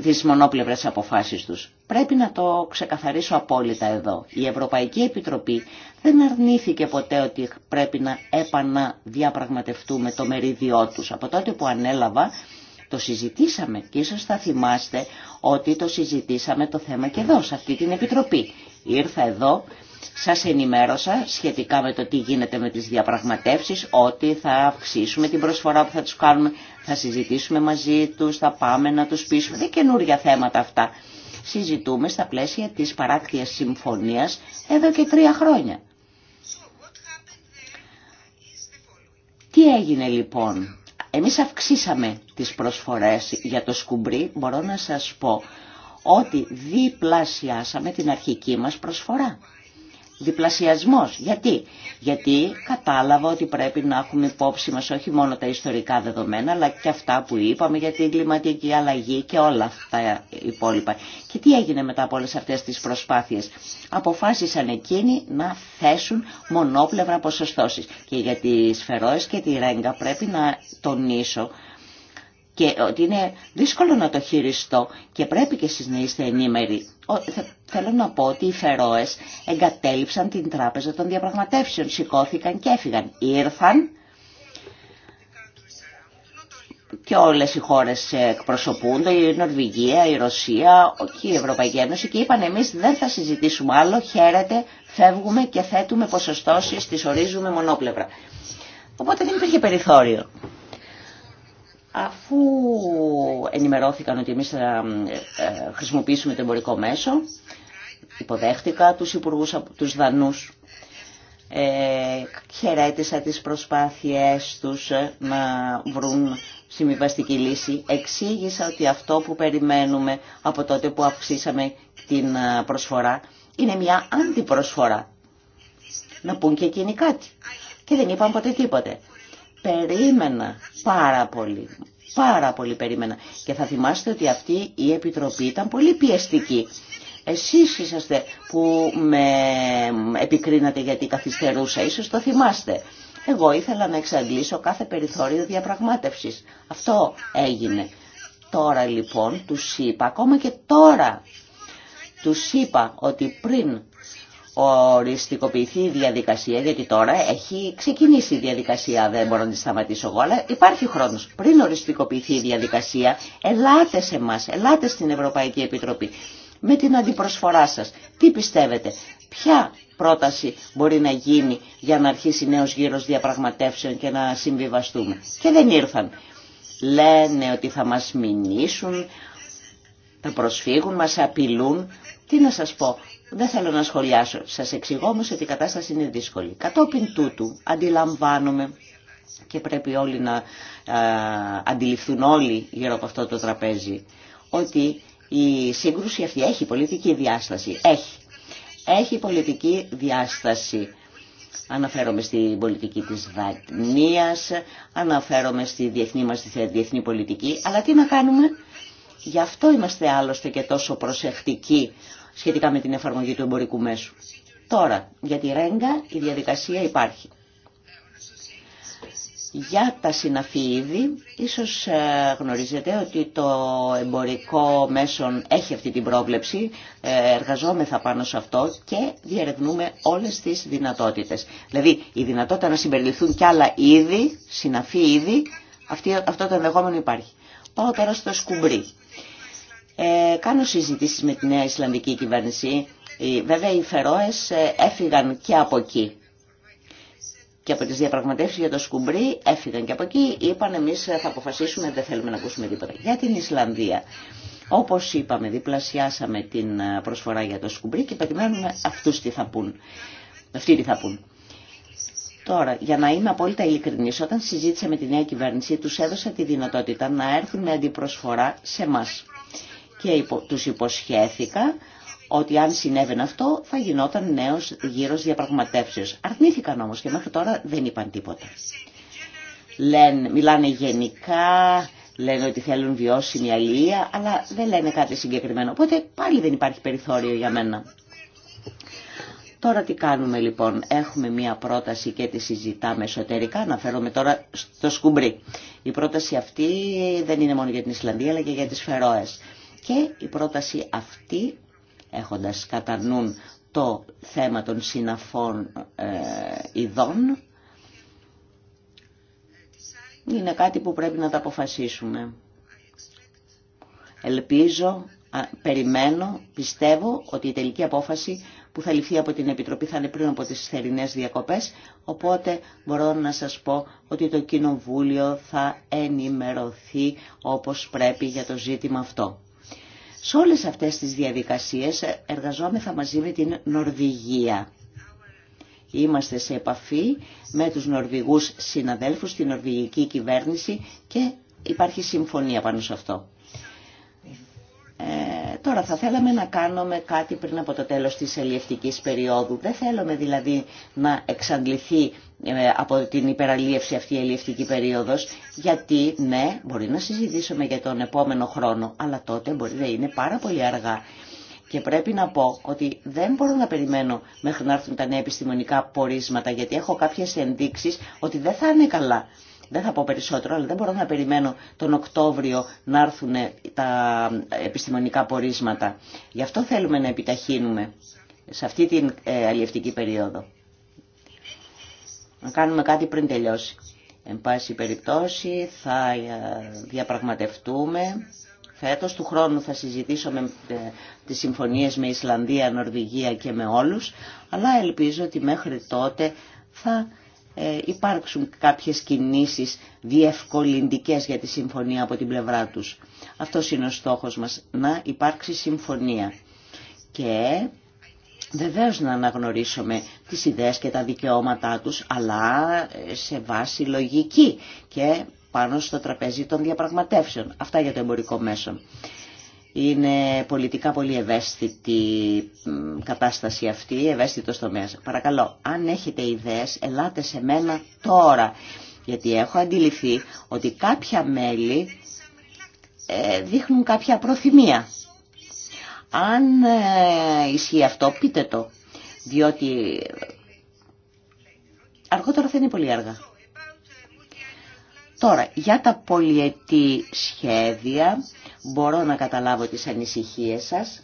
τις, μονόπλευρες αποφάσεις τους. Πρέπει να το ξεκαθαρίσω απόλυτα εδώ. Η Ευρωπαϊκή Επιτροπή δεν αρνήθηκε ποτέ ότι πρέπει να επαναδιαπραγματευτούμε το μερίδιό τους. Από τότε που ανέλαβα το συζητήσαμε και ίσως θα θυμάστε ότι το συζητήσαμε το θέμα και εδώ, σε αυτή την Επιτροπή. Ήρθα εδώ, σας ενημέρωσα σχετικά με το τι γίνεται με τις διαπραγματεύσεις, ότι θα αυξήσουμε την προσφορά που θα τους κάνουμε, θα συζητήσουμε μαζί τους, θα πάμε να τους πείσουμε, δεν καινούργια θέματα αυτά συζητούμε στα πλαίσια της παράκτιας συμφωνίας εδώ και τρία χρόνια. Τι έγινε λοιπόν. Εμείς αυξήσαμε τις προσφορές για το σκουμπρί. Μπορώ να σας πω ότι διπλασιάσαμε την αρχική μας προσφορά διπλασιασμός. Γιατί? Γιατί κατάλαβα ότι πρέπει να έχουμε υπόψη μας όχι μόνο τα ιστορικά δεδομένα, αλλά και αυτά που είπαμε για την κλιματική αλλαγή και όλα αυτά υπόλοιπα. Και τι έγινε μετά από όλες αυτές τις προσπάθειες. Αποφάσισαν εκείνοι να θέσουν μονόπλευρα ποσοστώσεις. Και για τις Φερόες και τη Ρέγκα πρέπει να τονίσω και ότι είναι δύσκολο να το χειριστώ και πρέπει και εσείς να είστε ενήμεροι. Θέλω να πω ότι οι Φερόες εγκατέλειψαν την τράπεζα των διαπραγματεύσεων, σηκώθηκαν και έφυγαν. Ήρθαν και όλες οι χώρες εκπροσωπούνται, η Νορβηγία, η Ρωσία και η Ευρωπαϊκή Ένωση και είπαν εμείς δεν θα συζητήσουμε άλλο, χαίρετε, φεύγουμε και θέτουμε ποσοστώσεις, τις ορίζουμε μονόπλευρα. Οπότε δεν υπήρχε περιθώριο. Αφού ενημερώθηκαν ότι εμείς θα ε, ε, χρησιμοποιήσουμε το εμπορικό μέσο, υποδέχτηκα τους υπουργούς, τους δανούς, ε, χαιρέτησα τις προσπάθειές τους ε, να βρουν συμβιβαστική λύση. Εξήγησα ότι αυτό που περιμένουμε από τότε που αυξήσαμε την προσφορά είναι μια αντιπροσφορά. Να πούν και εκείνοι κάτι. Και δεν είπαν ποτέ τίποτε περίμενα πάρα πολύ. Πάρα πολύ περίμενα. Και θα θυμάστε ότι αυτή η Επιτροπή ήταν πολύ πιεστική. Εσείς είσαστε που με επικρίνατε γιατί καθυστερούσα, ίσως το θυμάστε. Εγώ ήθελα να εξαντλήσω κάθε περιθώριο διαπραγμάτευσης. Αυτό έγινε. Τώρα λοιπόν τους είπα, ακόμα και τώρα, τους είπα ότι πριν οριστικοποιηθεί η διαδικασία, γιατί τώρα έχει ξεκινήσει η διαδικασία, δεν μπορώ να τη σταματήσω εγώ, αλλά υπάρχει χρόνο. Πριν οριστικοποιηθεί η διαδικασία, ελάτε σε εμά, ελάτε στην Ευρωπαϊκή Επιτροπή με την αντιπροσφορά σα. Τι πιστεύετε, ποια πρόταση μπορεί να γίνει για να αρχίσει νέος γύρος διαπραγματεύσεων και να συμβιβαστούμε. Και δεν ήρθαν. Λένε ότι θα μας μηνύσουν, θα προσφύγουν, μας απειλούν. Τι να σας πω, δεν θέλω να σχολιάσω. Σας εξηγώ όμως ότι η κατάσταση είναι δύσκολη. Κατόπιν τούτου αντιλαμβάνομαι και πρέπει όλοι να αντιληφθούν όλοι γύρω από αυτό το τραπέζι ότι η σύγκρουση αυτή έχει πολιτική διάσταση. Έχει. Έχει πολιτική διάσταση. Αναφέρομαι στην πολιτική της Δανίας, αναφέρομαι στη διεθνή μας διεθνή πολιτική. Αλλά τι να κάνουμε, γι' αυτό είμαστε άλλωστε και τόσο προσεκτικοί σχετικά με την εφαρμογή του εμπορικού μέσου. Τώρα, για τη ρέγγα η διαδικασία υπάρχει. Για τα συναφή είδη, ίσως ε, γνωρίζετε ότι το εμπορικό μέσον έχει αυτή την πρόβλεψη, ε, εργαζόμεθα πάνω σε αυτό και διερευνούμε όλες τις δυνατότητες. Δηλαδή η δυνατότητα να συμπεριληφθούν κι άλλα είδη, συναφή είδη, αυτό το ενδεχόμενο υπάρχει. Πάω τώρα στο σκουμπρί. Ε, κάνω συζητήσεις με τη νέα Ισλανδική κυβέρνηση. Ε, βέβαια οι Φερόες ε, έφυγαν και από εκεί. Και από τις διαπραγματεύσεις για το σκουμπρί έφυγαν και από εκεί. Είπαν εμείς ε, θα αποφασίσουμε, δεν θέλουμε να ακούσουμε τίποτα. Για την Ισλανδία. Όπως είπαμε, διπλασιάσαμε την προσφορά για το σκουμπρί και περιμένουμε αυτούς τι θα πούν. Αυτοί τι θα πούν. Τώρα, για να είμαι απόλυτα ειλικρινή, όταν συζήτησα με τη νέα κυβέρνηση, του έδωσα τη δυνατότητα να έρθουν με αντιπροσφορά σε εμά και υπο, τους υποσχέθηκα ότι αν συνέβαινε αυτό θα γινόταν νέος γύρος διαπραγματεύσεως. Αρνήθηκαν όμως και μέχρι τώρα δεν είπαν τίποτα. Λένε, μιλάνε γενικά, λένε ότι θέλουν βιώσιμη αλληλεία, αλλά δεν λένε κάτι συγκεκριμένο. Οπότε πάλι δεν υπάρχει περιθώριο για μένα. Τώρα τι κάνουμε λοιπόν. Έχουμε μία πρόταση και τη συζητάμε εσωτερικά. Αναφέρομαι τώρα στο σκουμπρί. Η πρόταση αυτή δεν είναι μόνο για την Ισλανδία αλλά και για τις Φερόες. Και η πρόταση αυτή, έχοντας κατά το θέμα των συναφών ε, ειδών, είναι κάτι που πρέπει να τα αποφασίσουμε. Ελπίζω, περιμένω, πιστεύω ότι η τελική απόφαση που θα ληφθεί από την Επιτροπή θα είναι πριν από τις θερινές διακοπές, οπότε μπορώ να σας πω ότι το Κοινοβούλιο θα ενημερωθεί όπως πρέπει για το ζήτημα αυτό. Σε όλες αυτές τις διαδικασίες εργαζόμεθα μαζί με την Νορβηγία. Είμαστε σε επαφή με τους Νορβηγούς συναδέλφους, την Νορβηγική κυβέρνηση και υπάρχει συμφωνία πάνω σε αυτό. Ε, τώρα θα θέλαμε να κάνουμε κάτι πριν από το τέλος της ελιευτικής περίοδου. Δεν θέλουμε δηλαδή να εξαντληθεί ε, από την υπεραλίευση αυτή η αλληλευτική περίοδος, γιατί ναι, μπορεί να συζητήσουμε για τον επόμενο χρόνο, αλλά τότε μπορεί να είναι πάρα πολύ αργά. Και πρέπει να πω ότι δεν μπορώ να περιμένω μέχρι να έρθουν τα νέα επιστημονικά πορίσματα, γιατί έχω κάποιες ενδείξεις ότι δεν θα είναι καλά. Δεν θα πω περισσότερο, αλλά δεν μπορώ να περιμένω τον Οκτώβριο να έρθουν τα επιστημονικά πορίσματα. Γι' αυτό θέλουμε να επιταχύνουμε σε αυτή την ε, αλλιευτική περίοδο να κάνουμε κάτι πριν τελειώσει. Εν πάση περιπτώσει θα ε, διαπραγματευτούμε. Φέτος του χρόνου θα συζητήσω με ε, τις συμφωνίες με Ισλανδία, Νορβηγία και με όλους, αλλά ελπίζω ότι μέχρι τότε θα ε, υπάρξουν κάποιες κινήσεις διευκολυντικές για τη συμφωνία από την πλευρά τους. Αυτό είναι ο στόχος μας, να υπάρξει συμφωνία. Και βεβαίως να αναγνωρίσουμε τις ιδέες και τα δικαιώματά τους, αλλά ε, σε βάση λογική και πάνω στο τραπέζι των διαπραγματεύσεων. Αυτά για το εμπορικό μέσο. Είναι πολιτικά πολύ ευαίσθητη κατάσταση αυτή, ευαίσθητο τομέα. Παρακαλώ, αν έχετε ιδέες, ελάτε σε μένα τώρα. Γιατί έχω αντιληφθεί ότι κάποια μέλη ε, δείχνουν κάποια προθυμία. Αν ε, ισχύει αυτό, πείτε το διότι αργότερα θα είναι πολύ αργά. Τώρα, για τα πολυετή σχέδια μπορώ να καταλάβω τις ανησυχίες σας.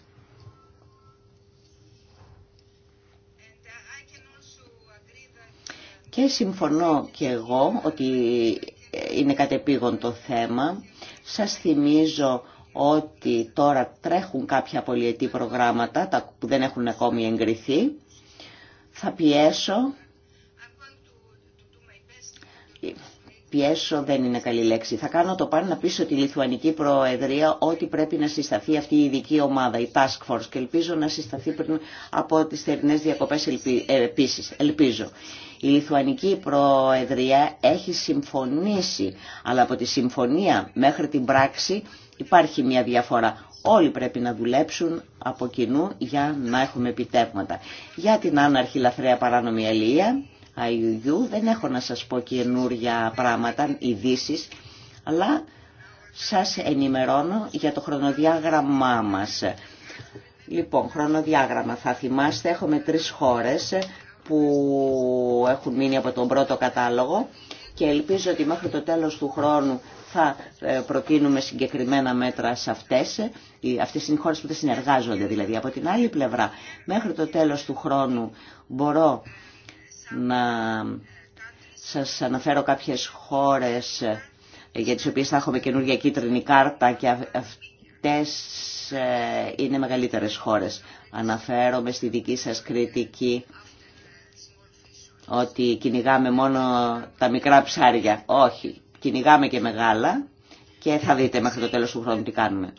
Και συμφωνώ και εγώ ότι είναι κατεπήγον το θέμα. Σας θυμίζω ότι τώρα τρέχουν κάποια πολυετή προγράμματα, τα που δεν έχουν ακόμη εγκριθεί θα πιέσω πιέσω δεν είναι καλή λέξη. Θα κάνω το πάνω να πείσω τη Λιθουανική Προεδρία ότι πρέπει να συσταθεί αυτή η ειδική ομάδα, η Task Force και ελπίζω να συσταθεί πριν από τις θερινές διακοπές ε, επίσης. Ελπίζω. Η Λιθουανική Προεδρία έχει συμφωνήσει, αλλά από τη συμφωνία μέχρι την πράξη υπάρχει μια διαφορά. Όλοι πρέπει να δουλέψουν από κοινού για να έχουμε επιτεύγματα. Για την άναρχη λαθρέα παράνομη αλληλεία, Αιουγιού, δεν έχω να σας πω καινούργια πράγματα, ειδήσει, αλλά σας ενημερώνω για το χρονοδιάγραμμά μας. Λοιπόν, χρονοδιάγραμμα θα θυμάστε, έχουμε τρεις χώρες που έχουν μείνει από τον πρώτο κατάλογο και ελπίζω ότι μέχρι το τέλος του χρόνου θα ε, προτείνουμε συγκεκριμένα μέτρα σε αυτές. Ε, αυτές είναι οι χώρες που δεν συνεργάζονται δηλαδή. Από την άλλη πλευρά, μέχρι το τέλος του χρόνου μπορώ να σας αναφέρω κάποιες χώρες ε, για τις οποίες θα έχουμε καινούργια κίτρινη κάρτα και αυτές είναι μεγαλύτερες χώρες. Αναφέρομαι στη δική σας κριτική ότι κυνηγάμε μόνο τα μικρά ψάρια. Όχι, κυνηγάμε και μεγάλα και θα δείτε μέχρι το τέλος του χρόνου τι κάνουμε.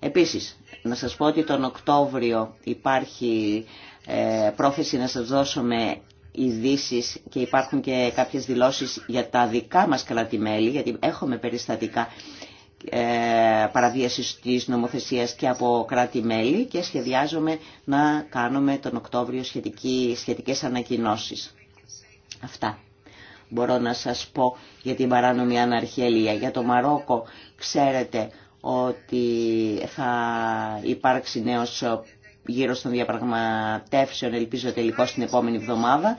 Επίσης, να σας πω ότι τον Οκτώβριο υπάρχει ε, πρόθεση να σας δώσουμε ειδήσει και υπάρχουν και κάποιες δηλώσεις για τα δικά μας κρατημέλη, γιατί έχουμε περιστατικά ε, παραβίασης της νομοθεσίας και από κράτη-μέλη και σχεδιάζομαι να κάνουμε τον Οκτώβριο σχετική, σχετικές ανακοινώσεις. Αυτά μπορώ να σας πω για την παράνομη αναρχέλεια. Για το Μαρόκο ξέρετε ότι θα υπάρξει νέος γύρω των διαπραγματεύσεων, ελπίζω τελικώς την επόμενη εβδομάδα.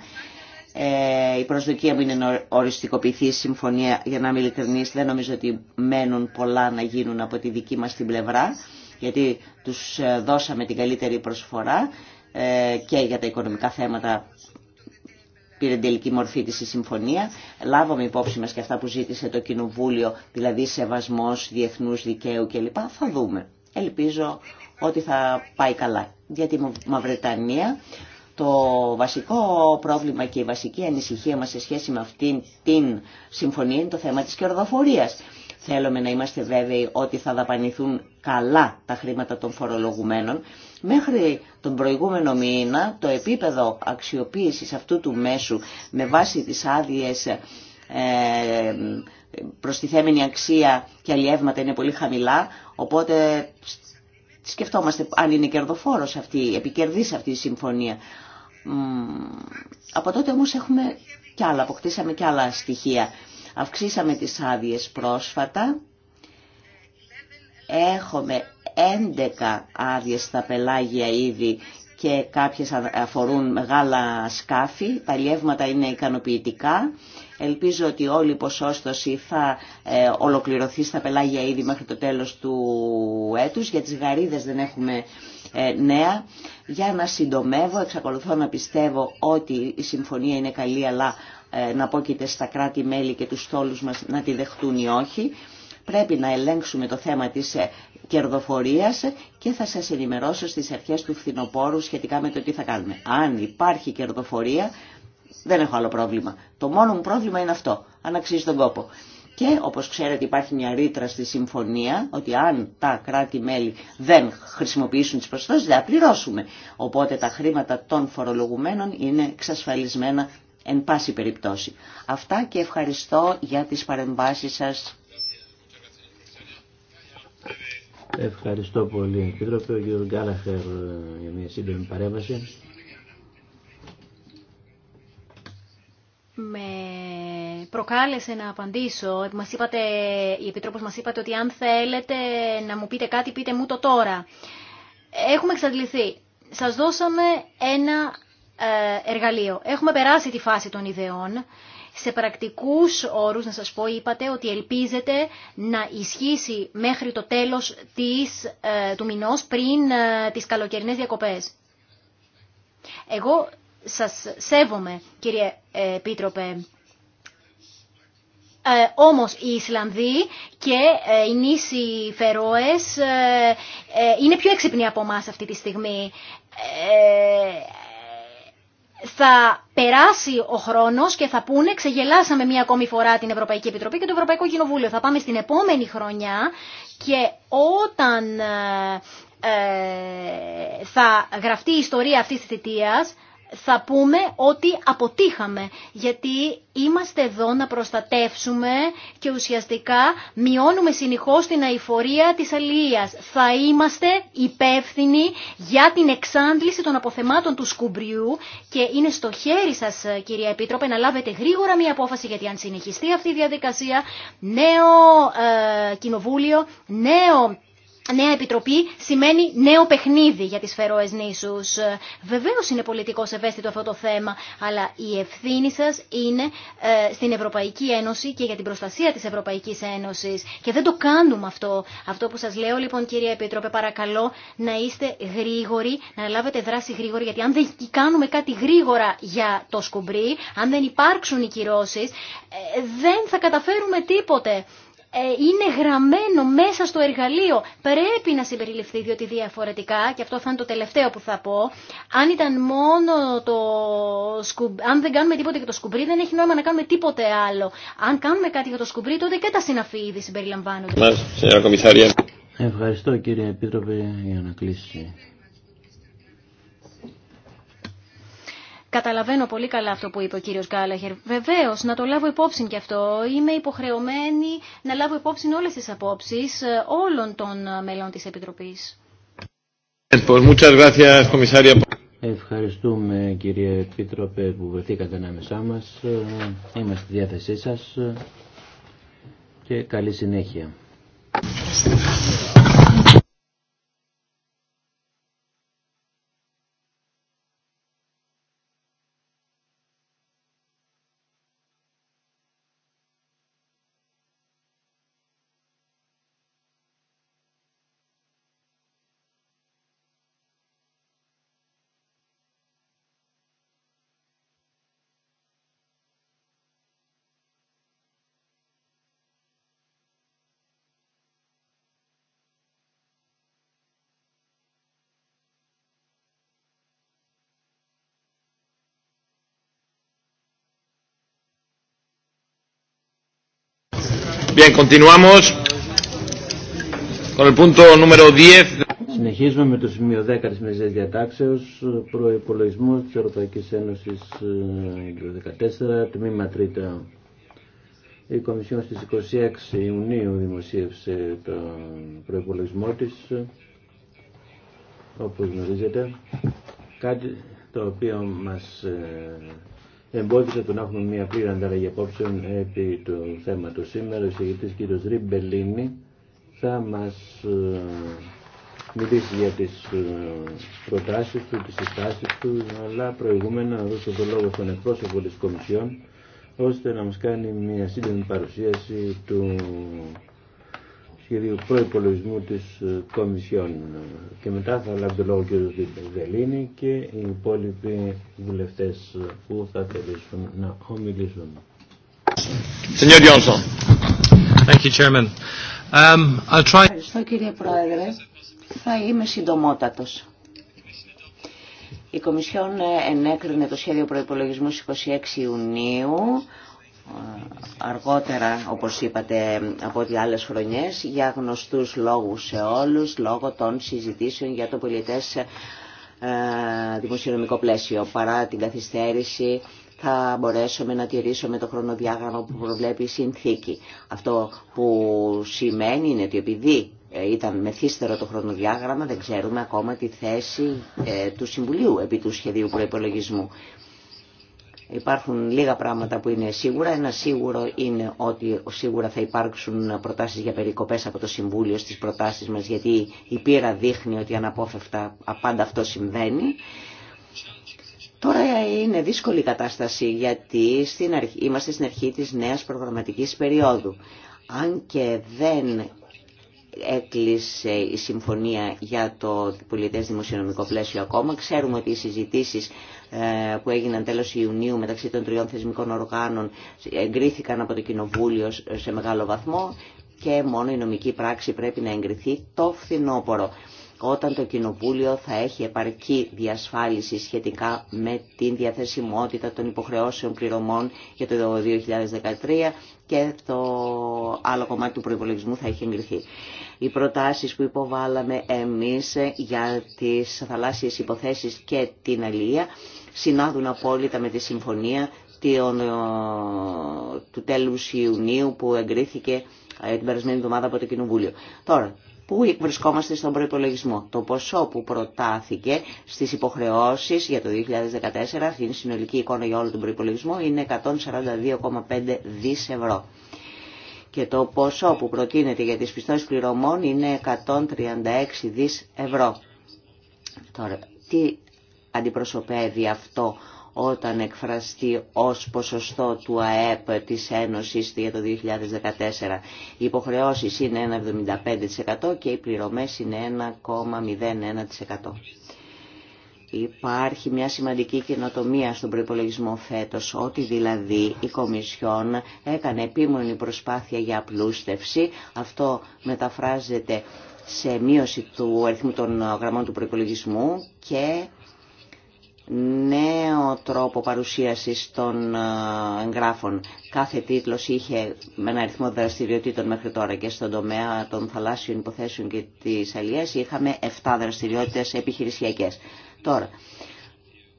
Ε, η προσδοκία μου είναι να οριστικοποιηθεί η συμφωνία, για να είμαι δεν νομίζω ότι μένουν πολλά να γίνουν από τη δική μας την πλευρά, γιατί τους ε, δώσαμε την καλύτερη προσφορά ε, και για τα οικονομικά θέματα πήρε τελική μορφή της συμφωνία. Λάβαμε υπόψη μας και αυτά που ζήτησε το Κοινοβούλιο, δηλαδή σεβασμός διεθνούς δικαίου κλπ. Θα δούμε. Ελπίζω ότι θα πάει καλά. Για τη Μαυρετανία το βασικό πρόβλημα και η βασική ανησυχία μας σε σχέση με αυτήν την συμφωνία είναι το θέμα της κερδοφορίας. Θέλουμε να είμαστε βέβαιοι ότι θα δαπανηθούν καλά τα χρήματα των φορολογουμένων Μέχρι τον προηγούμενο μήνα το επίπεδο αξιοποίησης αυτού του μέσου με βάση τις άδειες ε, προστιθέμενη αξία και αλλιεύματα είναι πολύ χαμηλά, οπότε σκεφτόμαστε αν είναι κερδοφόρος αυτή, επικερδής αυτή η συμφωνία. Από τότε όμως έχουμε κι άλλα, αποκτήσαμε κι άλλα στοιχεία. Αυξήσαμε τις άδειες πρόσφατα, έχουμε 11 άδειε στα πελάγια ήδη και κάποιες αφορούν μεγάλα σκάφη. Τα λιεύματα είναι ικανοποιητικά. Ελπίζω ότι όλη η ποσόστοση θα ε, ολοκληρωθεί στα πελάγια ήδη μέχρι το τέλος του έτους. Για τις γαρίδες δεν έχουμε ε, νέα. Για να συντομεύω, εξακολουθώ να πιστεύω ότι η συμφωνία είναι καλή, αλλά ε, να πόκειται στα κράτη-μέλη και τους στόλους μας να τη δεχτούν ή όχι. Πρέπει να ελέγξουμε το θέμα της ε, κερδοφορίας και θα σας ενημερώσω στις αρχές του φθινοπόρου σχετικά με το τι θα κάνουμε. Αν υπάρχει κερδοφορία δεν έχω άλλο πρόβλημα. Το μόνο μου πρόβλημα είναι αυτό, αν αξίζει τον κόπο. Και όπως ξέρετε υπάρχει μια ρήτρα στη συμφωνία ότι αν τα κράτη-μέλη δεν χρησιμοποιήσουν τις προσθέσεις δεν θα πληρώσουμε. Οπότε τα χρήματα των φορολογουμένων είναι εξασφαλισμένα εν πάση περιπτώσει. Αυτά και ευχαριστώ για τις παρεμβάσεις σας. Ευχαριστώ πολύ. Επίτροπε ο κ. Γκάλαχερ για μια σύντομη παρέμβαση. Με προκάλεσε να απαντήσω. Μας είπατε, η Επιτρόπος μας είπατε ότι αν θέλετε να μου πείτε κάτι, πείτε μου το τώρα. Έχουμε εξαντληθεί. Σας δώσαμε ένα ε, εργαλείο. Έχουμε περάσει τη φάση των ιδεών. Σε πρακτικούς όρους, να σας πω, είπατε ότι ελπίζετε να ισχύσει μέχρι το τέλος της, ε, του μηνός πριν ε, τις καλοκαιρινές διακοπές. Εγώ σας σέβομαι, κύριε ε, πίτροπε. ε, όμως οι Ισλανδοί και οι νήσοι Φερόες είναι πιο έξυπνοι από εμά αυτή τη στιγμή θα περάσει ο χρόνο και θα πούνε ξεγελάσαμε μία ακόμη φορά την Ευρωπαϊκή Επιτροπή και το Ευρωπαϊκό Κοινοβούλιο. Θα πάμε στην επόμενη χρονιά και όταν ε, ε, θα γραφτεί η ιστορία αυτής της θητείας θα πούμε ότι αποτύχαμε, γιατί είμαστε εδώ να προστατεύσουμε και ουσιαστικά μειώνουμε συνεχώς την αηφορία της αλληλείας. Θα είμαστε υπεύθυνοι για την εξάντληση των αποθεμάτων του σκουμπριού και είναι στο χέρι σας κυρία Επίτροπε να λάβετε γρήγορα μια απόφαση γιατί αν συνεχιστεί αυτή η διαδικασία νέο ε, κοινοβούλιο, νέο Νέα επιτροπή σημαίνει νέο παιχνίδι για τις Φερόες νήσους. Ε, βεβαίως είναι πολιτικός ευαίσθητο αυτό το θέμα, αλλά η ευθύνη σας είναι ε, στην Ευρωπαϊκή Ένωση και για την προστασία της Ευρωπαϊκής Ένωσης. Και δεν το κάνουμε αυτό. Αυτό που σας λέω λοιπόν κυρία Επίτροπε, παρακαλώ να είστε γρήγοροι, να λάβετε δράση γρήγορη, γιατί αν δεν κάνουμε κάτι γρήγορα για το σκουμπρί, αν δεν υπάρξουν οι κυρώσεις, ε, δεν θα καταφέρουμε τίποτε. Ε, είναι γραμμένο μέσα στο εργαλείο. Πρέπει να συμπεριληφθεί, διότι διαφορετικά, και αυτό θα είναι το τελευταίο που θα πω, αν ήταν μόνο το αν δεν κάνουμε τίποτα για το σκουμπρί, δεν έχει νόημα να κάνουμε τίποτε άλλο. Αν κάνουμε κάτι για το σκουμπρί, τότε και τα συναφή ήδη συμπεριλαμβάνονται. Ευχαριστώ κύριε Επίτροπε για να κλείσει Καταλαβαίνω πολύ καλά αυτό που είπε ο κύριος Γκάλαχερ. Βεβαίως, να το λάβω υπόψη και αυτό. Είμαι υποχρεωμένη να λάβω υπόψη όλες τις απόψεις ε, όλων των ε, μελών της Επιτροπής. Ε, Ευχαριστούμε κύριε Επίτροπε που βρεθήκατε ανάμεσά μας. Είμαστε στη διάθεσή σας και καλή συνέχεια. Bien, continuamos con el punto número 10. Συνεχίζουμε με το σημείο 10 της Μεσαίας Διατάξεως, προϋπολογισμός της Ευρωπαϊκής Ένωσης 2014, ε, τμήμα 3. Η Κομισιόν στις 26 Ιουνίου δημοσίευσε τον προϋπολογισμό της, όπως γνωρίζετε, κάτι το οποίο μας ε, εμπόδισε το να έχουμε μια πλήρη ανταλλαγή απόψεων επί του θέματος. Σήμερα ο εισηγητής κ. Ριμπελίνη θα μας ε, μιλήσει για τι ε, προτάσει του, τι συστάσεις του, αλλά προηγούμενα να δώσω το λόγο στον εκπρόσωπο τη Κομισιόν, ώστε να μας κάνει μια σύντομη παρουσίαση του σχεδίου προπολογισμού τη ε, Κομισιόν. Και μετά θα λάβει το λόγο κ. Βελίνη και οι υπόλοιποι βουλευτέ ε, που θα θελήσουν να ομιλήσουν. Thank you, um, Ευχαριστώ κύριε Πρόεδρε. Θα είμαι συντομότατος. Η Κομισιόν ε, ενέκρινε το σχέδιο προϋπολογισμού 26 Ιουνίου αργότερα, όπως είπατε, από ό,τι άλλες χρονιές, για γνωστούς λόγους σε όλους, λόγω των συζητήσεων για το πολιτές ε, δημοσιονομικό πλαίσιο. Παρά την καθυστέρηση θα μπορέσουμε να τηρήσουμε το χρονοδιάγραμμα που προβλέπει η συνθήκη. Αυτό που σημαίνει είναι ότι επειδή ε, ήταν μεθύστερο το χρονοδιάγραμμα, δεν ξέρουμε ακόμα τη θέση ε, του Συμβουλίου επί του σχεδίου προϋπολογισμού. Υπάρχουν λίγα πράγματα που είναι σίγουρα. Ένα σίγουρο είναι ότι σίγουρα θα υπάρξουν προτάσεις για περικοπές από το Συμβούλιο στις προτάσεις μας, γιατί η πείρα δείχνει ότι αναπόφευκτα πάντα αυτό συμβαίνει. Τώρα είναι δύσκολη η κατάσταση γιατί στην αρχή, είμαστε στην αρχή της νέας προγραμματικής περίοδου. Αν και δεν έκλεισε η συμφωνία για το πολιτές δημοσιονομικό πλαίσιο ακόμα. Ξέρουμε ότι οι συζητήσεις ε, που έγιναν τέλος Ιουνίου μεταξύ των τριών θεσμικών οργάνων εγκρίθηκαν από το Κοινοβούλιο σε μεγάλο βαθμό και μόνο η νομική πράξη πρέπει να εγκριθεί το φθινόπωρο όταν το Κοινοβούλιο θα έχει επαρκή διασφάλιση σχετικά με την διαθεσιμότητα των υποχρεώσεων πληρωμών για το 2013 και το άλλο κομμάτι του προϋπολογισμού θα έχει εγκριθεί. Οι προτάσεις που υποβάλαμε εμείς για τις θαλάσσιες υποθέσεις και την αλληλεία συνάδουν απόλυτα με τη συμφωνία ε, του τέλους Ιουνίου που εγκρίθηκε ε, την περασμένη εβδομάδα από το Κοινοβούλιο. Τώρα, Πού βρισκόμαστε στον προϋπολογισμό. Το ποσό που προτάθηκε στις υποχρεώσεις για το 2014, αυτή είναι η συνολική εικόνα για όλο τον προϋπολογισμό, είναι 142,5 δις ευρώ. Και το ποσό που προτείνεται για τις πιστώσεις πληρωμών είναι 136 δις ευρώ. Τώρα, τι αντιπροσωπεύει αυτό όταν εκφραστεί ως ποσοστό του ΑΕΠ της Ένωσης για το 2014. Οι υποχρεώσεις είναι 1,75% και οι πληρωμές είναι 1,01%. Υπάρχει μια σημαντική καινοτομία στον προϋπολογισμό φέτος, ότι δηλαδή η Κομισιόν έκανε επίμονη προσπάθεια για απλούστευση. Αυτό μεταφράζεται σε μείωση του αριθμού των γραμμών του προϋπολογισμού και νέο τρόπο παρουσίασης των ε, εγγράφων. Κάθε τίτλος είχε με ένα αριθμό δραστηριοτήτων μέχρι τώρα και στον τομέα των θαλάσσιων υποθέσεων και της αλλιές είχαμε 7 δραστηριότητες επιχειρησιακές. Τώρα,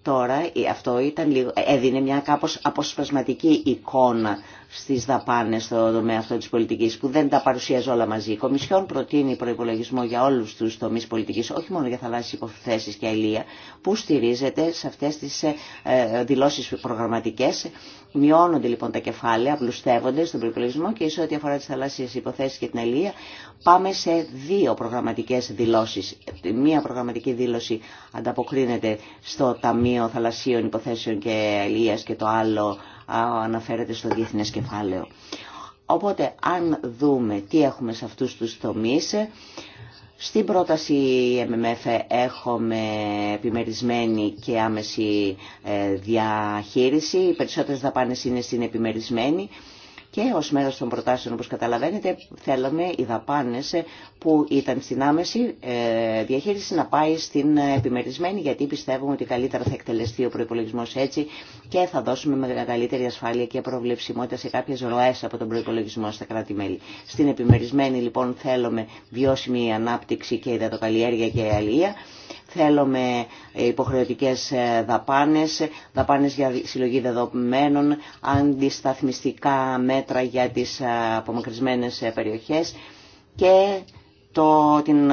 τώρα αυτό ήταν έδινε μια κάπως αποσπασματική εικόνα Στι δαπάνε στο τομέα αυτό τη πολιτική που δεν τα παρουσιάζει όλα μαζί. Η Κομισιόν προτείνει προπολογισμό για όλου του τομεί πολιτική, όχι μόνο για θαλάσσιες υποθέσει και αιλία, που στηρίζεται σε αυτές τις ε, δηλώσει προγραμματικέ, Μειώνονται λοιπόν τα κεφάλαια, απλουστεύονται στον προπολογισμό και σε ό,τι αφορά τι θαλάσσιες υποθέσει και την αιλία πάμε σε δύο προγραμματικέ δηλώσει. Μία προγραμματική δήλωση ανταποκρίνεται στο Ταμείο Θαλασσίων Υποθέσεων και Αιλίας και το άλλο αναφέρεται στο διεθνές κεφάλαιο. Οπότε αν δούμε τι έχουμε σε αυτούς τους τομείς, στην πρόταση MMF έχουμε επιμερισμένη και άμεση ε, διαχείριση. Οι περισσότερες δαπάνες είναι στην επιμερισμένη. Και ως μέρος των προτάσεων, όπως καταλαβαίνετε, θέλουμε οι δαπάνες που ήταν στην άμεση ε, διαχείριση να πάει στην ε, επιμερισμένη, γιατί πιστεύουμε ότι καλύτερα θα εκτελεστεί ο προπολογισμό έτσι και θα δώσουμε μεγαλύτερη ασφάλεια και προβλεψιμότητα σε κάποιες ροές από τον προπολογισμό στα κράτη-μέλη. Στην επιμερισμένη, λοιπόν, θέλουμε βιώσιμη ανάπτυξη και υδατοκαλλιέργεια και αλληλεία Θέλουμε ε, υποχρεωτικές ε, δαπάνες, δαπάνες για συλλογή δεδομένων, αντισταθμιστικά μέτρα για τις ε, απομακρυσμένες περιοχές και το, την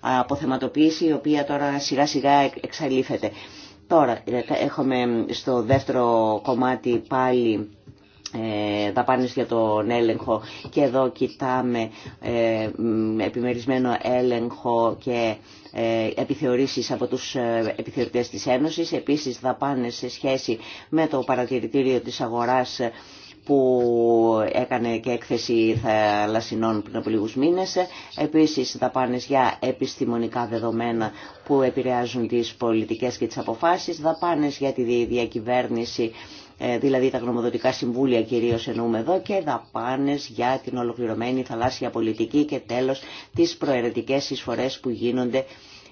αποθεματοποίηση η οποία τώρα σιγά σιγά εξαλείφεται. Τώρα έχουμε στο δεύτερο κομμάτι πάλι δαπάνες ε, για τον έλεγχο και εδώ κοιτάμε ε, επιμερισμένο έλεγχο και ε, επιθεωρήσεις από τους επιθεωρητές της Ένωσης. Επίσης δαπάνες σε σχέση με το παρατηρητήριο της αγοράς που έκανε και έκθεση θαλασσινών πριν από λίγους μήνες. Επίσης δαπάνες για επιστημονικά δεδομένα που επηρεάζουν τις πολιτικές και τις αποφάσεις. Δαπάνες για τη διακυβέρνηση ε, δηλαδή τα γνωμοδοτικά συμβούλια κυρίως εννοούμε εδώ και δαπάνες για την ολοκληρωμένη θαλάσσια πολιτική και τέλος τις προαιρετικές εισφορές που γίνονται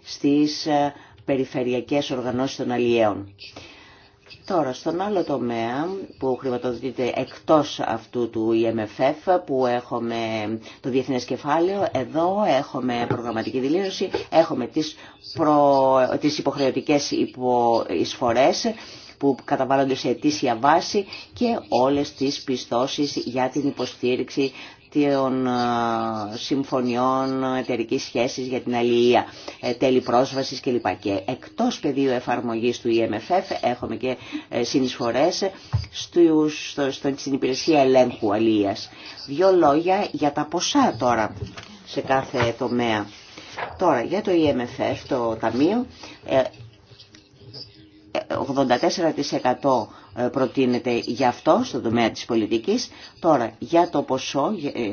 στις ε, περιφερειακές οργανώσεις των αλλιέων. Τώρα, στον άλλο τομέα που χρηματοδοτείται εκτός αυτού του EMFF που έχουμε το διεθνές κεφάλαιο, εδώ έχουμε προγραμματική δηλήρωση, έχουμε τις, προ... τις υποχρεωτικές εισφορές που καταβάλλονται σε αιτήσια βάση και όλες τις πιστώσεις για την υποστήριξη των ε, συμφωνιών εταιρική σχέσης για την αλληλεία, ε, τέλη πρόσβασης κλπ. Και εκτός πεδίου εφαρμογής του EMFF έχουμε και ε, συνεισφορές στην υπηρεσία ελέγχου αλληλείας. Δύο λόγια για τα ποσά τώρα σε κάθε τομέα. Τώρα για το EMFF, το Ταμείο, 84% προτείνεται για αυτό στον τομέα της πολιτικής. Τώρα για το ποσό ε,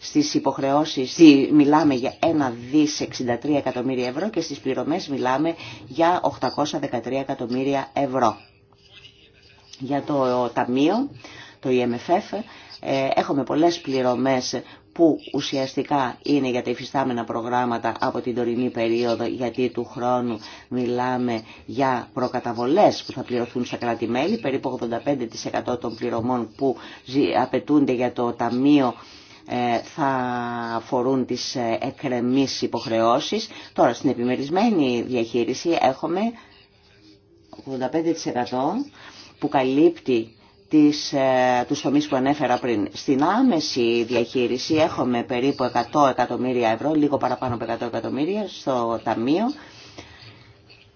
στις υποχρεώσεις μιλάμε για 1 δις 63 εκατομμύρια ευρώ και στις πληρωμές μιλάμε για 813 εκατομμύρια ευρώ. Για το ταμείο, το EMFF, ε, έχουμε πολλές πληρωμές που ουσιαστικά είναι για τα υφιστάμενα προγράμματα από την τωρινή περίοδο, γιατί του χρόνου μιλάμε για προκαταβολές που θα πληρωθούν στα κράτη-μέλη, περίπου 85% των πληρωμών που απαιτούνται για το Ταμείο ε, θα αφορούν τις ε, εκρεμείς υποχρεώσεις. Τώρα στην επιμερισμένη διαχείριση έχουμε 85% που καλύπτει τις, ε, τους τομείς που ανέφερα πριν. Στην άμεση διαχείριση έχουμε περίπου 100 εκατομμύρια ευρώ, λίγο παραπάνω από 100 εκατομμύρια στο Ταμείο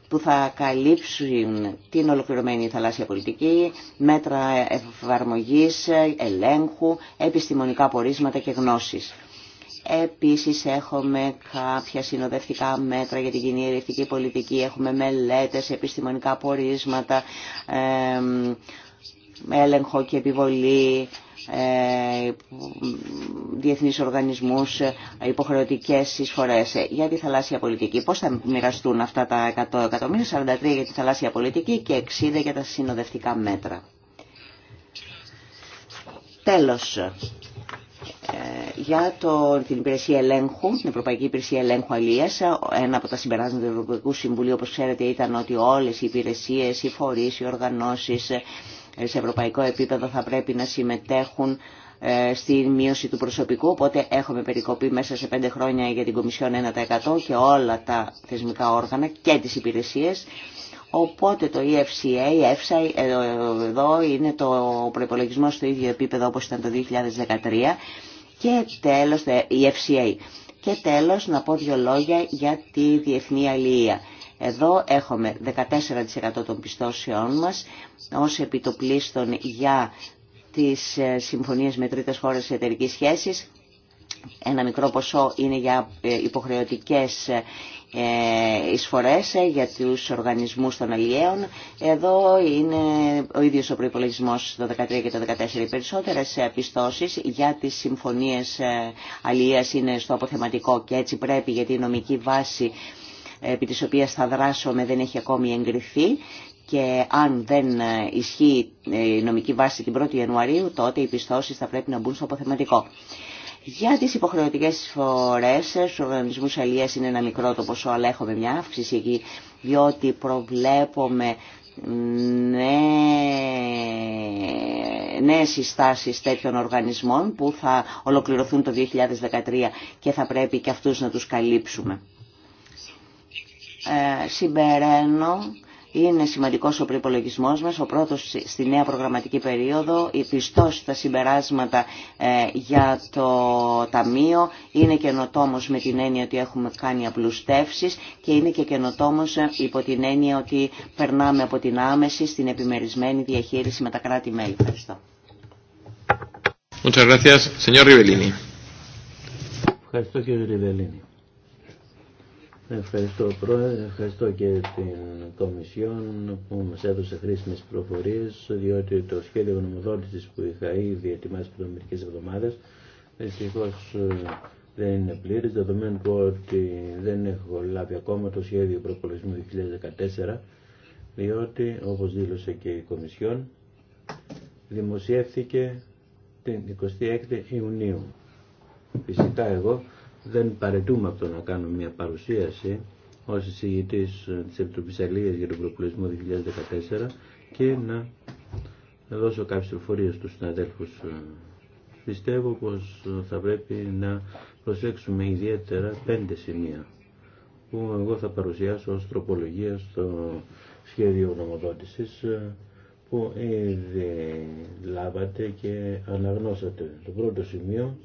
που θα καλύψουν την ολοκληρωμένη θαλάσσια πολιτική, μέτρα εφαρμογής, ελέγχου, επιστημονικά πορίσματα και γνώσεις. Επίσης έχουμε κάποια συνοδευτικά μέτρα για την κοινή ερευνητική πολιτική, έχουμε μελέτες, επιστημονικά πορίσματα, ε, έλεγχο και επιβολή, ε, διεθνείς οργανισμούς, ε, υποχρεωτικές εισφορές ε, για τη θαλάσσια πολιτική. Πώς θα μοιραστούν αυτά τα 100 εκατομμύρια, 43 για τη θαλάσσια πολιτική και 60 για τα συνοδευτικά μέτρα. Τέλος, για το, την υπηρεσία ελέγχου, την Ευρωπαϊκή Υπηρεσία Ελέγχου Αλίας. Ένα από τα συμπεράσματα του Ευρωπαϊκού Συμβουλίου, όπως ξέρετε, ήταν ότι όλες οι υπηρεσίες, οι φορείς, οι οργανώσει σε ευρωπαϊκό επίπεδο θα πρέπει να συμμετέχουν ε, στη μείωση του προσωπικού, οπότε έχουμε περικοπή μέσα σε πέντε χρόνια για την Κομισιόν 1% και όλα τα θεσμικά όργανα και τις υπηρεσίες. Οπότε το EFCA, EFSA, ε, εδώ είναι το προπολογισμό στο ίδιο επίπεδο όπως ήταν το 2013 και τέλος, η e Και τέλος να πω δύο λόγια για τη διεθνή αλληλεία. Εδώ έχουμε 14% των πιστώσεών μας ως επιτοπλίστων για τις ε, συμφωνίες με τρίτες χώρες εταιρικής σχέσης. Ένα μικρό ποσό είναι για ε, υποχρεωτικές ε, εισφορές για τους οργανισμούς των αλλιέων. Εδώ είναι ο ίδιος ο προϋπολογισμός το 2013 και το 2014. Οι περισσότερες πιστώσεις για τις συμφωνίες αλλιέας είναι στο αποθεματικό και έτσι πρέπει γιατί η νομική βάση επί της οποίας θα δράσουμε δεν έχει ακόμη εγκριθεί και αν δεν ισχύει ε, η νομική βάση την 1η Ιανουαρίου, τότε οι πιστώσεις θα πρέπει να μπουν στο αποθεματικό. Για τις υποχρεωτικές φορές ε, στους οργανισμούς αλλιές είναι ένα μικρό το ποσό, αλλά έχουμε μια αύξηση εκεί, διότι προβλέπουμε νέες συστάσεις τέτοιων οργανισμών που θα ολοκληρωθούν το 2013 και θα πρέπει και αυτούς να τους καλύψουμε ε, συμπεραίνω είναι σημαντικό ο προπολογισμό μα, ο πρώτο στη νέα προγραμματική περίοδο, η πιστό στα συμπεράσματα ε, για το Ταμείο, είναι καινοτόμο με την έννοια ότι έχουμε κάνει απλουστεύσει και είναι και καινοτόμο ε, υπό την έννοια ότι περνάμε από την άμεση στην επιμερισμένη διαχείριση με τα κράτη-μέλη. Ευχαριστώ. Muchas gracias, señor Ευχαριστώ Πρόεδρε, ευχαριστώ και την Κομισιόν που μας έδωσε χρήσιμες προφορίες διότι το σχέδιο γνωμοδότησης που είχα ήδη ετοιμάσει πριν μερικές εβδομάδες δυστυχώ ε, δεν είναι πλήρης δεδομένου που ότι δεν έχω λάβει ακόμα το σχέδιο προπολογισμού 2014 διότι όπως δήλωσε και η Κομισιόν δημοσιεύθηκε την 26 η Ιουνίου. Φυσικά εγώ δεν παρετούμε από το να κάνουμε μια παρουσίαση ως εισηγητής της Επιτροπής Αλίας για τον Προπολογισμό 2014 και να δώσω κάποιες πληροφορίες στους συναδέλφους. Πιστεύω πως θα πρέπει να προσέξουμε ιδιαίτερα πέντε σημεία που εγώ θα παρουσιάσω ως τροπολογία στο σχέδιο γνωμοδότησης που ήδη λάβατε και αναγνώσατε. Το πρώτο σημείο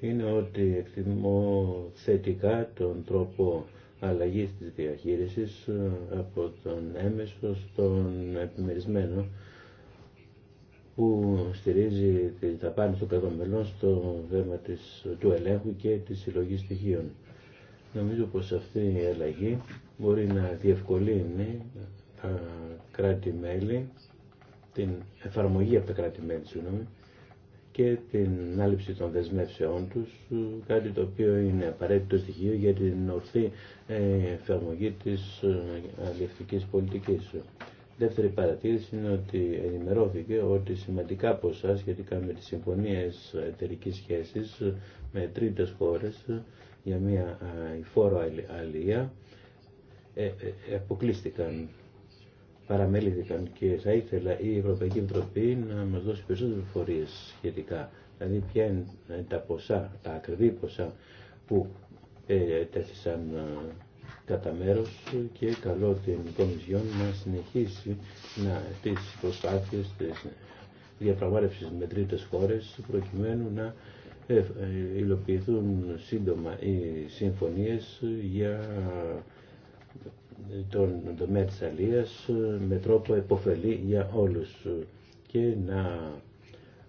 είναι ότι εκτιμώ θετικά τον τρόπο αλλαγής της διαχείρισης ε, από τον έμεσο στον επιμερισμένο που στηρίζει τη δαπάνη των κρατομελών στο θέμα της, του ελέγχου και της συλλογή στοιχείων. Νομίζω πως αυτή η αλλαγή μπορεί να διευκολύνει ε, τα κράτη-μέλη, την εφαρμογή από τα κράτη-μέλη, συγγνώμη, και την άλυψη των δεσμεύσεών τους, κάτι το οποίο είναι απαραίτητο στοιχείο για την ορθή ε, εφαρμογή της ε, αλληλευτικής πολιτικής. Δεύτερη παρατήρηση είναι ότι ενημερώθηκε ότι σημαντικά ποσά σχετικά με τις συμφωνίες εταιρικής σχέσης ε, με τρίτες χώρες για μια φόρο αλληλεία αποκλείστηκαν παραμέληθηκαν και θα ήθελα η Ευρωπαϊκή Επιτροπή να μας δώσει περισσότερες πληροφορίες σχετικά. Δηλαδή ποια είναι ε, τα ποσά, τα ακριβή ποσά που ε, τέθησαν ε, κατά μέρο και καλό την Κομισιόν να συνεχίσει να, τις προσπάθειες της διαπραγμάτευσης με τρίτες χώρες προκειμένου να ε, υλοποιηθούν σύντομα οι συμφωνίες για τον τομέα της αλίας ε, με τρόπο επωφελή για όλους και να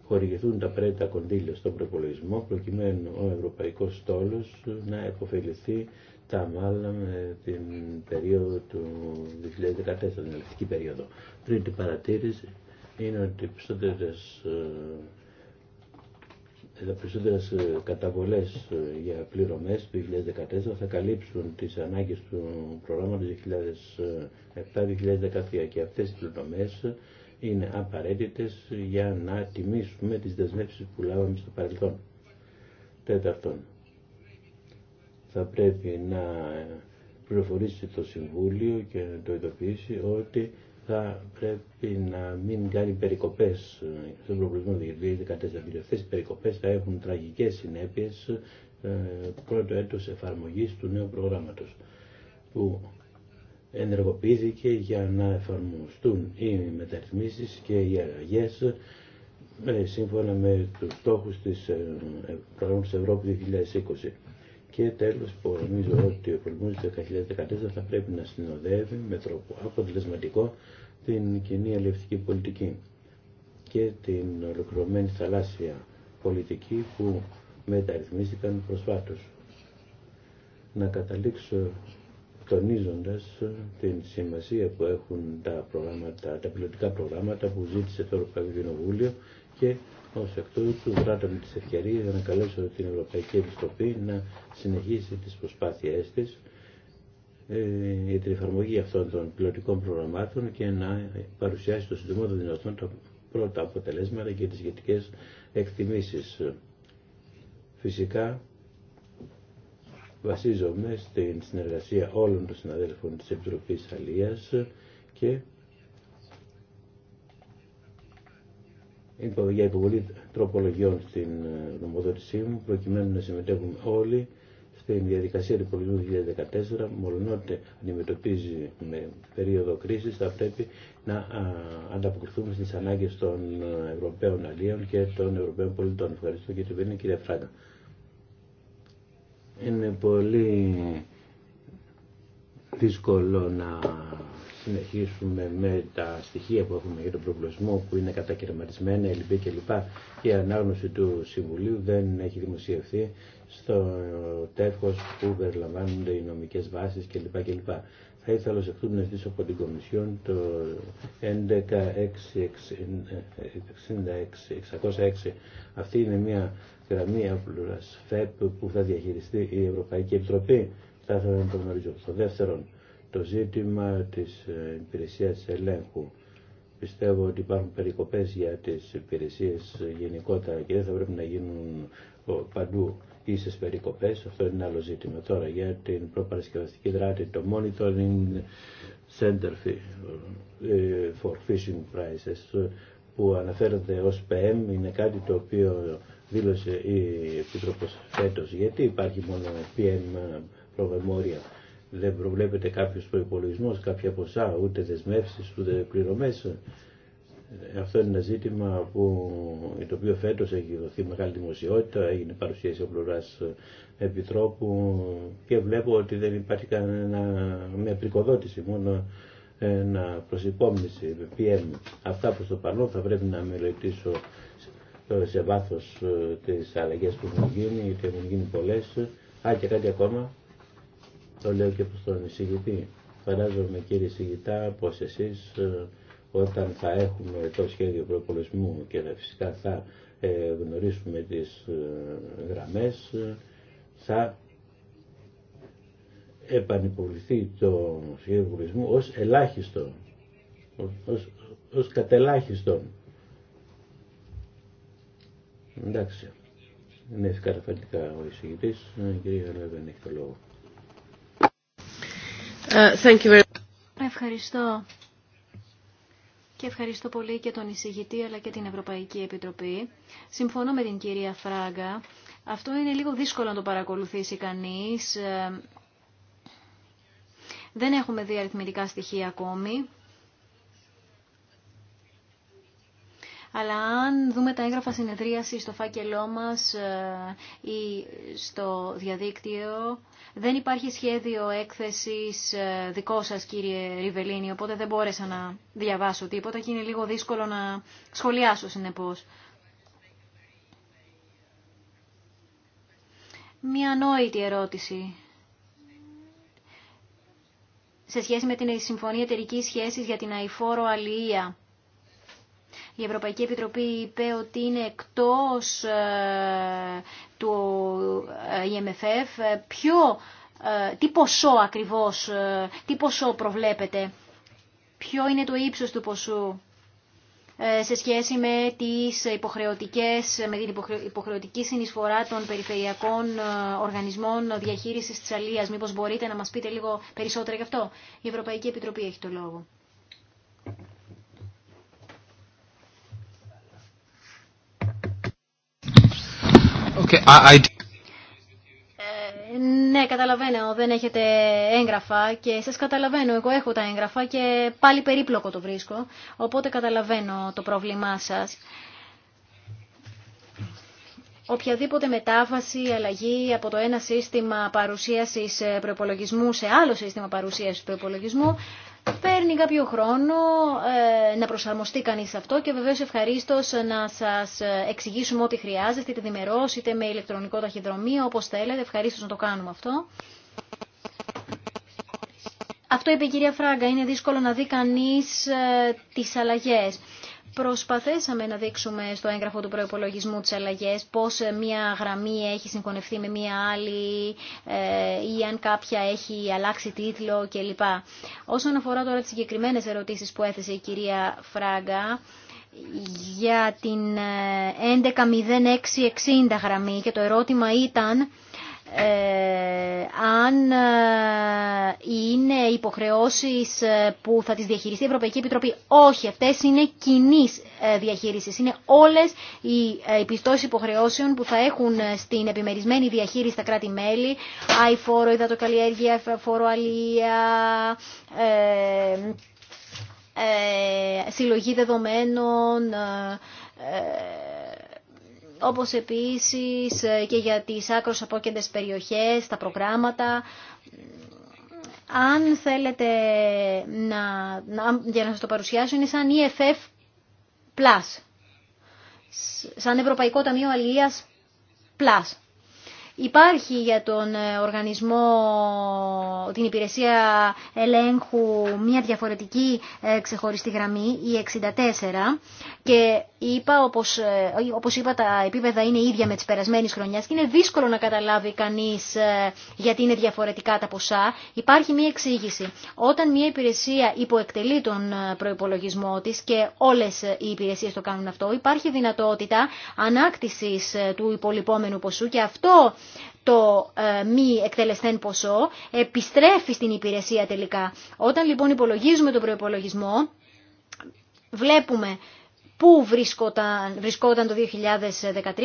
χορηγηθούν τα πρέτα κονδύλια στον προπολογισμό προκειμένου ο Ευρωπαϊκός Στόλος ε, να επωφεληθεί τα μάλλον την περίοδο του 2014, την ελευθερική περίοδο. Τρίτη παρατήρηση είναι ότι οι ε, περισσότερες ε, καταβολές ε, για πληρωμές του 2014 θα καλύψουν τις ανάγκες του προγράμματος 2007-2013 και αυτές οι πληρωμές είναι απαραίτητες για να τιμήσουμε τις δεσμεύσεις που λάβαμε στο παρελθόν. Τέταρτον, θα πρέπει να πληροφορήσει το Συμβούλιο και να το ειδοποιήσει ότι θα πρέπει να μην κάνει περικοπές στον προβλησμό διευθύνει 14 Αυτές οι περικοπές θα έχουν τραγικές συνέπειες ε, πρώτο έτος εφαρμογής του νέου προγράμματος που ενεργοποιήθηκε για να εφαρμοστούν οι μεταρρυθμίσεις και οι αλλαγέ ε, σύμφωνα με τους στόχους της ε, Προγράμματος Ευρώπη 2020. Και τέλος, νομίζω ότι ο του 2014 θα πρέπει να συνοδεύει με τρόπο αποτελεσματικό την κοινή αλληλευτική πολιτική και την ολοκληρωμένη θαλάσσια πολιτική που μεταρρυθμίστηκαν προσφάτως. Να καταλήξω τονίζοντας την σημασία που έχουν τα, προγράμματα, τα πιλωτικά προγράμματα που ζήτησε το Ευρωπαϊκό Κοινοβούλιο και ως εκ τούτου με τις ευκαιρίες να καλέσω την Ευρωπαϊκή Επιστοπή να συνεχίσει τις προσπάθειές της ε, για την εφαρμογή αυτών των πιλωτικών προγραμμάτων και να παρουσιάσει το των δυνατών τα πρώτα αποτελέσματα και τις σχετικές εκτιμήσεις. Φυσικά βασίζομαι στην συνεργασία όλων των συναδέλφων της Επιτροπής Αλίας και για υποβολή τροπολογιών στην ε, νομοδότησή μου προκειμένου να συμμετέχουμε όλοι στην διαδικασία λοιπόν του προβλήμου 2014, μολονότι αντιμετωπίζει με περίοδο κρίσης, θα πρέπει να ανταποκριθούμε στις ανάγκες των ε, Ευρωπαίων αλλήλων και των Ευρωπαίων πολιτών. Ευχαριστώ κύριε Βέννη, κύριε Φράγκα. Είναι πολύ δύσκολο να συνεχίσουμε με τα στοιχεία που έχουμε για τον προβλησμό που είναι κατακαιρματισμένα, ελληπή κλπ. Και η ανάγνωση του Συμβουλίου δεν έχει δημοσιευθεί στο τέχος που περιλαμβάνονται οι νομικές βάσεις κλπ. κλπ. Θα ήθελα σε αυτού να ζητήσω από την Κομισιόν το 11.666. Αυτή είναι μια γραμμή απλούρα ΦΕΠ που θα διαχειριστεί η Ευρωπαϊκή Επιτροπή. Θα ήθελα να το γνωρίζω. Στο δεύτερο, το ζήτημα τη ε, υπηρεσία ελέγχου. Πιστεύω ότι υπάρχουν περικοπές για τις υπηρεσίες γενικότερα και δεν θα πρέπει να γίνουν ε, παντού στι περικοπέ, αυτό είναι άλλο ζήτημα τώρα για την προπαρασκευαστική δράτη, το Monitoring Center ε, for Fishing Prices που αναφέρεται ως PM είναι κάτι το οποίο δήλωσε η Επίτροπο φέτος. Γιατί υπάρχει μόνο PM προβεμόρια, δεν προβλέπεται κάποιο προπολογισμό, κάποια ποσά, ούτε δεσμεύσει ούτε πληρωμές αυτό είναι ένα ζήτημα που, το οποίο φέτο έχει δοθεί μεγάλη δημοσιότητα, έγινε παρουσίαση από επιτρόπου και βλέπω ότι δεν υπάρχει κανένα με πρικοδότηση, μόνο ένα προσυπόμνηση PM. Αυτά προ το παρόν θα πρέπει να μελετήσω σε βάθο ε, τις αλλαγέ που έχουν γίνει, γιατί έχουν γίνει πολλές. Α, και κάτι ακόμα, το λέω και προ τον εισηγητή. Φαντάζομαι κύριε εισηγητά πως εσείς ε, όταν θα έχουμε το σχέδιο προπολισμού και φυσικά θα ε, γνωρίσουμε τις ε, γραμμές, ε, θα επανυποβληθεί το σχέδιο προπολισμού ως ελάχιστο, ως, ως κατελάχιστον. Εντάξει. Είναι καταφαντικά ο εισηγητής. Κυρία Λέβεν, έχει το λόγο. Ευχαριστώ και ευχαριστώ πολύ και τον εισηγητή αλλά και την Ευρωπαϊκή Επιτροπή. Συμφωνώ με την κυρία Φράγκα. Αυτό είναι λίγο δύσκολο να το παρακολουθήσει κανείς. Ε, δεν έχουμε δει αριθμητικά στοιχεία ακόμη. αλλά αν δούμε τα έγγραφα συνεδρίαση στο φάκελό μας ε, ή στο διαδίκτυο, δεν υπάρχει σχέδιο έκθεσης ε, δικό σας κύριε Ριβελίνη, οπότε δεν μπόρεσα να διαβάσω τίποτα και είναι λίγο δύσκολο να σχολιάσω συνεπώς. Μια ανόητη ερώτηση σε σχέση με την Συμφωνία εταιρική σχέση για την αηφόρο αλληλεία. Η Ευρωπαϊκή Επιτροπή είπε ότι είναι εκτός ε, του IMFF. Ε, ε, ποιο, τι ποσό ακριβώς, τι ποσό προβλέπετε, ποιο είναι το ύψος του ποσού σε σχέση με, τις υποχρεωτικές, με την υποχρεωτική συνεισφορά των περιφερειακών οργανισμών διαχείρισης της αλίας. Μήπως μπορείτε να μας πείτε λίγο περισσότερα γι' αυτό. Η Ευρωπαϊκή Επιτροπή έχει το λόγο. Ε, ναι, καταλαβαίνω, δεν έχετε έγγραφα και σας καταλαβαίνω, εγώ έχω τα έγγραφα και πάλι περίπλοκο το βρίσκω, οπότε καταλαβαίνω το πρόβλημά σας. Οποιαδήποτε μετάβαση, αλλαγή από το ένα σύστημα παρουσίασης ε, προϋπολογισμού σε άλλο σύστημα παρουσίασης προϋπολογισμού Παίρνει κάποιο χρόνο ε, να προσαρμοστεί κανείς αυτό και βεβαίω ευχαρίστως να σας εξηγήσουμε ό,τι χρειάζεστε, είτε δημερό είτε με ηλεκτρονικό ταχυδρομείο, όπως θέλετε. Ευχαριστώ να το κάνουμε αυτό. Αυτό είπε η κυρία Φράγκα, είναι δύσκολο να δει κανείς ε, τις αλλαγέ. Προσπαθήσαμε να δείξουμε στο έγγραφο του προπολογισμού τις αλλαγές, πώς μία γραμμή έχει συγχωνευτεί με μία άλλη ε, ή αν κάποια έχει αλλάξει τίτλο κλπ. Όσον αφορά τώρα τις συγκεκριμένες ερωτήσεις που έθεσε η κυρία Φράγκα, για την 11.06.60 ε, γραμμή και το ερώτημα ήταν ε, αν ε, είναι υποχρεώσεις ε, που θα τις διαχειριστεί η Ευρωπαϊκή Επιτροπή. Όχι, αυτές είναι κοινή διαχείρισης. Είναι όλες οι επιστώσεις υποχρεώσεων που θα έχουν στην επιμερισμένη διαχείριση στα κράτη-μέλη, φόρο, υδατοκαλλιέργεια, φόρο αλία, συλλογή δεδομένων, όπως επίσης ε, και για τις άκρως απόκεντες περιοχές, τα προγράμματα. Αν θέλετε να, να, για να σας το παρουσιάσω, είναι σαν EFF+, σαν Ευρωπαϊκό Ταμείο Αλληλείας Plus υπάρχει για τον ε, οργανισμό, την υπηρεσία ελέγχου μια διαφορετική ε, ξεχωριστή γραμμή, η 64 και είπα, όπως, ε, όπως είπα τα επίπεδα είναι ίδια με τις περασμένες χρονιάς και είναι δύσκολο να καταλάβει κανείς γιατί είναι διαφορετικά τα ποσά. Υπάρχει μια εξήγηση. Όταν μια υπηρεσία υποεκτελεί τον προϋπολογισμό της και όλες οι υπηρεσίες το κάνουν αυτό, υπάρχει δυνατότητα ανάκτησης του υπολοιπόμενου ποσού και αυτό το ε, μη εκτελεσθέν ποσό επιστρέφει στην υπηρεσία τελικά. Όταν λοιπόν υπολογίζουμε τον προϋπολογισμό, βλέπουμε πού βρισκόταν, βρισκόταν το 2013.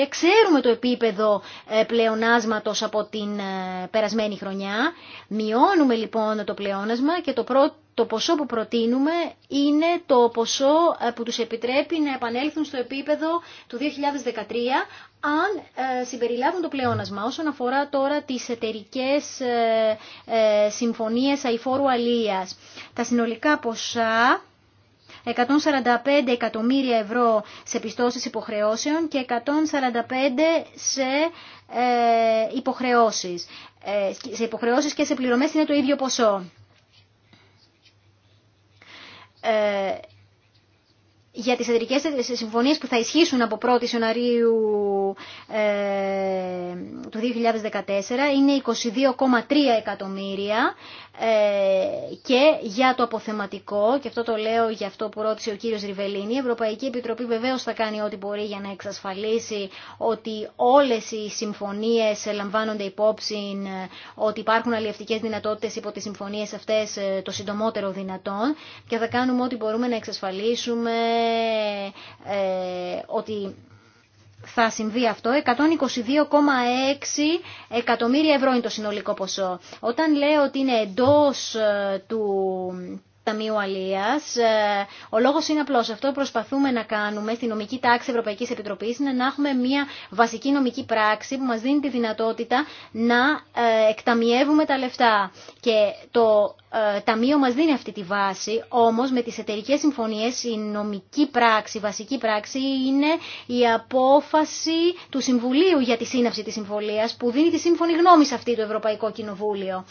Ξέρουμε το επίπεδο ε, πλεονάσματος από την ε, περασμένη χρονιά. Μειώνουμε λοιπόν το πλεόνασμα και το το ποσό που προτείνουμε είναι το ποσό ε, που τους επιτρέπει να επανέλθουν στο επίπεδο του 2013 αν συμπεριλάβουν το πλεόνασμα. Όσον αφορά τώρα τις εταιρικές συμφωνίες αηφόρου αλίας, τα συνολικά ποσά 145 εκατομμύρια ευρώ σε πιστώσεις υποχρεώσεων και 145 σε ε, υποχρεώσεις. Ε, σε υποχρεώσεις και σε πληρωμές είναι το ίδιο ποσό. Ε, για τις εταιρικές συμφωνίες που θα ισχύσουν από 1η Ιανουαρίου ε, του 2014 είναι 22,3 εκατομμύρια ε, και για το αποθεματικό, και αυτό το λέω για αυτό που ρώτησε ο κύριος Ριβελίνη, η Ευρωπαϊκή Επιτροπή βεβαίως θα κάνει ό,τι μπορεί για να εξασφαλίσει ότι όλες οι συμφωνίες λαμβάνονται υπόψη, ότι υπάρχουν αλλιευτικές δυνατότητες υπό τις συμφωνίες αυτές ε, το συντομότερο δυνατόν και θα κάνουμε ό,τι μπορούμε να εξασφαλίσουμε ε, ότι θα συμβεί αυτό. 122,6 εκατομμύρια ευρώ είναι το συνολικό ποσό. Όταν λέω ότι είναι εντός ε, του Ταμείου Αλίας. Ε, ο λόγος είναι απλός. Αυτό προσπαθούμε να κάνουμε στη νομική τάξη Ευρωπαϊκής Επιτροπής είναι να έχουμε μια βασική νομική πράξη που μας δίνει τη δυνατότητα να ε, εκταμιεύουμε τα λεφτά. Και το ε, Ταμείο μας δίνει αυτή τη βάση, όμως με τις εταιρικές συμφωνίες η νομική πράξη, η βασική πράξη είναι η απόφαση του Συμβουλίου για τη σύναψη της συμφωνίας που δίνει τη σύμφωνη γνώμη σε αυτή το Ευρωπαϊκό Κοινοβούλιο.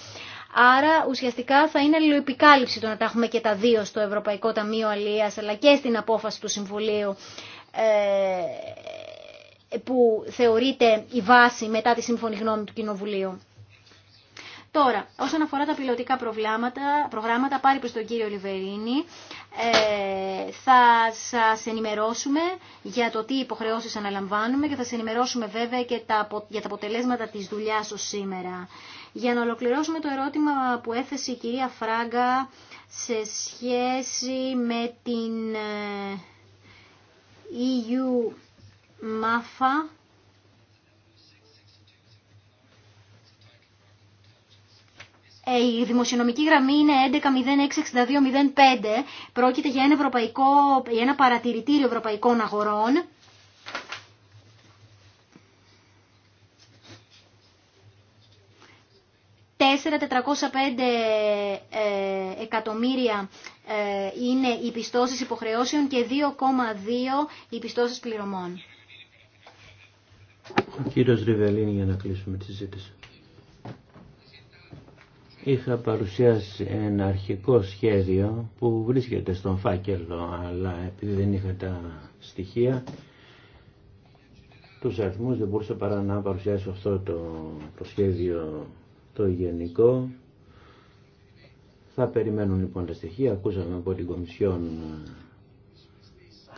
Άρα ουσιαστικά θα είναι αλληλοεπικάλυψη το να τα έχουμε και τα δύο στο Ευρωπαϊκό Ταμείο Αλίας αλλά και στην απόφαση του Συμβουλίου ε, που θεωρείται η βάση μετά τη σύμφωνη γνώμη του Κοινοβουλίου. Τώρα, όσον αφορά τα πιλωτικά προγράμματα, προγράμματα πάρει προς τον κύριο Λιβερίνη. ε, θα σας ενημερώσουμε για το τι υποχρεώσεις αναλαμβάνουμε και θα σας ενημερώσουμε βέβαια και τα, για τα αποτελέσματα της δουλειάς ως σήμερα. Για να ολοκληρώσουμε το ερώτημα που έθεσε η κυρία Φράγκα σε σχέση με την EU ε, MAFA, ε, Η δημοσιονομική γραμμή είναι 11.06.62.05. Πρόκειται για ένα, ευρωπαϊκό, για ένα παρατηρητήριο ευρωπαϊκών αγορών 4.405 ε, εκατομμύρια ε, είναι οι πιστώσεις υποχρεώσεων και 2,2 οι πιστώσεις πληρωμών. Ο κύριος Ριβελίνη για να κλείσουμε τη συζήτηση. Είχα παρουσιάσει ένα αρχικό σχέδιο που βρίσκεται στον φάκελο, αλλά επειδή δεν είχα τα στοιχεία, τους αριθμούς δεν μπορούσα παρά να παρουσιάσω αυτό το σχέδιο το γενικό. Θα περιμένουν λοιπόν τα στοιχεία. Ακούσαμε από την Κομισιόν ε,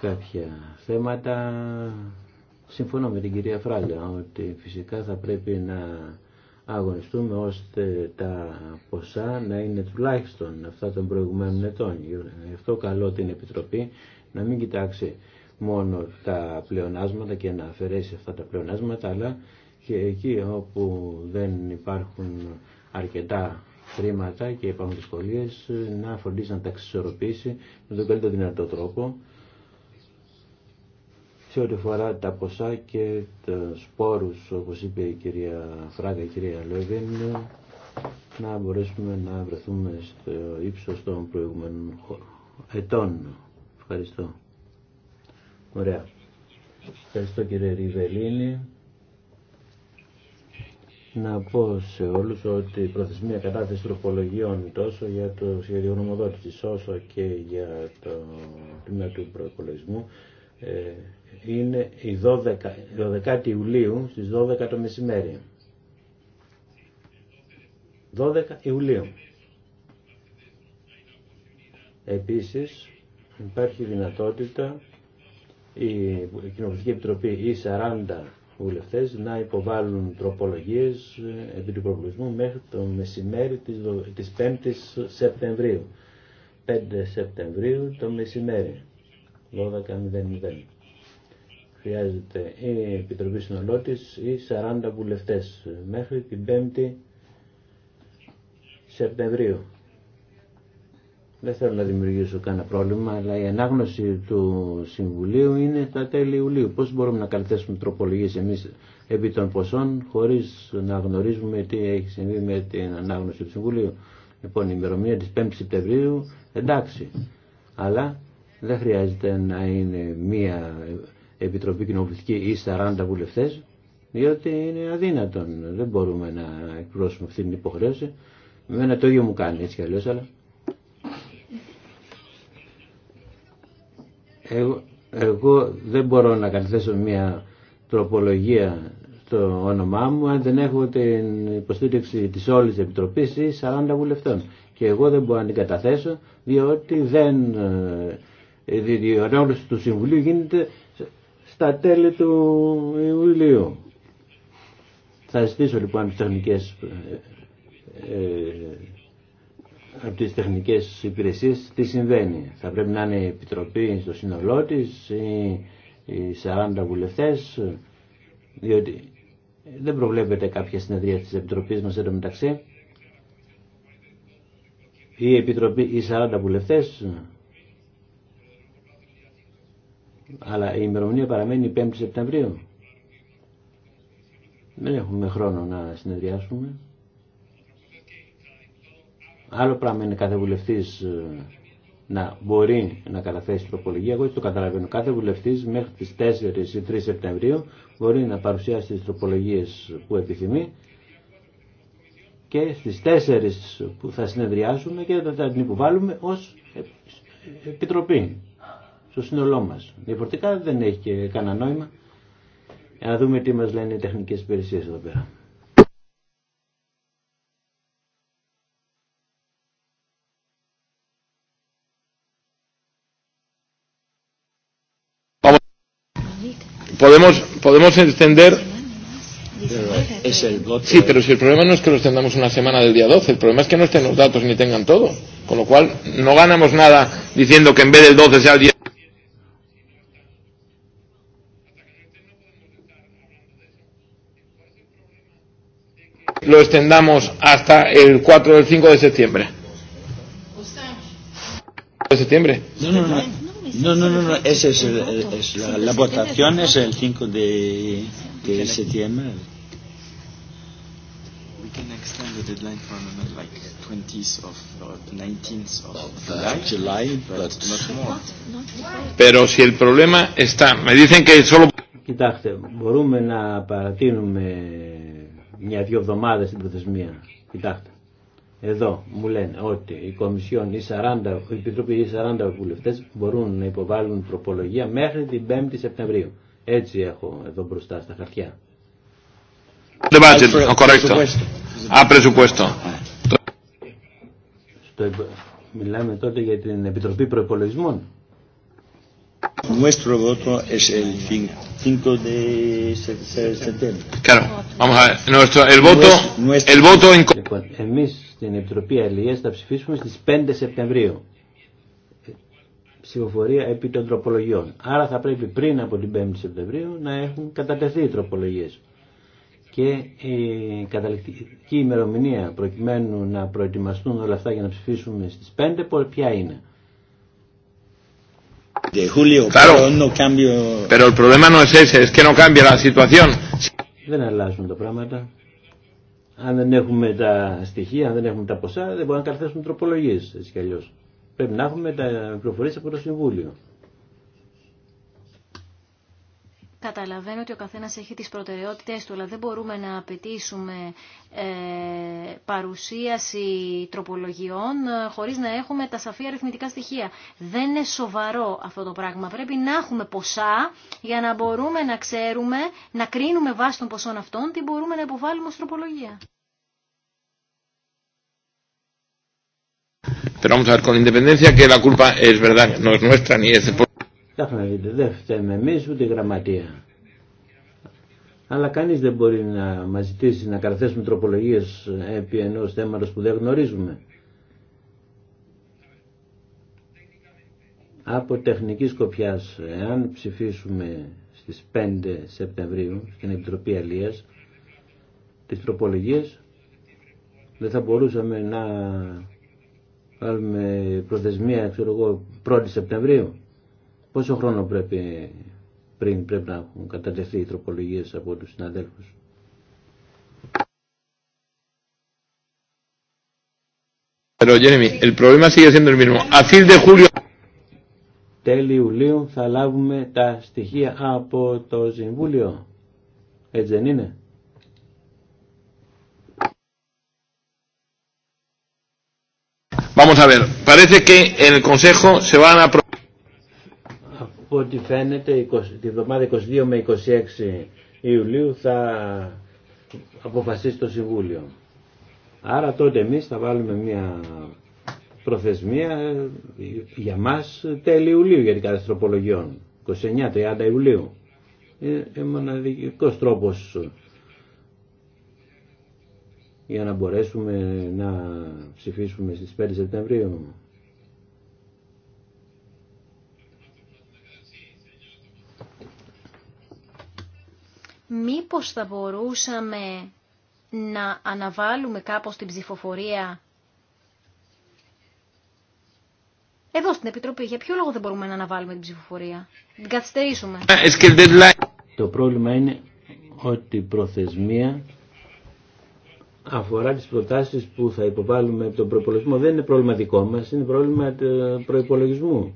κάποια θέματα. Συμφωνώ με την κυρία Φράγκα ότι φυσικά θα πρέπει να αγωνιστούμε ώστε τα ποσά να είναι τουλάχιστον αυτά των προηγουμένων ετών. Γι' αυτό καλό την Επιτροπή να μην κοιτάξει μόνο τα πλεονάσματα και να αφαιρέσει αυτά τα πλεονάσματα, αλλά και εκεί όπου δεν υπάρχουν αρκετά χρήματα και υπάρχουν δυσκολίε να φροντίσει να τα εξισορροπήσει με τον καλύτερο δυνατό τρόπο σε ό,τι αφορά τα ποσά και τα σπόρους όπως είπε η κυρία Φράγκα, η κυρία Λεβίν να μπορέσουμε να βρεθούμε στο ύψος των προηγούμενων ετών. Ευχαριστώ. Ωραία. Ευχαριστώ κύριε Ριβελίνη να πω σε όλους ότι η προθεσμία κατάθεση τροπολογιών τόσο για το σχέδιο νομοδότησης όσο και για το τμήμα του προπολογισμού ε, είναι η 12, 12 Ιουλίου στις 12 το μεσημέρι. 12 Ιουλίου. Επίσης υπάρχει δυνατότητα η Κοινοβουλευτική Επιτροπή ή 40 βουλευτέ να υποβάλουν τροπολογίε ε, επί του προβλησμού μέχρι το μεσημέρι τη 5η Σεπτεμβρίου. 5 Σεπτεμβρίου το μεσημέρι, 12.00. Χρειάζεται η Επιτροπή Συνολότη ή 40 βουλευτέ μέχρι την 5η Σεπτεμβρίου. Δεν θέλω να δημιουργήσω κανένα πρόβλημα, αλλά η ανάγνωση του Συμβουλίου είναι τα τέλη Ιουλίου. Πώς μπορούμε να καλυθέσουμε τροπολογίες εμείς επί των ποσών, χωρίς να γνωρίζουμε τι έχει συμβεί με την ανάγνωση του Συμβουλίου. Λοιπόν, η ημερομηνία της 5ης Σεπτεμβρίου, εντάξει, αλλά δεν χρειάζεται να είναι μία Επιτροπή Κοινοβουλευτική ή 40 βουλευτές, διότι είναι αδύνατον. Δεν μπορούμε να εκπλώσουμε αυτή την υποχρέωση. Εμένα το ίδιο μου κάνει έτσι κι αλλιώς, αλλά εγώ δεν μπορώ να καταθέσω μια τροπολογία στο όνομά μου αν δεν έχω την υποστήριξη της όλης επιτροπής ή 40 βουλευτών. Και εγώ δεν μπορώ να την καταθέσω διότι δεν, η ε, ολοκλήρωση του Συμβουλίου γίνεται στα τέλη του Ιουλίου. Θα ζητήσω λοιπόν τις τεχνικές ε, ε, από τις τεχνικές υπηρεσίες τι συμβαίνει. Θα πρέπει να είναι η Επιτροπή στο σύνολό τη ή οι 40 βουλευτές, διότι δεν προβλέπεται κάποια συνεδρία της Επιτροπής μας εδώ μεταξύ. Η Επιτροπή, οι 40 βουλευτές, αλλά η ημερομηνία παραμένει Σεπτεμβρίου. Δεν έχουμε χρόνο να συνεδριάσουμε. Άλλο πράγμα είναι κάθε βουλευτή ε, να μπορεί να καταθέσει τροπολογία. Εγώ το καταλαβαίνω. Κάθε βουλευτή μέχρι τι 4 ή 3 Σεπτεμβρίου μπορεί να παρουσιάσει τι τροπολογίε που επιθυμεί και στι 4 που θα συνεδριάσουμε και θα την υποβάλουμε ω επιτροπή στο σύνολό μα. Διαφορετικά δεν έχει κανένα νόημα. Για να δούμε τι μα λένε οι τεχνικές υπηρεσίες εδώ πέρα. podemos, podemos extender es el Sí, pero si el problema no es que lo extendamos una semana del día 12, el problema es que no estén los datos ni tengan todo. Con lo cual, no ganamos nada diciendo que en vez del 12 sea el día. Lo extendamos hasta el 4 o el 5 de septiembre. ¿De septiembre? no, no. No, no, no, no, es, es, es la, la votación es el 5 de, de septiembre. We can extend the deadline for another like 20th of or 19th of July, July but, not more. Pero si el problema está, me dicen que solo... Κοιτάξτε, μπορούμε να παρατείνουμε μια-δυο εβδομάδες την προθεσμία. Κοιτάξτε εδώ μου λένε ότι η Κομισιόν, η 40, η Επιτροπή, ή 40 βουλευτέ μπορούν να υποβάλουν τροπολογία μέχρι την 5η Σεπτεμβρίου. Έτσι έχω εδώ μπροστά στα χαρτιά. Oh, ah, Στο... Μιλάμε τότε για την Επιτροπή Προπολογισμών. Nuestro voto es el 5 de septiembre. Claro, vamos a ver. Nuestro, el voto, el voto en... Λοιπόν, εμείς στην Επιτροπή Αλληλείας θα ψηφίσουμε στις 5 Σεπτεμβρίου. Ψηφοφορία επί των τροπολογιών. Άρα θα πρέπει πριν από την 5 Σεπτεμβρίου να έχουν κατατεθεί οι τροπολογίες. Και η καταληκτική ημερομηνία προκειμένου να προετοιμαστούν όλα αυτά για να ψηφίσουμε στις 5, ποια είναι. Δεν αλλάζουν τα πράγματα αν δεν έχουμε τα στοιχεία, αν δεν έχουμε τα ποσά, δεν μπορούμε να καταθέσουμε τροπολογίε έτσι κι αλλιώ. Πρέπει να έχουμε τα πληροφορίες από το Συμβούλιο. Καταλαβαίνω ότι ο καθένας έχει τις προτεραιότητες του, αλλά δεν μπορούμε να απαιτήσουμε ε, παρουσίαση τροπολογιών ε, χωρίς να έχουμε τα σαφή αριθμητικά στοιχεία. Δεν είναι σοβαρό αυτό το πράγμα. Πρέπει να έχουμε ποσά για να μπορούμε να ξέρουμε, να κρίνουμε βάσει των ποσών αυτών τι μπορούμε να υποβάλουμε ως τροπολογία. Pero vamos ver, con independencia que la culpa es verdad, no δείτε, δεν φταίμε εμεί ούτε γραμματεία. Αλλά κανείς δεν μπορεί να μα ζητήσει να καταθέσουμε τροπολογίε επί ενός θέματος που δεν γνωρίζουμε. Από τεχνική σκοπιάς, εάν ψηφίσουμε στις 5 Σεπτεμβρίου στην Επιτροπή Αλία τις τροπολογίες, δεν θα μπορούσαμε να βάλουμε προθεσμία, ξέρω εγώ, Σεπτεμβρίου. Πόσο χρόνο πρέπει πριν πρέπει να έχουν κατατεθεί οι τροπολογίες από τους συναδέλφους. Pero Ιουλίου θα λάβουμε τα στοιχεία από το Συμβούλιο. Έτσι δεν είναι. Vamos a ver. Parece que en el Consejo se που ότι φαίνεται 20, τη βδομάδα 22 με 26 Ιουλίου θα αποφασίσει το Συμβούλιο. Άρα τότε εμείς θα βάλουμε μια προθεσμία ε, για μας τέλη Ιουλίου για την κατασταση τροπολογιών. 29-30 Ιουλίου. Είναι ε, μοναδικός τρόπος ε, για να μπορέσουμε να ψηφίσουμε στις 5 Σεπτεμβρίου. μήπως θα μπορούσαμε να αναβάλουμε κάπως την ψηφοφορία εδώ στην Επιτροπή. Για ποιο λόγο δεν μπορούμε να αναβάλουμε την ψηφοφορία. Την καθυστερήσουμε. Ε, Το πρόβλημα είναι ότι η προθεσμία αφορά τις προτάσεις που θα υποβάλουμε από τον προπολογισμό. Δεν είναι πρόβλημα δικό μας, είναι πρόβλημα του προϋπολογισμού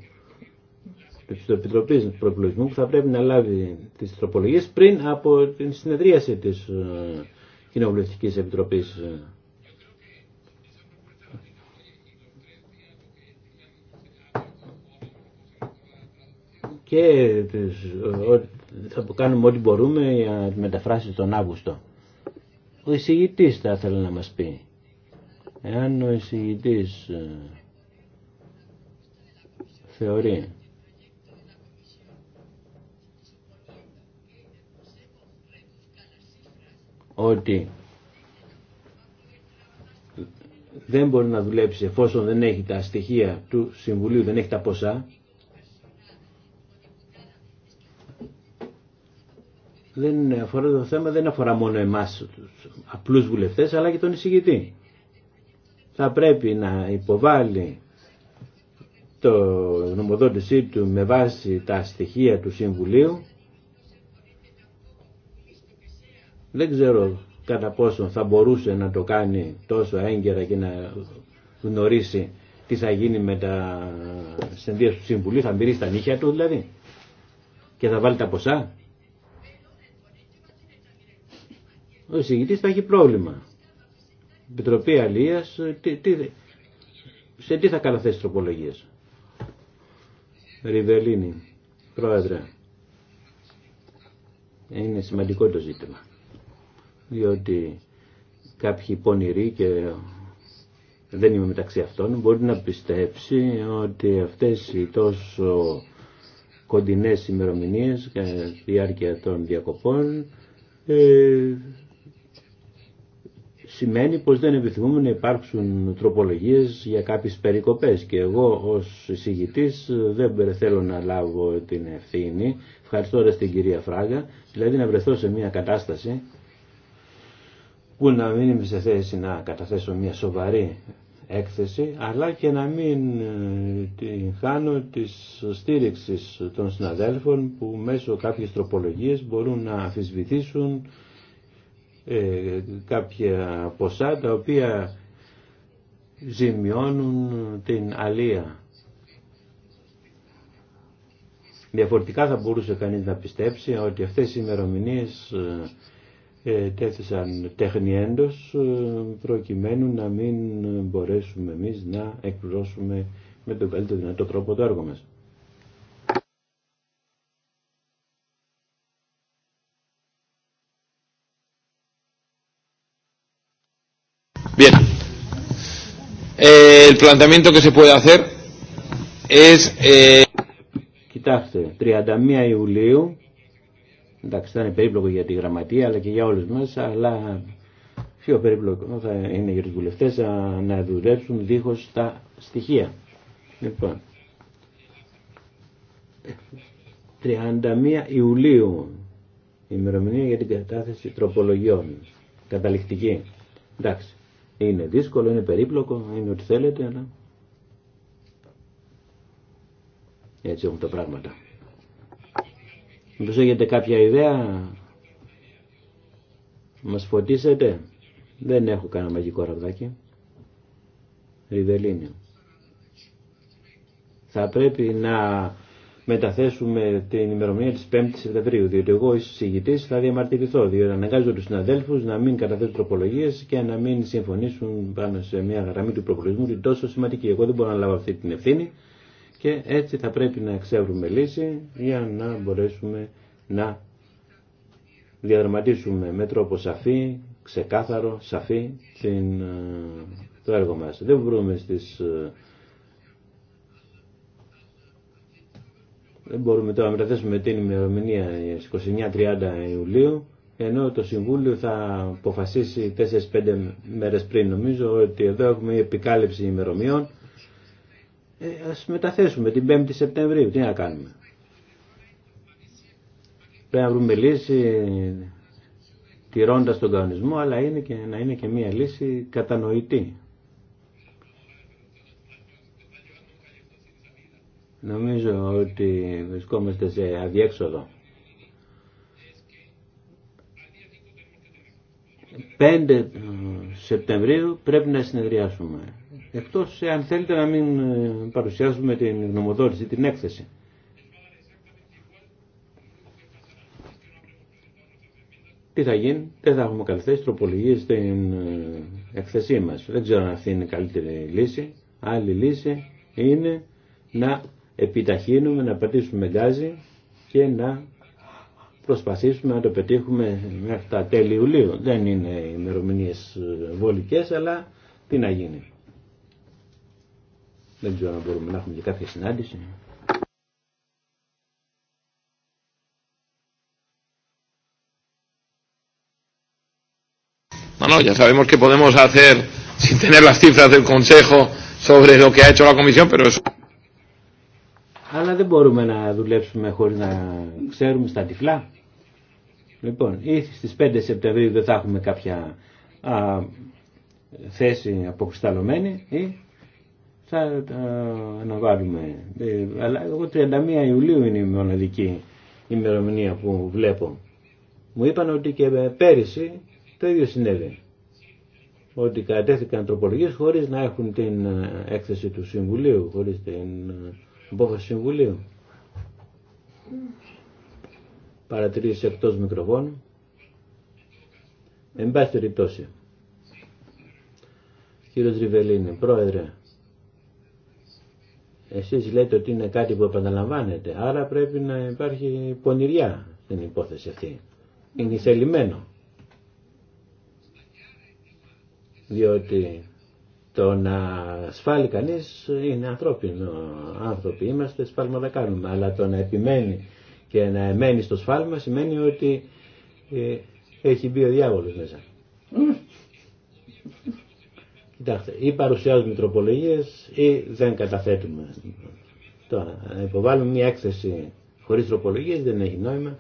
της Επιτροπής Προεπιλογισμού που θα πρέπει να λάβει τις τροπολογίες πριν από την συνεδρίαση της ε, Κοινοβουλευτικής Επιτροπής. Και θα κάνουμε ό,τι μπορούμε για τη μεταφράση τον Αύγουστο. Ο εισηγητής θα ήθελε να μας πει. Εάν ο εισηγητής ε, θεωρεί ότι δεν μπορεί να δουλέψει εφόσον δεν έχει τα στοιχεία του Συμβουλίου, δεν έχει τα ποσά, δεν αφορά το θέμα δεν αφορά μόνο εμάς τους απλούς βουλευτές αλλά και τον εισηγητή. Θα πρέπει να υποβάλει το νομοδότησή του με βάση τα στοιχεία του Συμβουλίου Δεν ξέρω κατά πόσο θα μπορούσε να το κάνει τόσο έγκαιρα και να γνωρίσει τι θα γίνει με τα συνδύες του Συμβουλίου, θα μυρίσει τα νύχια του δηλαδή και θα βάλει τα ποσά. Ο εισηγητής θα έχει πρόβλημα. Επιτροπή Αλίας, τι, τι, σε τι θα καταθέσει τροπολογίες. Ριβελίνη, πρόεδρε, είναι σημαντικό το ζήτημα διότι κάποιοι πονηροί και δεν είμαι μεταξύ αυτών, μπορεί να πιστέψει ότι αυτές οι τόσο κοντινές ημερομηνίε κατά ε, διάρκεια των διακοπών ε, σημαίνει πως δεν επιθυμούμε να υπάρξουν τροπολογίες για κάποιες περικοπές και εγώ ως εισηγητής δεν θέλω να λάβω την ευθύνη ευχαριστώ την κυρία Φράγκα, δηλαδή να βρεθώ σε μια κατάσταση που να μην είμαι σε θέση να καταθέσω μια σοβαρή έκθεση, αλλά και να μην ε, την χάνω της στήριξης των συναδέλφων που μέσω κάποιες τροπολογίες μπορούν να αφισβητήσουν ε, κάποια ποσά τα οποία ζημιώνουν την αλία. Διαφορετικά θα μπορούσε κανείς να πιστέψει ότι αυτές οι ημερομηνίες ε, ε, τέθησαν τεχνιέντος ε, προκειμένου να μην μπορέσουμε εμείς να εκπληρώσουμε με τον καλύτερο δυνατό τρόπο το έργο μας. Bien. puede hacer es... Eh, Κοιτάξτε, 31 Ιουλίου εντάξει θα είναι περίπλοκο για τη γραμματεία αλλά και για όλους μας, αλλά πιο περίπλοκο θα είναι για τους βουλευτές να δουλέψουν δίχως τα στοιχεία. Λοιπόν, 31 Ιουλίου ημερομηνία για την κατάθεση τροπολογιών, καταληκτική. Εντάξει, είναι δύσκολο, είναι περίπλοκο, είναι ό,τι θέλετε, αλλά έτσι έχουν τα πράγματα. Μήπως έχετε κάποια ιδέα, μας φωτίσετε. Δεν έχω κανένα μαγικό ραβδάκι. Ριβελίνιο. Θα πρέπει να μεταθέσουμε την ημερομηνία της 5ης Σεπτεμβρίου, διότι εγώ ως συγητής θα διαμαρτυρηθώ, διότι αναγκάζω τους συναδέλφους να μην καταθέσουν τροπολογίε και να μην συμφωνήσουν πάνω σε μια γραμμή του προπολογισμού, την τόσο σημαντική. Εγώ δεν μπορώ να λάβω αυτή την ευθύνη και έτσι θα πρέπει να εξεύρουμε λύση για να μπορέσουμε να διαδραματίσουμε με τρόπο σαφή, ξεκάθαρο, σαφή την, ε, το έργο μας. Δεν μπορούμε στις... Ε, δεν μπορούμε τώρα να μεταθέσουμε την ημερομηνία 29-30 Ιουλίου, ενώ το Συμβούλιο θα αποφασίσει 4-5 μέρες πριν. Νομίζω ότι εδώ έχουμε επικάλυψη ημερομηνιών ε, ας μεταθέσουμε την 5η Σεπτεμβρίου. Τι να κάνουμε. Πρέπει να βρούμε λύση τηρώντας τον κανονισμό, αλλά είναι και, να είναι και μία λύση κατανοητή. Νομίζω ότι βρισκόμαστε σε αδιέξοδο. Πέντε Σεπτεμβρίου πρέπει να συνεδριάσουμε. Εκτός αν θέλετε να μην ε, παρουσιάζουμε την γνωμοδότηση, την έκθεση. Τι θα γίνει, δεν θα έχουμε καλυθέσει τροπολογίε στην ε, εκθεσή μας. Δεν ξέρω αν αυτή είναι η καλύτερη λύση. Άλλη λύση είναι να επιταχύνουμε, να πατήσουμε γκάζι και να προσπαθήσουμε να το πετύχουμε μέχρι τα τέλη Ιουλίου. Δεν είναι ημερομηνίε βολικές, αλλά τι να γίνει. Δεν ξέρω αν μπορούμε να έχουμε και κάποια συνάντηση. Αλλά δεν μπορούμε να δουλέψουμε χωρίς να ξέρουμε στα τυφλά. Λοιπόν, ή στις 5 Σεπτεμβρίου δεν θα έχουμε κάποια α, θέση αποκρισταλωμένη ή θα τα ε, αναβάλουμε. Ε, αλλά εγώ 31 Ιουλίου είναι η μοναδική ημερομηνία που βλέπω. Μου είπαν ότι και πέρυσι το ίδιο συνέβη. Ότι κατέθηκαν τροπολογίες χωρίς να έχουν την ε, έκθεση του Συμβουλίου, χωρίς την απόφαση Συμβουλίου. Παρατηρήσεις εκτός μικροφώνου. Εν πάση περιπτώσει. Κύριος Ριβελίνη, πρόεδρε, εσείς λέτε ότι είναι κάτι που επαναλαμβάνεται, άρα πρέπει να υπάρχει πονηριά στην υπόθεση αυτή. Είναι θελημένο. Διότι το να σφάλει κανείς είναι ανθρώπινο. Άνθρωποι είμαστε, σφάλματα κάνουμε. Αλλά το να επιμένει και να εμένει στο σφάλμα σημαίνει ότι ε, έχει μπει ο διάβολος μέσα. Κοιτάξτε, ή παρουσιάζουμε τροπολογίες ή δεν καταθέτουμε. Τώρα, να υποβάλουμε μια έκθεση χωρίς τροπολογίες δεν έχει νόημα.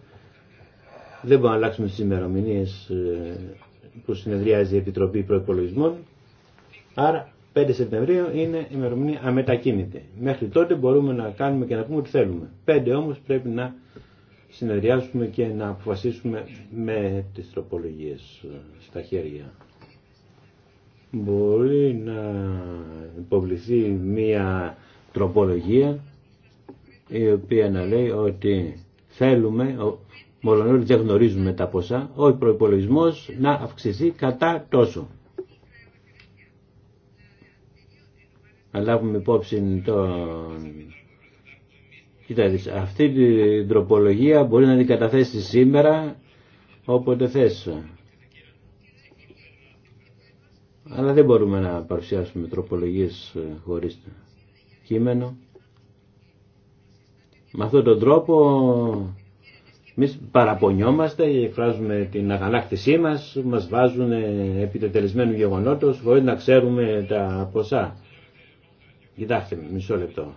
Δεν μπορούμε να αλλάξουμε τις ημερομηνίε ε, που συνεδριάζει η Επιτροπή Προϋπολογισμών. Άρα τροπολογιε η ημερομηνία αμετακίνητη. Μέχρι τότε μπορούμε να υποβαλουμε μια εκθεση ημερομηνία δεν εχει νοημα δεν μπορουμε να αλλαξουμε τι ημερομηνιε που συνεδριαζει η επιτροπη προπολογισμων αρα 5 σεπτεμβριου ειναι η ημερομηνια αμετακινητη μεχρι τοτε μπορουμε να κανουμε και να πούμε ότι θέλουμε. 5 όμω πρέπει να συνεδριάσουμε και να αποφασίσουμε με τι τροπολογίε ε, στα χέρια μπορεί να υποβληθεί μία τροπολογία η οποία να λέει ότι θέλουμε, μόλον όλοι δεν γνωρίζουμε τα ποσά, ο προπολογισμό να αυξηθεί κατά τόσο. Να λάβουμε υπόψη τον... Κοιτάξτε, αυτή την τροπολογία μπορεί να την καταθέσει σήμερα όποτε θες. Αλλά δεν μπορούμε να παρουσιάσουμε τροπολογίες ε, χωρίς κείμενο. Με αυτόν τον τρόπο εμεί παραπονιόμαστε, εκφράζουμε την αγανάκτησή μας, μας βάζουν επί τελεσμένου γεγονότος, χωρίς να ξέρουμε τα ποσά. Κοιτάξτε, μισό λεπτό.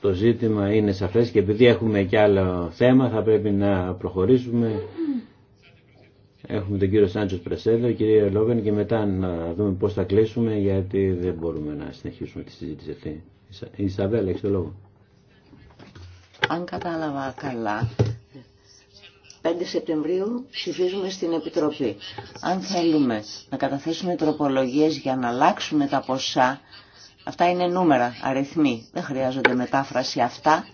Το ζήτημα είναι σαφές και επειδή έχουμε και άλλο θέμα θα πρέπει να προχωρήσουμε Έχουμε τον κύριο Σάντζος Πρεσέδο, κυρία Λόγαν και μετά να δούμε πώς θα κλείσουμε γιατί δεν μπορούμε να συνεχίσουμε τη συζήτηση αυτή. Η Ισαβέλα, έχει το λόγο. Αν κατάλαβα καλά, 5 Σεπτεμβρίου ψηφίζουμε στην Επιτροπή. Αν θέλουμε να καταθέσουμε τροπολογίες για να αλλάξουμε τα ποσά, αυτά είναι νούμερα, αριθμοί, δεν χρειάζονται μετάφραση αυτά,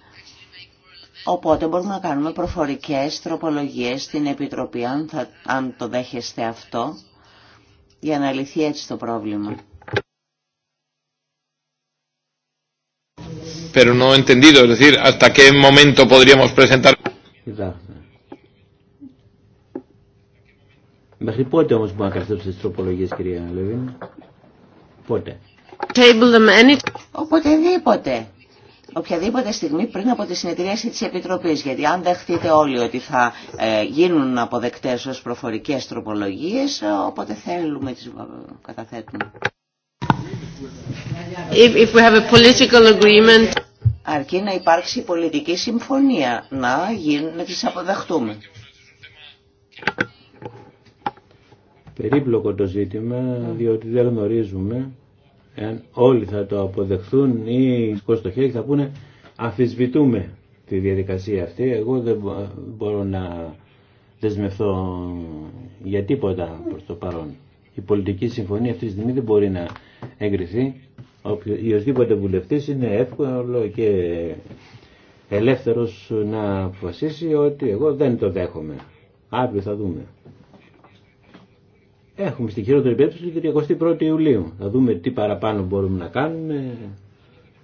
Οπότε μπορούμε να κάνουμε προφορικές τροπολογίες στην Επιτροπή, αν, θα, αν το δέχεστε αυτό, για να λυθεί έτσι το πρόβλημα. Pero no entendido, es decir, hasta qué momento podríamos presentar... Μέχρι πότε όμως μπορούμε να καθίσουμε τις τροπολογίες, κυρία Λεβίν. Πότε. Table them Οποτεδήποτε οποιαδήποτε στιγμή πριν από τη συνεδρίαση της Επιτροπής. Γιατί αν δεχτείτε όλοι ότι θα ε, γίνουν αποδεκτές ως προφορικές τροπολογίες, ε, όποτε θέλουμε τις ε, καταθέτουμε. If we have a agreement... Αρκεί να υπάρξει πολιτική συμφωνία, να, γίνουν, να τις αποδεχτούμε. Περίπλοκο το ζήτημα, διότι δεν γνωρίζουμε εάν όλοι θα το αποδεχθούν ή το χέρι θα πούνε αφισβητούμε τη διαδικασία αυτή. Εγώ δεν μπορώ να δεσμευθώ για τίποτα προς το παρόν. Η πολιτική συμφωνία αυτή τη στιγμή δεν μπορεί να εγκριθεί. οσδήποτε βουλευτής είναι εύκολο και ελεύθερος να αποφασίσει ότι εγώ δεν το δέχομαι. Αύριο θα δούμε έχουμε στη χειρότερη περίπτωση την 21η Ιουλίου. Θα δούμε τι παραπάνω μπορούμε να κάνουμε.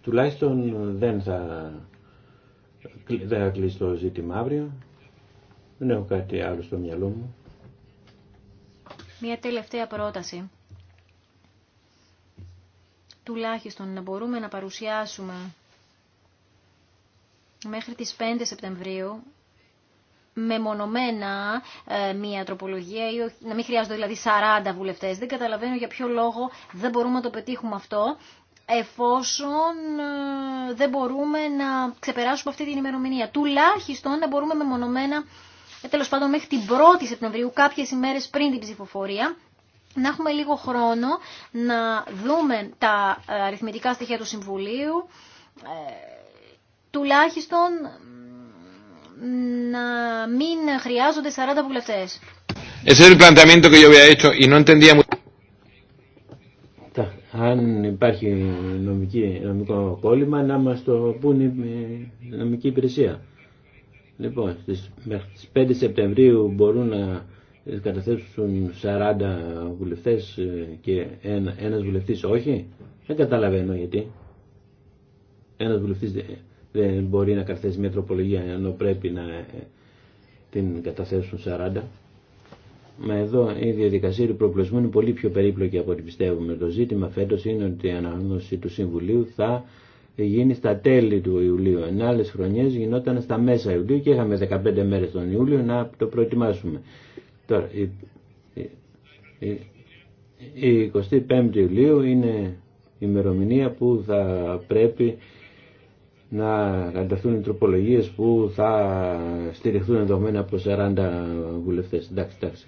Τουλάχιστον δεν θα, δεν θα κλείσει το ζήτημα αύριο. Δεν έχω κάτι άλλο στο μυαλό μου. Μία τελευταία πρόταση. Τουλάχιστον να μπορούμε να παρουσιάσουμε μέχρι τις 5 Σεπτεμβρίου μεμονωμένα ε, μία τροπολογία ή να μην χρειάζονται δηλαδή 40 βουλευτές. Δεν καταλαβαίνω για ποιο λόγο δεν μπορούμε να το πετύχουμε αυτό εφόσον ε, δεν μπορούμε να ξεπεράσουμε αυτή την ημερομηνία. Τουλάχιστον να μπορούμε μεμονωμένα, ε, τέλο πάντων μέχρι την 1η Σεπτεμβρίου, κάποιες ημέρες πριν την ψηφοφορία, να έχουμε λίγο χρόνο να δούμε τα αριθμητικά στοιχεία του Συμβουλίου, τουλάχιστον να μην χρειάζονται 40 βουλευτέ. Αν υπάρχει νομική, νομικό κόλλημα, να μας το πούνε η ε, νομική υπηρεσία. Λοιπόν, στις, μέχρι τις 5 Σεπτεμβρίου μπορούν να ε, καταθέσουν 40 βουλευτές ε, και ένα, ένας βουλευτής όχι. Δεν καταλαβαίνω γιατί. Ένας βουλευτής δεν μπορεί να καταθέσει μια τροπολογία ενώ πρέπει να ε, την καταθέσουν 40. Μα εδώ η διαδικασία του προπλεσμού είναι πολύ πιο περίπλοκη από ό,τι πιστεύουμε. Το ζήτημα φέτο είναι ότι η αναγνώση του Συμβουλίου θα γίνει στα τέλη του Ιουλίου. Εν άλλε χρονιέ γινόταν στα μέσα Ιουλίου και είχαμε 15 μέρε τον Ιούλιο να το προετοιμάσουμε. Τώρα, η, η 25η Ιουλίου είναι η ημερομηνία που θα πρέπει να ανταχθούν οι τροπολογίε που θα στηριχθούν ενδεχομένω από 40 βουλευτέ. Εντάξει, εντάξει.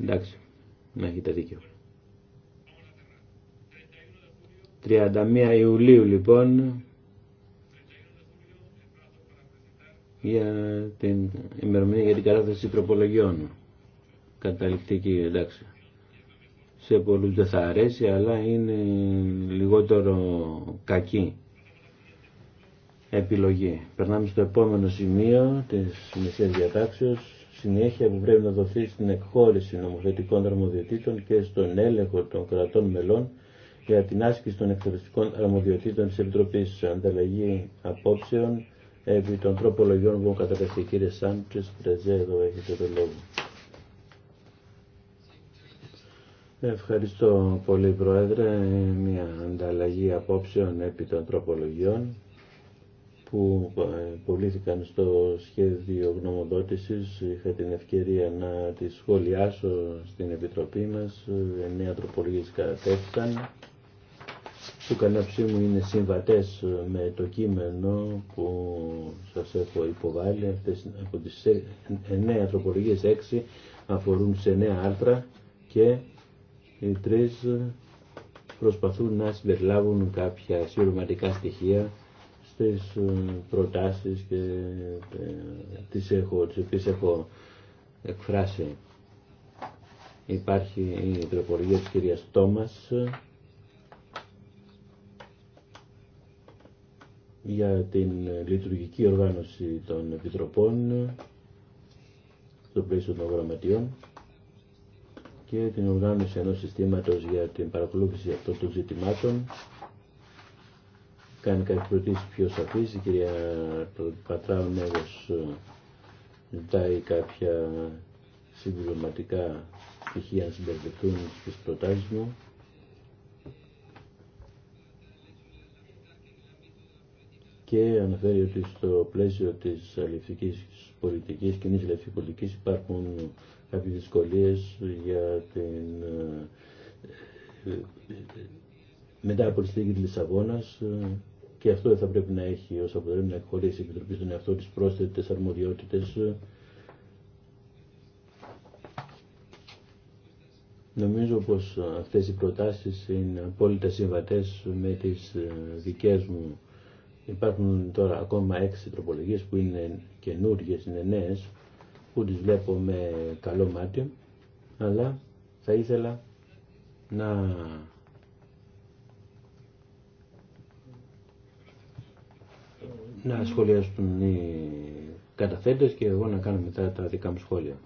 Εντάξει, να έχετε δίκιο. 31 Ιουλίου λοιπόν για την ημερομηνία για την κατάθεση τροπολογιών. Καταληκτική εντάξει. Σε πολλούς δεν θα αρέσει αλλά είναι λιγότερο κακή επιλογή. Περνάμε στο επόμενο σημείο της Μεσσίας Διατάξεως, συνέχεια που πρέπει να δοθεί στην εκχώρηση νομοθετικών αρμοδιοτήτων και στον έλεγχο των κρατών μελών για την άσκηση των εκτελεστικών αρμοδιοτήτων της Επιτροπής Ανταλλαγή Απόψεων επί των τροπολογιών που κατατεθεί. Κύριε Σάντσες, εδώ έχετε το λόγο. Ευχαριστώ πολύ Πρόεδρε. Μια ανταλλαγή απόψεων επί των τροπολογιών που ε, υποβλήθηκαν στο σχέδιο γνωμοδότησης. Είχα την ευκαιρία να τις σχολιάσω στην Επιτροπή μας. Εννέα τροπολογίες κατέφυγαν. Του καναψί μου είναι συμβατές με το κείμενο που σας έχω υποβάλει. Αυτές, από τις εννέα τροπολογίες έξι αφορούν σε νέα άρθρα και οι τρεις προσπαθούν να συμπεριλάβουν κάποια συρωματικά στοιχεία στις ε, προτάσεις και ε, τις, έχω, τις οποίες έχω εκφράσει. Υπάρχει η τροπολογία της κυρίας Τόμας ε, για την λειτουργική οργάνωση των επιτροπών στο πλαίσιο των γραμματιών και την οργάνωση ενός συστήματος για την παρακολούθηση αυτών των ζητημάτων κάνει κάτι ερωτήσει πιο σαφής, Η κυρία Πατράου Νέβος ε, ζητάει κάποια συμπληρωματικά στοιχεία να συμπεριληφθούν στις προτάσει μου. και αναφέρει ότι στο πλαίσιο της αλληλευτικής πολιτικής, κοινής αλληλευτικής πολιτικής υπάρχουν κάποιες δυσκολίες για την ε, ε, μετά από τη στήγη της Λισαβόνας και αυτό δεν θα πρέπει να έχει ως αποτέλεσμα να εκχωρήσει η Επιτροπή στον εαυτό της πρόσθετες αρμοδιότητες. Νομίζω πως αυτές οι προτάσεις είναι απόλυτα συμβατές με τις δικές μου. Υπάρχουν τώρα ακόμα έξι τροπολογίες που είναι καινούργιες, είναι νέες, που τις βλέπω με καλό μάτι, αλλά θα ήθελα να να σχολιάσουν οι καταθέτες και εγώ να κάνω μετά τα δικά μου σχόλια.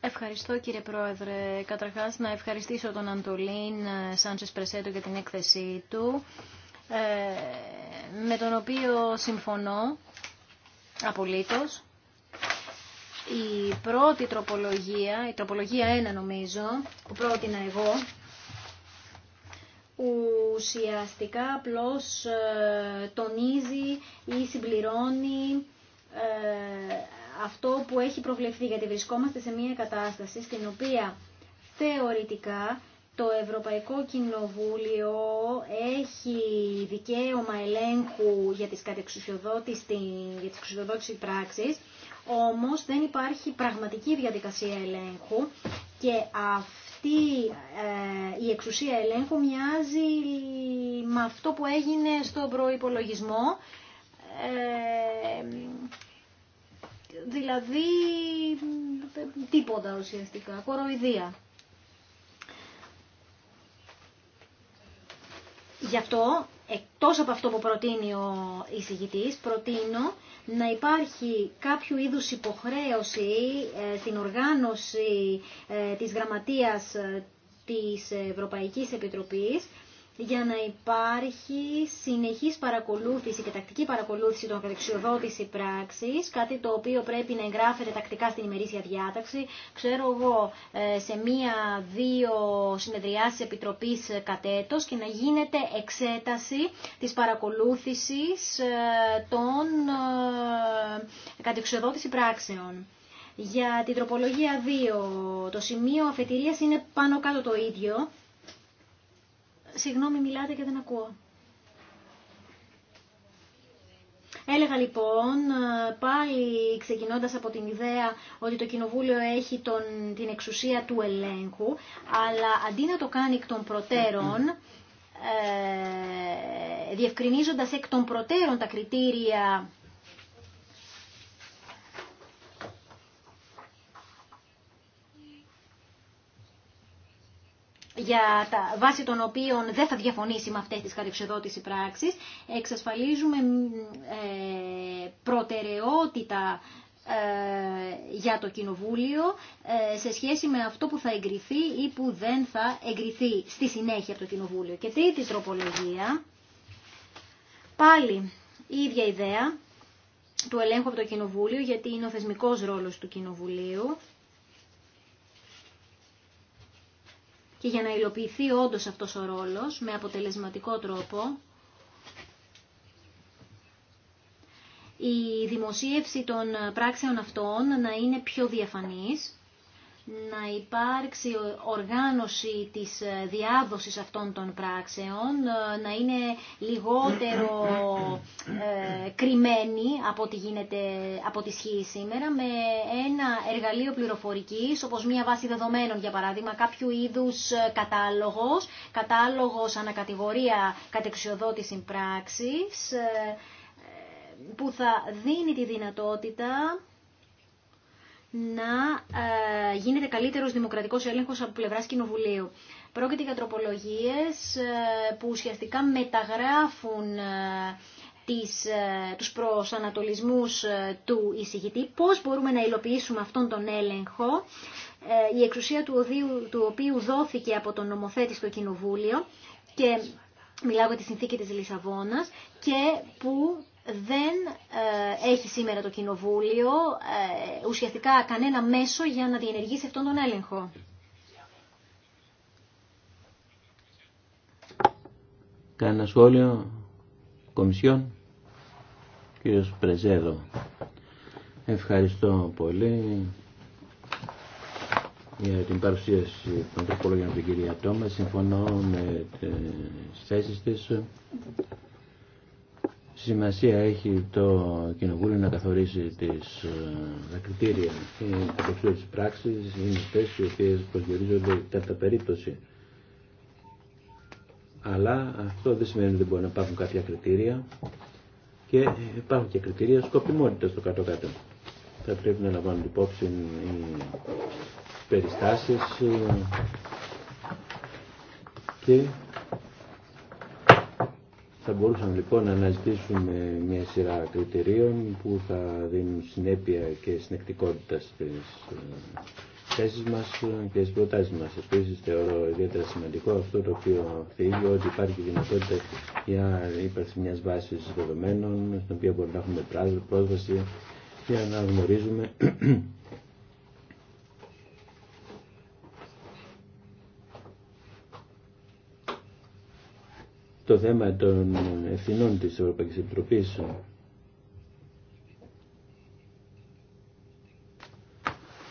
Ευχαριστώ κύριε Πρόεδρε. Καταρχάς να ευχαριστήσω τον Αντολίν ε, Σάντσες Πρεσέτο για την έκθεσή του, ε, με τον οποίο συμφωνώ απολύτως. Η πρώτη τροπολογία, η τροπολογία 1 νομίζω, που πρότεινα εγώ, ουσιαστικά απλώς ε, τονίζει ή συμπληρώνει ε, αυτό που έχει προβλεφθεί, γιατί βρισκόμαστε σε μια κατάσταση στην οποία θεωρητικά το Ευρωπαϊκό Κοινοβούλιο έχει δικαίωμα ελέγχου για τις κατεξουσιοδότηση πράξεις όμως δεν υπάρχει πραγματική διαδικασία ελέγχου και αυτό αυτή ε, η εξουσία ελέγχου μοιάζει με αυτό που έγινε στον προϋπολογισμό. Ε, δηλαδή τίποτα ουσιαστικά, κοροϊδία. Γι' αυτό εκτός από αυτό που προτείνει ο εισηγητής, προτείνω να υπάρχει κάποιο είδους υποχρέωση στην ε, οργάνωση ε, της γραμματείας ε, της Ευρωπαϊκής Επιτροπής για να υπάρχει συνεχής παρακολούθηση και τακτική παρακολούθηση των καταξιοδότηση πράξης, κάτι το οποίο πρέπει να εγγράφεται τακτικά στην ημερήσια διάταξη. Ξέρω εγώ ε, σε μία-δύο συνεδριάσεις Επιτροπής ε, κατέτος και να γίνεται εξέταση της παρακολούθησης ε, των καταξιοδότηση πράξεων. Για την τροπολογία 2, το σημείο αφετηρίας είναι πάνω κάτω το ίδιο. Συγγνώμη, μιλάτε και δεν ακούω. Έλεγα λοιπόν, ε, πάλι ξεκινώντας από την ιδέα ότι το Κοινοβούλιο έχει τον, την εξουσία του ελέγχου, αλλά αντί να το κάνει εκ των προτέρων, ε, διευκρινίζοντας εκ των προτέρων τα κριτήρια για τα βάση των οποίων δεν θα διαφωνήσει με αυτές τις κατεξοδότηση πράξεις, εξασφαλίζουμε ε, προτεραιότητα ε, για το Κοινοβούλιο ε, σε σχέση με αυτό που θα εγκριθεί ή που δεν θα εγκριθεί στη συνέχεια από το Κοινοβούλιο. Και τρίτη τροπολογία, πάλι η ίδια ιδέα του ελέγχου από το Κοινοβούλιο, γιατί είναι ο θεσμικός ρόλος του Κοινοβουλίου, και για να υλοποιηθεί όντως αυτός ο ρόλος με αποτελεσματικό τρόπο, η δημοσίευση των πράξεων αυτών να είναι πιο διαφανής να υπάρξει οργάνωση της ε, διάδοσης αυτών των πράξεων, ε, να είναι λιγότερο ε, κρυμμένη από ό,τι γίνεται από τη σχή σήμερα με ένα εργαλείο πληροφορικής, όπως μια βάση δεδομένων για παράδειγμα, κάποιου είδους ε, κατάλογος, κατάλογος ανακατηγορία κατεξιοδότηση πράξης, που θα δίνει τη δυνατότητα να ε, γίνεται καλύτερος δημοκρατικός έλεγχος από πλευράς Κοινοβουλίου. Πρόκειται για τροπολογίες ε, που ουσιαστικά μεταγράφουν ε, τις, τους προσανατολισμούς του εισηγητή, πώς μπορούμε να υλοποιήσουμε αυτόν τον έλεγχο, η εξουσία του, του οποίου δόθηκε από τον νομοθέτη στο Κοινοβούλιο και μιλάω για τη συνθήκη της Λισαβόνας και που δεν ε, έχει σήμερα το Κοινοβούλιο ε, ουσιαστικά κανένα μέσο για να διενεργήσει αυτόν τον έλεγχο. Κάνα σχόλιο, Κομισιόν, κύριος Πρεζέδο. Ευχαριστώ πολύ για την παρουσίαση των τροπολογιών από την κυρία Τόμα. Συμφωνώ με τις θέσεις της Σημασία έχει το Κοινοβούλιο να καθορίσει τις, ε, τα κριτήρια και τα της πράξης είναι αυτές οι οποίες προσδιορίζονται κατά περίπτωση. Αλλά αυτό δεν σημαίνει ότι δεν μπορεί να υπάρχουν κάποια κριτήρια και υπάρχουν και κριτήρια σκοπιμότητας στο κάτω-κάτω. Θα πρέπει να λαμβάνουν υπόψη οι περιστάσεις ε, και θα μπορούσαμε λοιπόν να αναζητήσουμε μια σειρά κριτηρίων που θα δίνουν συνέπεια και συνεκτικότητα στις ε, θέσεις μας και στις προτάσεις μας. Επίσης θεωρώ ιδιαίτερα σημαντικό αυτό το οποίο θίγει ότι υπάρχει δυνατότητα για ύπαρξη μια βάση δεδομένων στην οποία μπορούμε να έχουμε πρόσβαση για να γνωρίζουμε το θέμα των ευθυνών της Ευρωπαϊκής Επιτροπής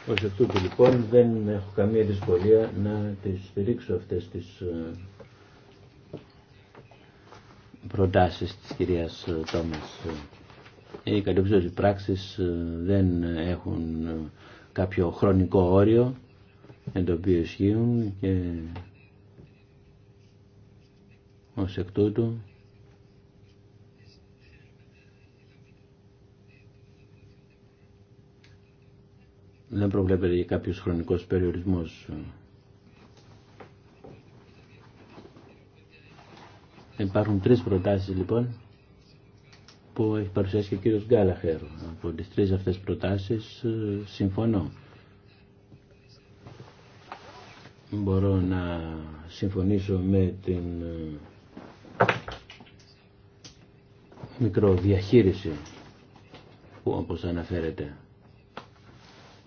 Ως εκ τούτου λοιπόν δεν έχω καμία δυσκολία να τις στηρίξω αυτές τις ε, προτάσεις της κυρίας ε, Τόμας. Ε, οι κατεξιώσεις πράξεις δεν έχουν κάποιο χρονικό όριο εν το οποίο ισχύουν και ως εκ τούτου, δεν προβλέπεται για κάποιος χρονικός περιορισμός. Υπάρχουν τρεις προτάσεις λοιπόν που έχει παρουσιάσει και ο κύριος Γκάλαχερ. Από τις τρεις αυτές προτάσεις ε, συμφωνώ. Μπορώ να συμφωνήσω με την ε, μικροδιαχείριση που όπως αναφέρεται.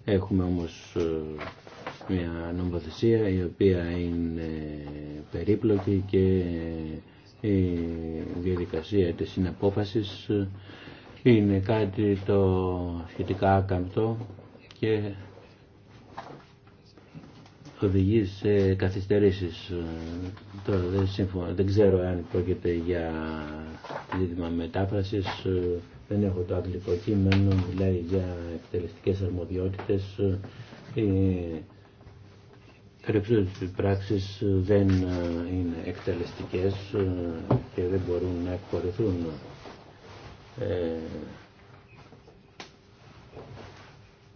Έχουμε όμως ε, μια νομοθεσία η οποία είναι περίπλοκη και η διαδικασία της συναπόφασης είναι κάτι το σχετικά άκαμπτο και οδηγεί σε καθυστερήσει ε, Τώρα δεν, σύμφω, δεν ξέρω αν πρόκειται για ζήτημα μετάφραση. Ε, δεν έχω το αγγλικό κείμενο, μιλάει για εκτελεστικέ αρμοδιότητες. Ε, Οι πράξεις δεν είναι εκτελεστικές και δεν μπορούν να εκχωρηθούν.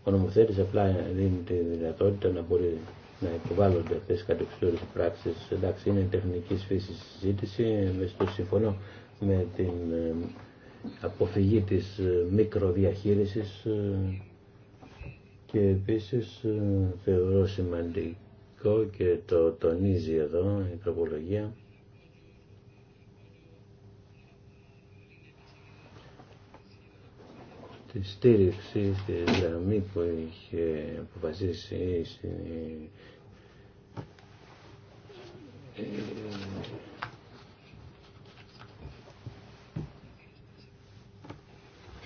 Ο απλά δίνει τη δυνατότητα να μπορεί να υποβάλλονται αυτέ οι πράξει. Εντάξει, είναι τεχνικής φύσης συζήτηση, στο συμφωνώ με την ε, αποφυγή της ε, μικροδιαχείριση ε, και επίση θεωρώ σημαντικό και το τονίζει εδώ η τροπολογία τη στήριξη στη γραμμή που είχε αποφασίσει η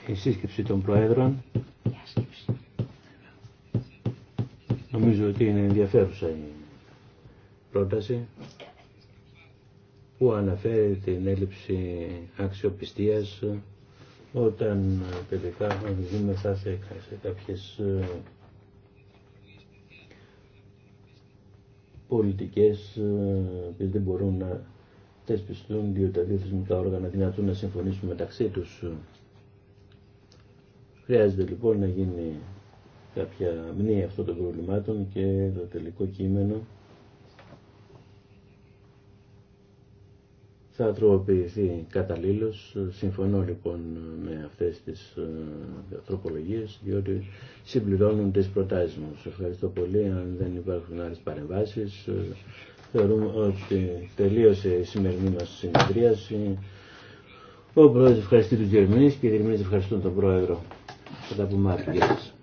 η σύσκεψη των Προέδρων νομίζω ότι είναι ενδιαφέρουσα η πρόταση που αναφέρει την έλλειψη αξιοπιστίας όταν τελικά οδηγούμεθα σε κάποιες ε, πολιτικές ε, που δεν μπορούν να θεσπιστούν διότι τα δύο θεσμικά όργανα δυνατούν να συμφωνήσουν μεταξύ τους. Χρειάζεται λοιπόν να γίνει κάποια μνήμη αυτών των προβλημάτων και το τελικό κείμενο θα ανθρωποποιηθεί καταλήλως. Συμφωνώ λοιπόν με αυτές τις ε, τροπολογίες, διότι συμπληρώνουν τις προτάσεις μου. Σας ευχαριστώ πολύ. Αν δεν υπάρχουν άλλες παρεμβάσεις, ε, θεωρούμε ότι τελείωσε η σημερινή μας συνεδρίαση. Ο Πρόεδρος ευχαριστεί τους Γερμανείς και οι Γερμανείς ευχαριστούν τον Πρόεδρο. Θα τα πούμε αύριο.